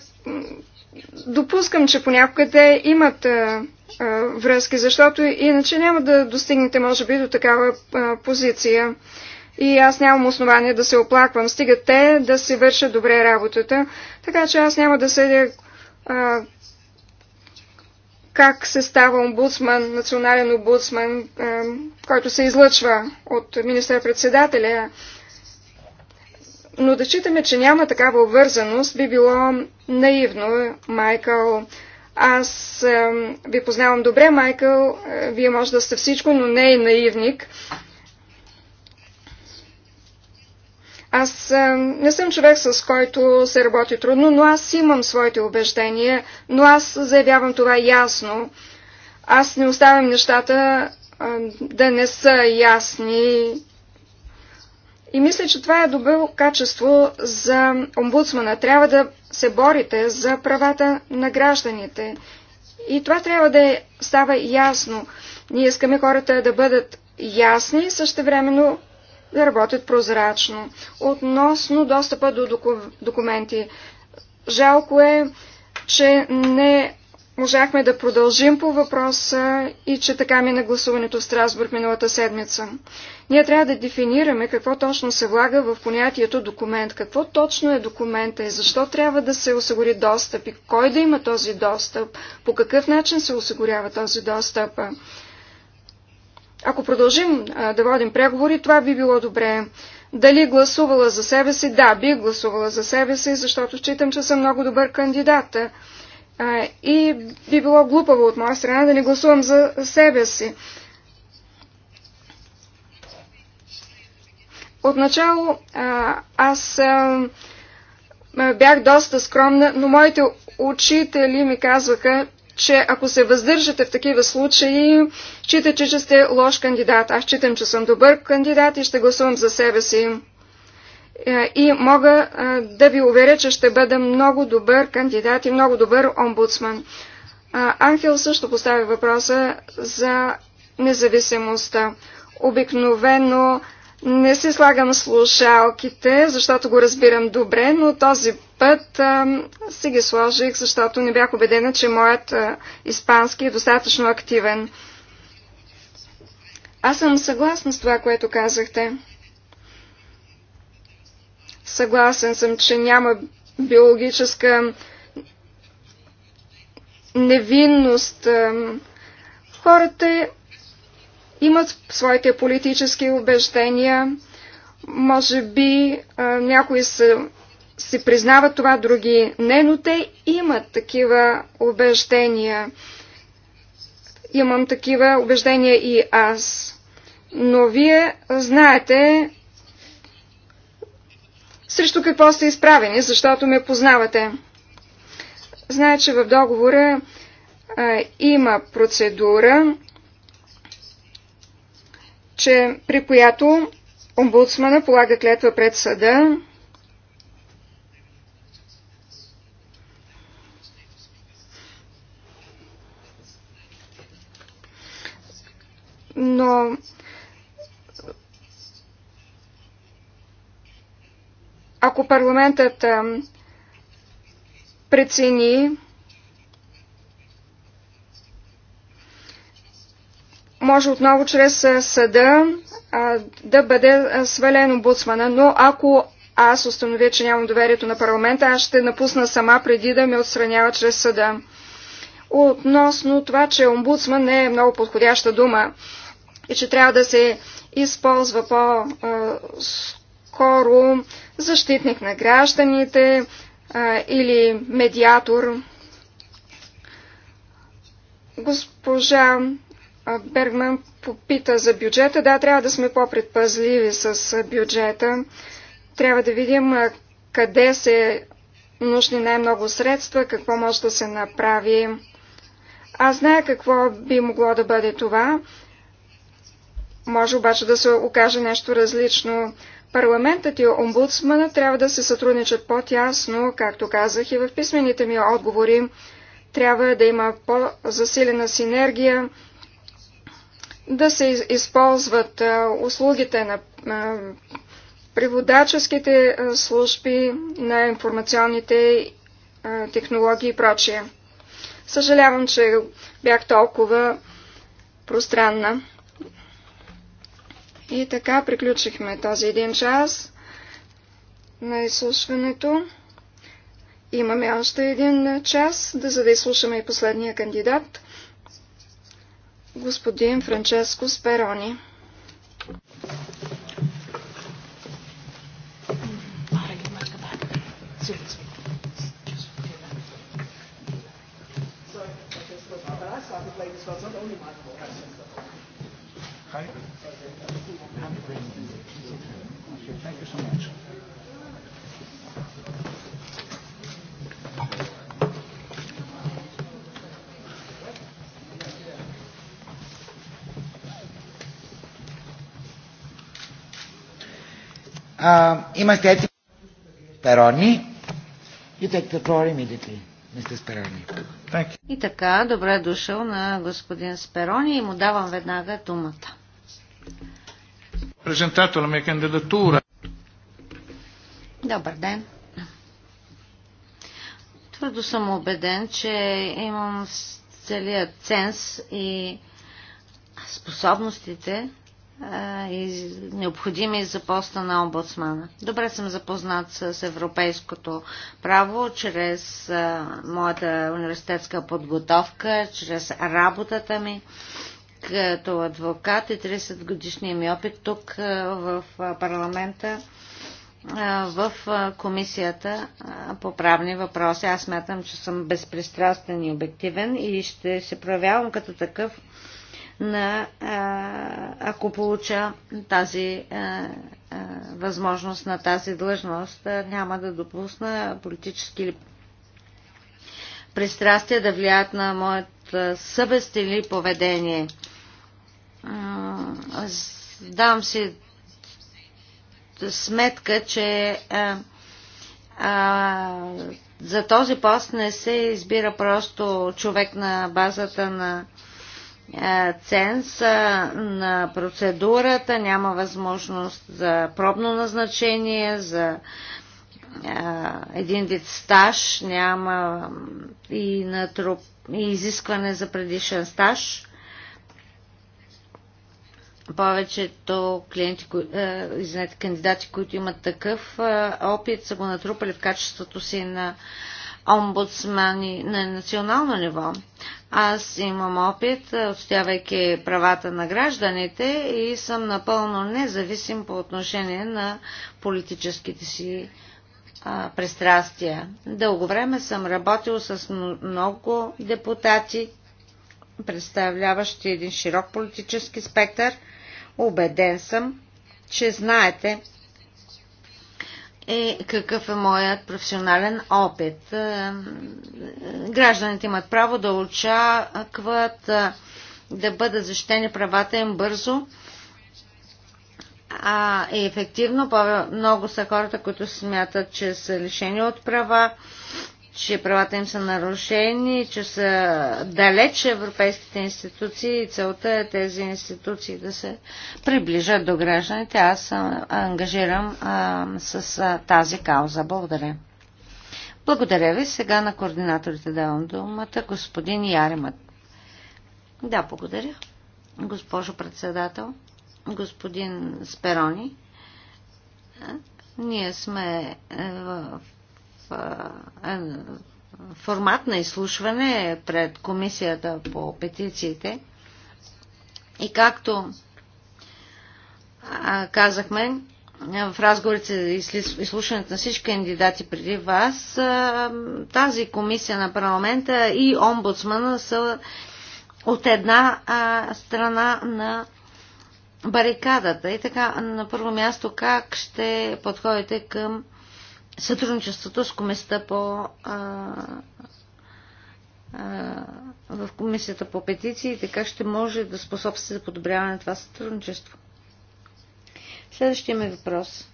допускам, че понякога те имат а, а, връзки, защото иначе няма да достигнете, може би, до такава а, позиция. И аз нямам основание да се оплаквам. Стига те да си вършат добре работата. Така че аз няма да седя а, как се става омбудсман, национален омбудсман, е, който се излъчва от министър-председателя. Но да считаме, че няма такава обвързаност, би било наивно, Майкъл. Аз е, ви познавам добре, Майкъл, е, вие може да сте всичко, но не и наивник. Аз не съм човек, с който се работи трудно, но аз имам своите убеждения, но аз заявявам това ясно. Аз не оставям нещата да не са ясни. И мисля, че това е добро качество за омбудсмана. Трябва да се борите за правата на гражданите. И това трябва да е, става ясно. Ние искаме хората да бъдат ясни, времено да работят прозрачно. Относно достъпа до документи. Жалко е, че не можахме да продължим по въпроса и че така мина гласуването в Страсбург миналата седмица. Ние трябва да дефинираме какво точно се влага в понятието документ, какво точно е документа и е? защо трябва да се осигури достъп и кой да има този достъп, по какъв начин се осигурява този достъп. Ако продължим а, да водим преговори, това би било добре. Дали гласувала за себе си? Да, би гласувала за себе си, защото считам, че съм много добър кандидат. А, и би било глупаво от моя страна да не гласувам за себе си. Отначало а, аз а, бях доста скромна, но моите учители ми казваха, че ако се въздържате в такива случаи, читате, че сте лош кандидат. Аз читам, че съм добър кандидат и ще гласувам за себе си. Е, и мога е, да ви уверя, че ще бъда много добър кандидат и много добър омбудсман. Е, Анхел също постави въпроса за независимостта. Обикновено не си слагам слушалките, защото го разбирам добре, но този път а, си ги сложих, защото не бях убедена, че моят а, испански е достатъчно активен. Аз съм съгласна с това, което казахте. Съгласен съм, че няма биологическа невинност. Хората имат своите политически убеждения. Може би някои са, си признават това, други не, но те имат такива убеждения. Имам такива убеждения и аз. Но вие знаете срещу какво сте изправени, защото ме познавате. Знае, че в договора а, има процедура че при която омбудсмана полага клетва пред съда но ако парламентът прецени, може отново чрез съда да бъде свален омбудсмана, но ако аз установя, че нямам доверието на парламента, аз ще напусна сама преди да ме отстранява чрез съда. Относно това, че омбудсман не е много подходяща дума и че трябва да се използва по-скоро защитник на гражданите или медиатор. Госпожа Бергман попита за бюджета. Да, трябва да сме по-предпазливи с бюджета. Трябва да видим къде се нужни най-много средства, какво може да се направи. Аз знае какво би могло да бъде това. Може обаче да се окаже нещо различно. Парламентът и омбудсмана трябва да се сътрудничат по-тясно, както казах и в писмените ми отговори. Трябва да има по-засилена синергия да се използват услугите на преводаческите служби, на информационните технологии и прочие. Съжалявам, че бях толкова пространна. И така приключихме този един час на изслушването. Имаме още един час, да, за да изслушаме и последния кандидат господин Франческо Сперони. Sorry, I just was not I saw the ladies was not only my fault. Uh, είμαστε έτοιμοι. Περώνει. You take the floor immediately. И така, добре е дошъл на господин Сперони и му давам веднага думата. Презентато на моя кандидатура. Добър ден. Твърдо съм убеден, че имам целият ценз и способностите и необходими за поста на омбудсмана. Добре съм запознат с европейското право, чрез моята университетска подготовка, чрез работата ми като адвокат и 30 годишния ми опит тук в парламента в комисията по правни въпроси. Аз смятам, че съм безпристрастен и обективен и ще се проявявам като такъв на, ако получа тази възможност на тази длъжност. Няма да допусна политически пристрастия да влияят на моят съвест или поведение. Давам си сметка, че а, за този пост не се избира просто човек на базата на е, ценз на процедурата, няма възможност за пробно назначение, за е, един вид стаж, няма и, натруп, и изискване за предишен стаж. Повечето клиенти, е, извинете, кандидати, които имат такъв опит, са го натрупали в качеството си на омбудсмани на национално ниво. Аз имам опит, отстоявайки правата на гражданите и съм напълно независим по отношение на политическите си а, пристрастия. Дълго време съм работил с много депутати, представляващи един широк политически спектър. Убеден съм, че знаете, е какъв е моят професионален опит. Е, е, гражданите имат право да очакват е, да бъдат защитени правата им бързо а, и ефективно. Много са хората, които смятат, че са лишени от права че правата им са нарушени, че са далеч европейските институции и целта е тези институции да се приближат до гражданите. Аз съм ангажирам а, с а, тази кауза. Благодаря. Благодаря ви. Сега на координаторите давам думата. Господин Яремът. Да, благодаря. Госпожо председател, господин Сперони, ние сме в е, формат на изслушване пред комисията по петициите. И както казахме в разговорите и изслушването на всички кандидати преди вас, тази комисия на парламента и омбудсмана са от една страна на барикадата. И така, на първо място, как ще подходите към сътрудничеството с комисията по а, а, в комисията по петиции, така ще може да способства за подобряване на това сътрудничество. Следващия ми въпрос.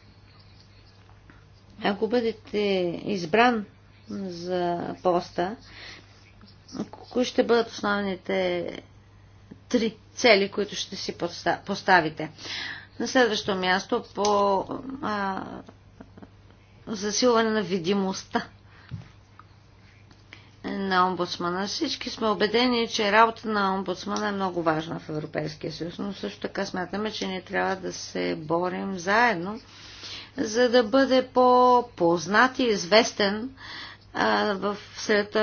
Ако бъдете избран за поста, кои ще бъдат основните три цели, които ще си поставите? На следващо място по а, засилване на видимостта на омбудсмана. Всички сме убедени, че работа на омбудсмана е много важна в Европейския съюз, но също така смятаме, че ние трябва да се борим заедно, за да бъде по-познат и известен в сред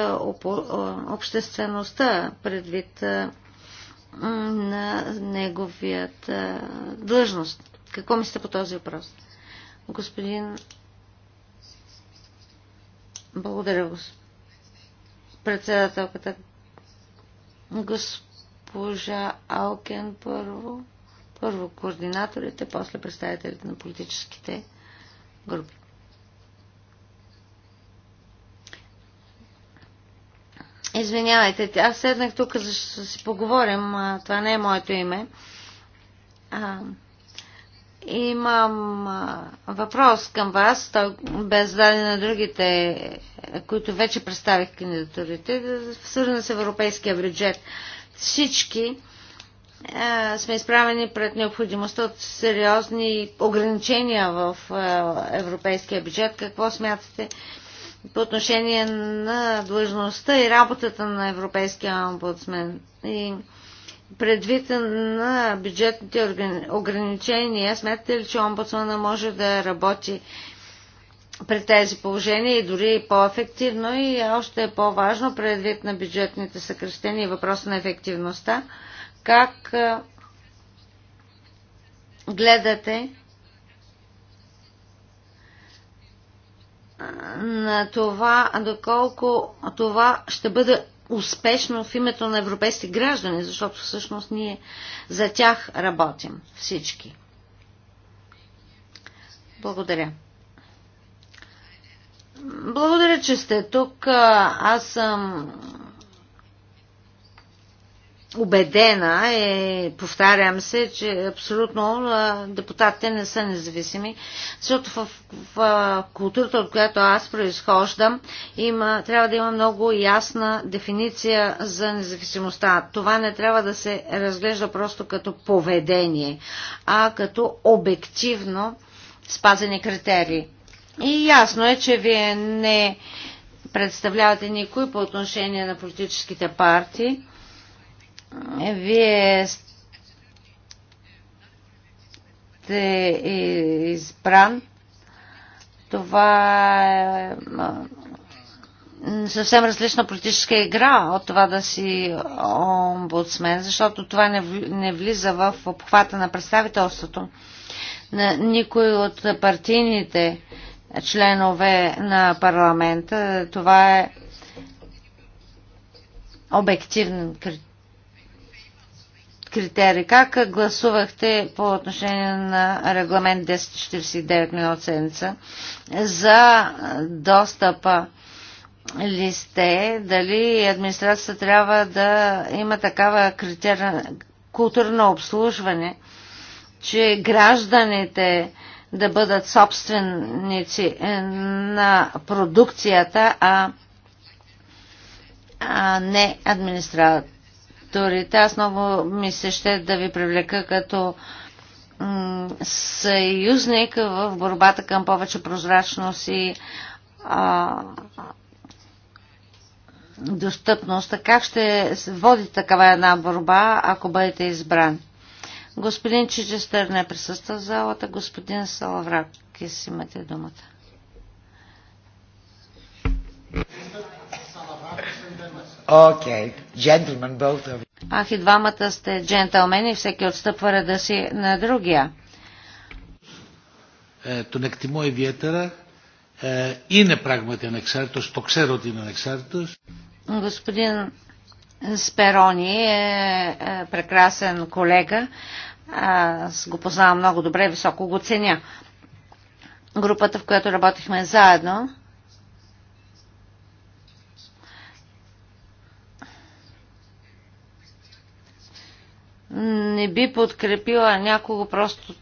обществеността, предвид на неговият а, длъжност. Какво мислите по този въпрос? Господин благодаря, господин председателката. Госпожа Алкен първо, първо координаторите, после представителите на политическите групи. Извинявайте, аз седнах тук, за да си поговорим. Това не е моето име. А, Имам въпрос към вас, той даде на другите, които вече представих кандидатурите, свързан с европейския бюджет. Всички е, сме изправени пред необходимостта от сериозни ограничения в е, европейския бюджет. Какво смятате по отношение на длъжността и работата на европейския омбудсмен? И, е, Предвид на бюджетните ограничения, смятате ли, че омбудсмана може да работи при тези положения и дори по-ефективно и още е по-важно предвид на бюджетните съкрещения и въпроса на ефективността, как гледате на това, доколко това ще бъде успешно в името на европейските граждани, защото всъщност ние за тях работим всички. Благодаря. Благодаря, че сте тук. Аз съм убедена е, повтарям се, че абсолютно депутатите не са независими, защото в, в културата, от която аз произхождам, има, трябва да има много ясна дефиниция за независимостта. Това не трябва да се разглежда просто като поведение, а като обективно спазени критерии. И ясно е, че вие не представлявате никой по отношение на политическите партии е, вие сте избран. Това е съвсем различна политическа игра от това да си омбудсмен, защото това не влиза в обхвата на представителството на никой от партийните членове на парламента. Това е обективен критерий критерии. Как гласувахте по отношение на регламент 1049 минут седмица за достъпа ли сте, дали администрацията трябва да има такава критерна, културно обслужване, че гражданите да бъдат собственици на продукцията, а, а не администрацията секторите. Аз много ми се ще да ви привлека като съюзник в борбата към повече прозрачност и а, достъпност. Как ще води такава една борба, ако бъдете избран? Господин Чичестър не присъства в залата. Господин Салавракис, имате думата. Okay. Gentlemen, both of you. Ах и двамата сте джентълмени, всеки отстъпва реда си на другия. Τον εκτιμώ ιδιαίτερα. Είναι πράγματι ανεξάρτητος, το ξέρω ότι είναι ανεξάρτητος. Господин Сперони е, е прекрасен колега. Аз го познавам много добре, високо го ценя. Групата, в която работихме заедно, не би подкрепила някого просто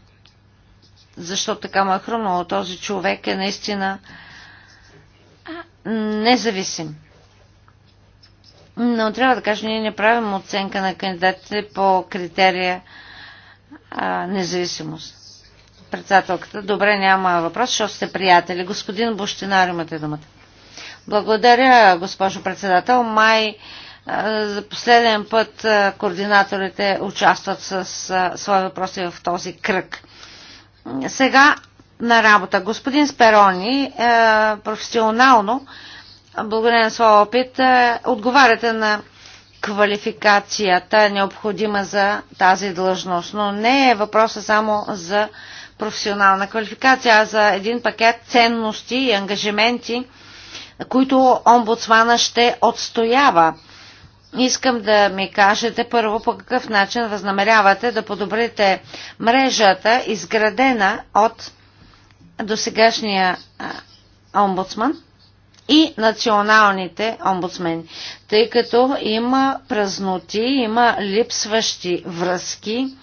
защото така му е хрумнало. Този човек е наистина независим. Но трябва да кажа, ние не правим оценка на кандидатите по критерия а, независимост. Председателката, добре, няма въпрос, защото сте приятели. Господин Бощинар, имате думата. Благодаря, госпожо председател. Май за последен път координаторите участват с свои въпроси в този кръг. Сега на работа. Господин Сперони, професионално, благодаря на своя опит, отговаряте на квалификацията необходима за тази длъжност. Но не е въпроса само за професионална квалификация, а за един пакет ценности и ангажименти, които омбудсмана ще отстоява Искам да ми кажете първо по какъв начин възнамерявате да подобрите мрежата, изградена от досегашния омбудсман и националните омбудсмени, тъй като има празноти, има липсващи връзки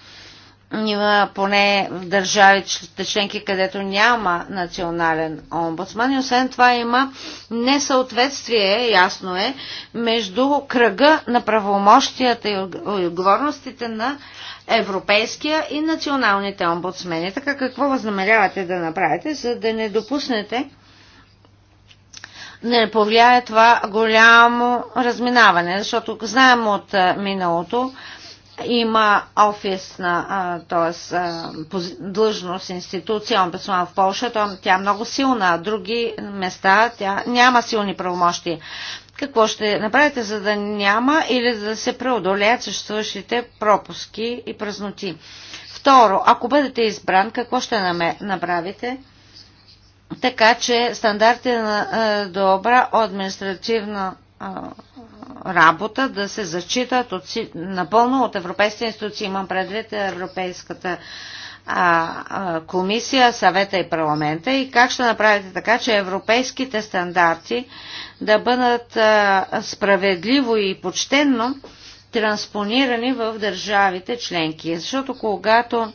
поне в държави членки, където няма национален омбудсман. И освен това има несъответствие, ясно е, между кръга на правомощията и отговорностите на европейския и националните омбудсмени. Така какво възнамерявате да направите, за да не допуснете не повлияе това голямо разминаване, защото знаем от миналото, има офис на, т.е. длъжност, институция, омбудсман в Польша, то тя е много силна, а други места тя няма силни правомощи. Какво ще направите, за да няма или за да се преодолеят съществуващите пропуски и празноти? Второ, ако бъдете избран, какво ще направите? Така че стандартите на добра административна работа да се зачитат от, напълно от европейските институции. Имам предвид Европейската а, а, комисия, съвета и парламента и как ще направите така, че европейските стандарти да бъдат а, справедливо и почтенно транспонирани в държавите членки. Защото когато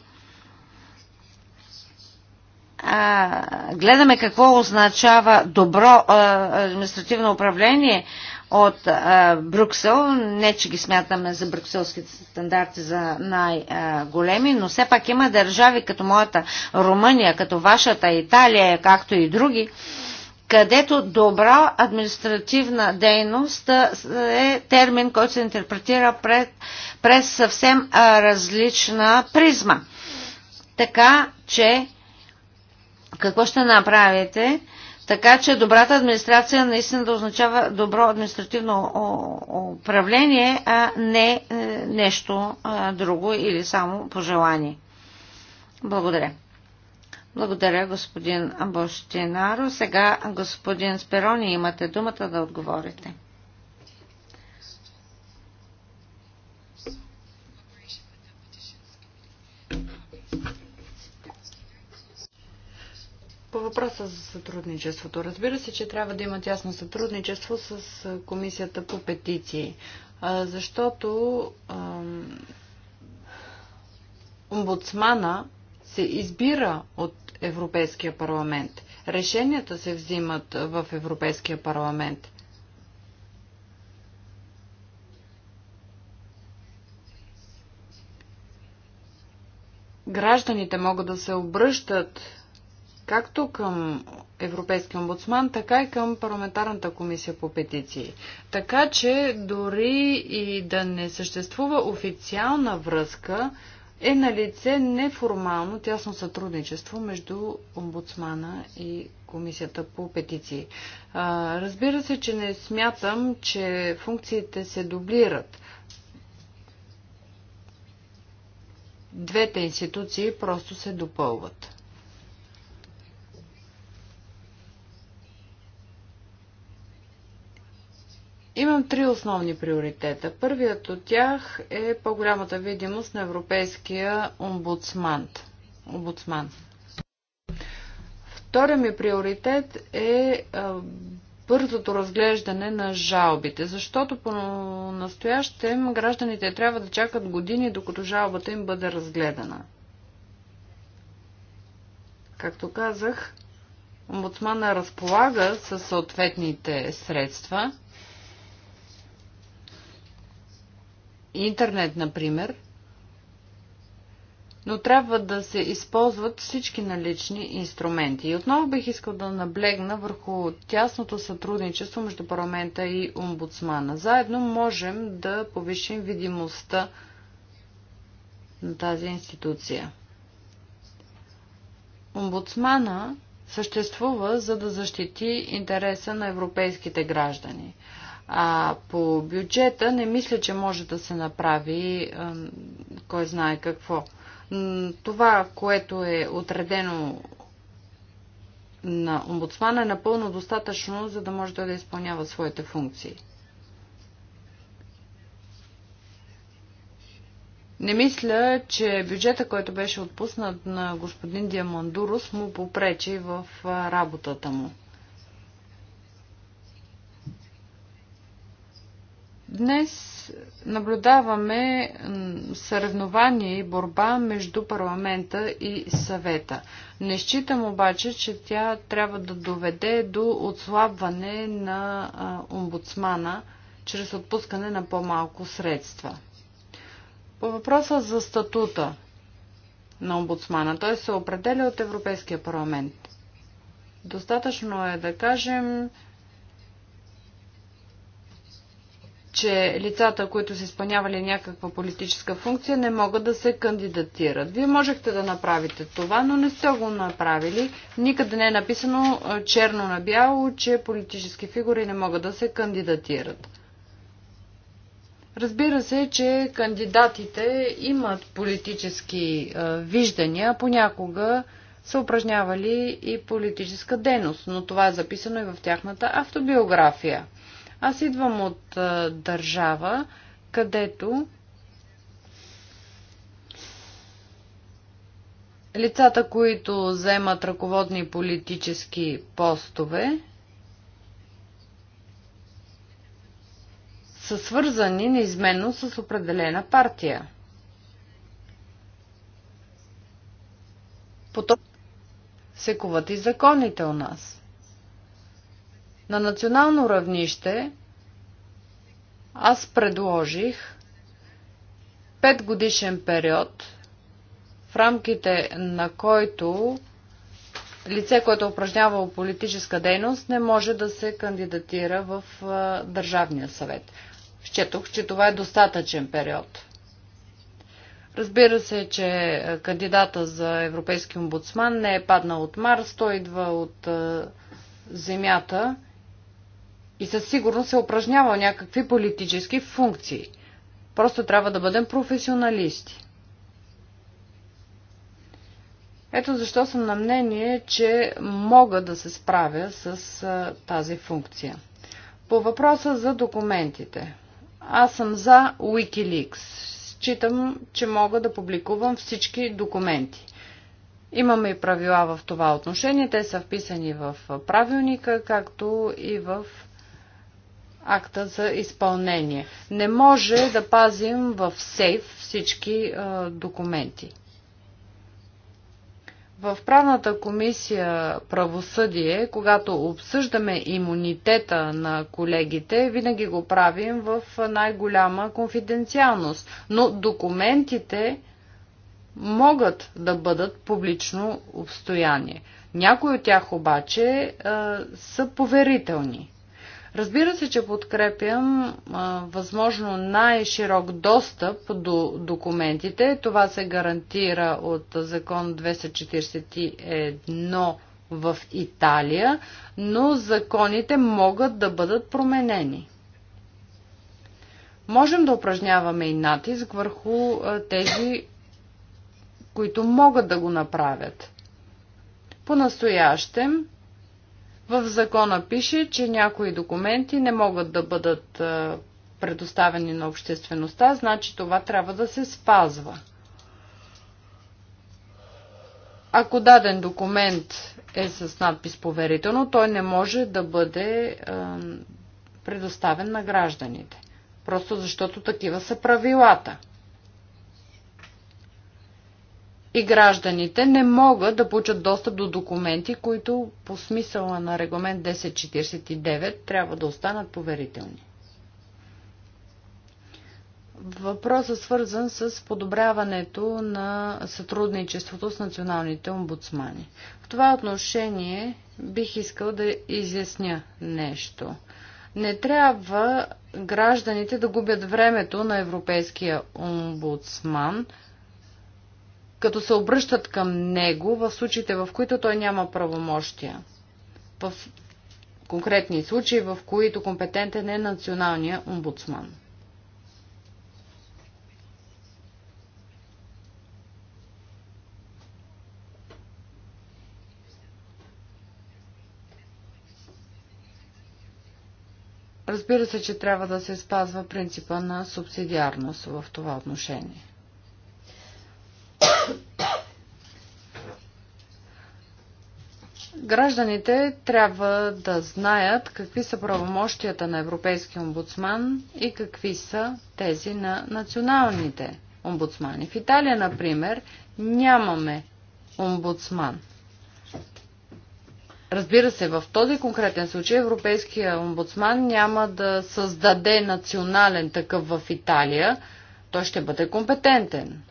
а, гледаме какво означава добро а, административно управление, от а, Брюксел. Не, че ги смятаме за брюкселските стандарти за най-големи, но все пак има държави като моята Румъния, като вашата Италия, както и други, където добра административна дейност е термин, който се интерпретира пред, през съвсем а, различна призма. Така че какво ще направите? Така че добрата администрация наистина да означава добро административно управление, а не е, нещо друго или само пожелание. Благодаря. Благодаря, господин Бощинаро. Сега, господин Сперони, имате думата да отговорите. По въпроса за сътрудничеството. Разбира се, че трябва да има тясно сътрудничество с комисията по петиции, защото омбудсмана се избира от Европейския парламент. Решенията се взимат в Европейския парламент. Гражданите могат да се обръщат както към Европейския омбудсман, така и към парламентарната комисия по петиции. Така че дори и да не съществува официална връзка, е на лице неформално тясно сътрудничество между омбудсмана и комисията по петиции. Разбира се, че не смятам, че функциите се дублират. Двете институции просто се допълват. Имам три основни приоритета. Първият от тях е по-голямата видимост на европейския омбудсман. омбудсман. Вторият ми приоритет е бързото разглеждане на жалбите, защото по-настоящем гражданите трябва да чакат години, докато жалбата им бъде разгледана. Както казах, омбудсмана разполага със съответните средства – интернет, например, но трябва да се използват всички налични инструменти. И отново бих искал да наблегна върху тясното сътрудничество между парламента и омбудсмана. Заедно можем да повишим видимостта на тази институция. Омбудсмана съществува за да защити интереса на европейските граждани. А по бюджета не мисля, че може да се направи кой знае какво. Това, което е отредено на омбудсмана е напълно достатъчно, за да може да изпълнява своите функции. Не мисля, че бюджета, който беше отпуснат на господин Диамандурус, му попречи в работата му. Днес наблюдаваме съревнование и борба между парламента и съвета. Не считам обаче, че тя трябва да доведе до отслабване на омбудсмана чрез отпускане на по-малко средства. По въпроса за статута на омбудсмана, той се определя от Европейския парламент. Достатъчно е да кажем, че лицата, които са изпълнявали някаква политическа функция, не могат да се кандидатират. Вие можехте да направите това, но не сте го направили. Никъде не е написано черно на бяло, че политически фигури не могат да се кандидатират. Разбира се, че кандидатите имат политически виждания, понякога са упражнявали и политическа дейност, но това е записано и в тяхната автобиография. Аз идвам от а, държава, където лицата, които вземат ръководни политически постове, са свързани неизменно с определена партия. Потом се куват и законите у нас. На национално равнище аз предложих 5 годишен период, в рамките на който лице, което е политическа дейност, не може да се кандидатира в Държавния съвет. Счетох, че това е достатъчен период. Разбира се, че кандидата за европейски омбудсман не е паднал от Марс, той идва от земята и със сигурност е упражнявал някакви политически функции. Просто трябва да бъдем професионалисти. Ето защо съм на мнение, че мога да се справя с а, тази функция. По въпроса за документите. Аз съм за Wikileaks. Считам, че мога да публикувам всички документи. Имаме и правила в това отношение. Те са вписани в правилника, както и в акта за изпълнение. Не може да пазим в сейф всички а, е, документи. В правната комисия правосъдие, когато обсъждаме имунитета на колегите, винаги го правим в най-голяма конфиденциалност. Но документите могат да бъдат публично обстояние. Някои от тях обаче а, е, са поверителни. Разбира се, че подкрепям а, възможно най-широк достъп до документите. Това се гарантира от закон 241 в Италия, но законите могат да бъдат променени. Можем да упражняваме и натиск върху тези, които могат да го направят. По-настоящем в закона пише, че някои документи не могат да бъдат е, предоставени на обществеността, значи това трябва да се спазва. Ако даден документ е с надпис поверително, той не може да бъде е, предоставен на гражданите. Просто защото такива са правилата и гражданите не могат да получат достъп до документи, които по смисъла на регламент 1049 трябва да останат поверителни. Въпросът е свързан с подобряването на сътрудничеството с националните омбудсмани. В това отношение бих искал да изясня нещо. Не трябва гражданите да губят времето на Европейския омбудсман – като се обръщат към него в случаите, в които той няма правомощия. В конкретни случаи, в които компетентен е националния омбудсман. Разбира се, че трябва да се спазва принципа на субсидиарност в това отношение. Гражданите трябва да знаят какви са правомощията на Европейския омбудсман и какви са тези на националните омбудсмани. В Италия, например, нямаме омбудсман. Разбира се, в този конкретен случай Европейския омбудсман няма да създаде национален такъв в Италия. Той ще бъде компетентен.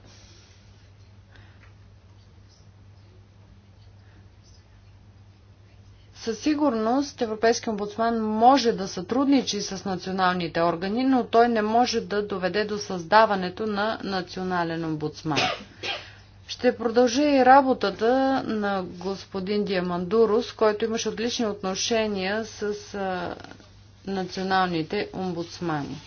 Със сигурност Европейския омбудсман може да сътрудничи с националните органи, но той не може да доведе до създаването на национален омбудсман. Ще продължи и работата на господин Диамандурус, който имаше отлични отношения с а, националните омбудсмани.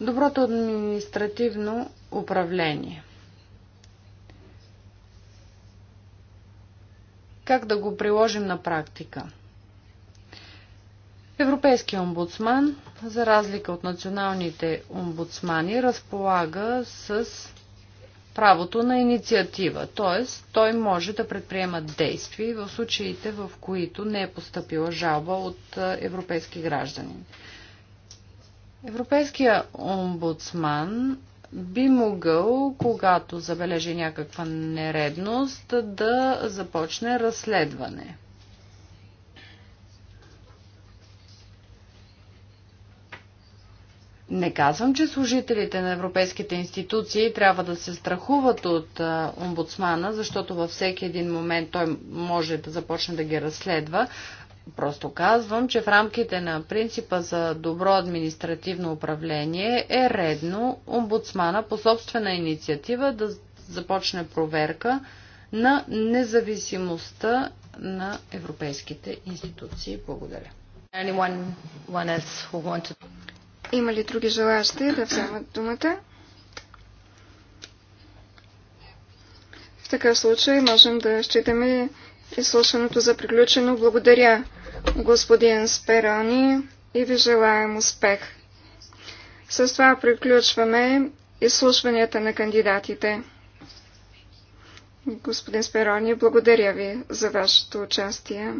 Доброто административно управление. как да го приложим на практика. Европейския омбудсман, за разлика от националните омбудсмани, разполага с правото на инициатива, т.е. той може да предприема действия в случаите, в които не е поступила жалба от европейски граждани. Европейския омбудсман би могъл, когато забележи някаква нередност, да започне разследване. Не казвам, че служителите на европейските институции трябва да се страхуват от а, омбудсмана, защото във всеки един момент той може да започне да ги разследва, Просто казвам, че в рамките на принципа за добро административно управление е редно омбудсмана по собствена инициатива да започне проверка на независимостта на европейските институции. Благодаря. Има ли други желащи да вземат думата? В такъв случай можем да считаме, Изслушването за приключено. Благодаря, господин Сперони, и ви желаем успех. С това приключваме изслушванията на кандидатите. Господин Сперони, благодаря ви за вашето участие.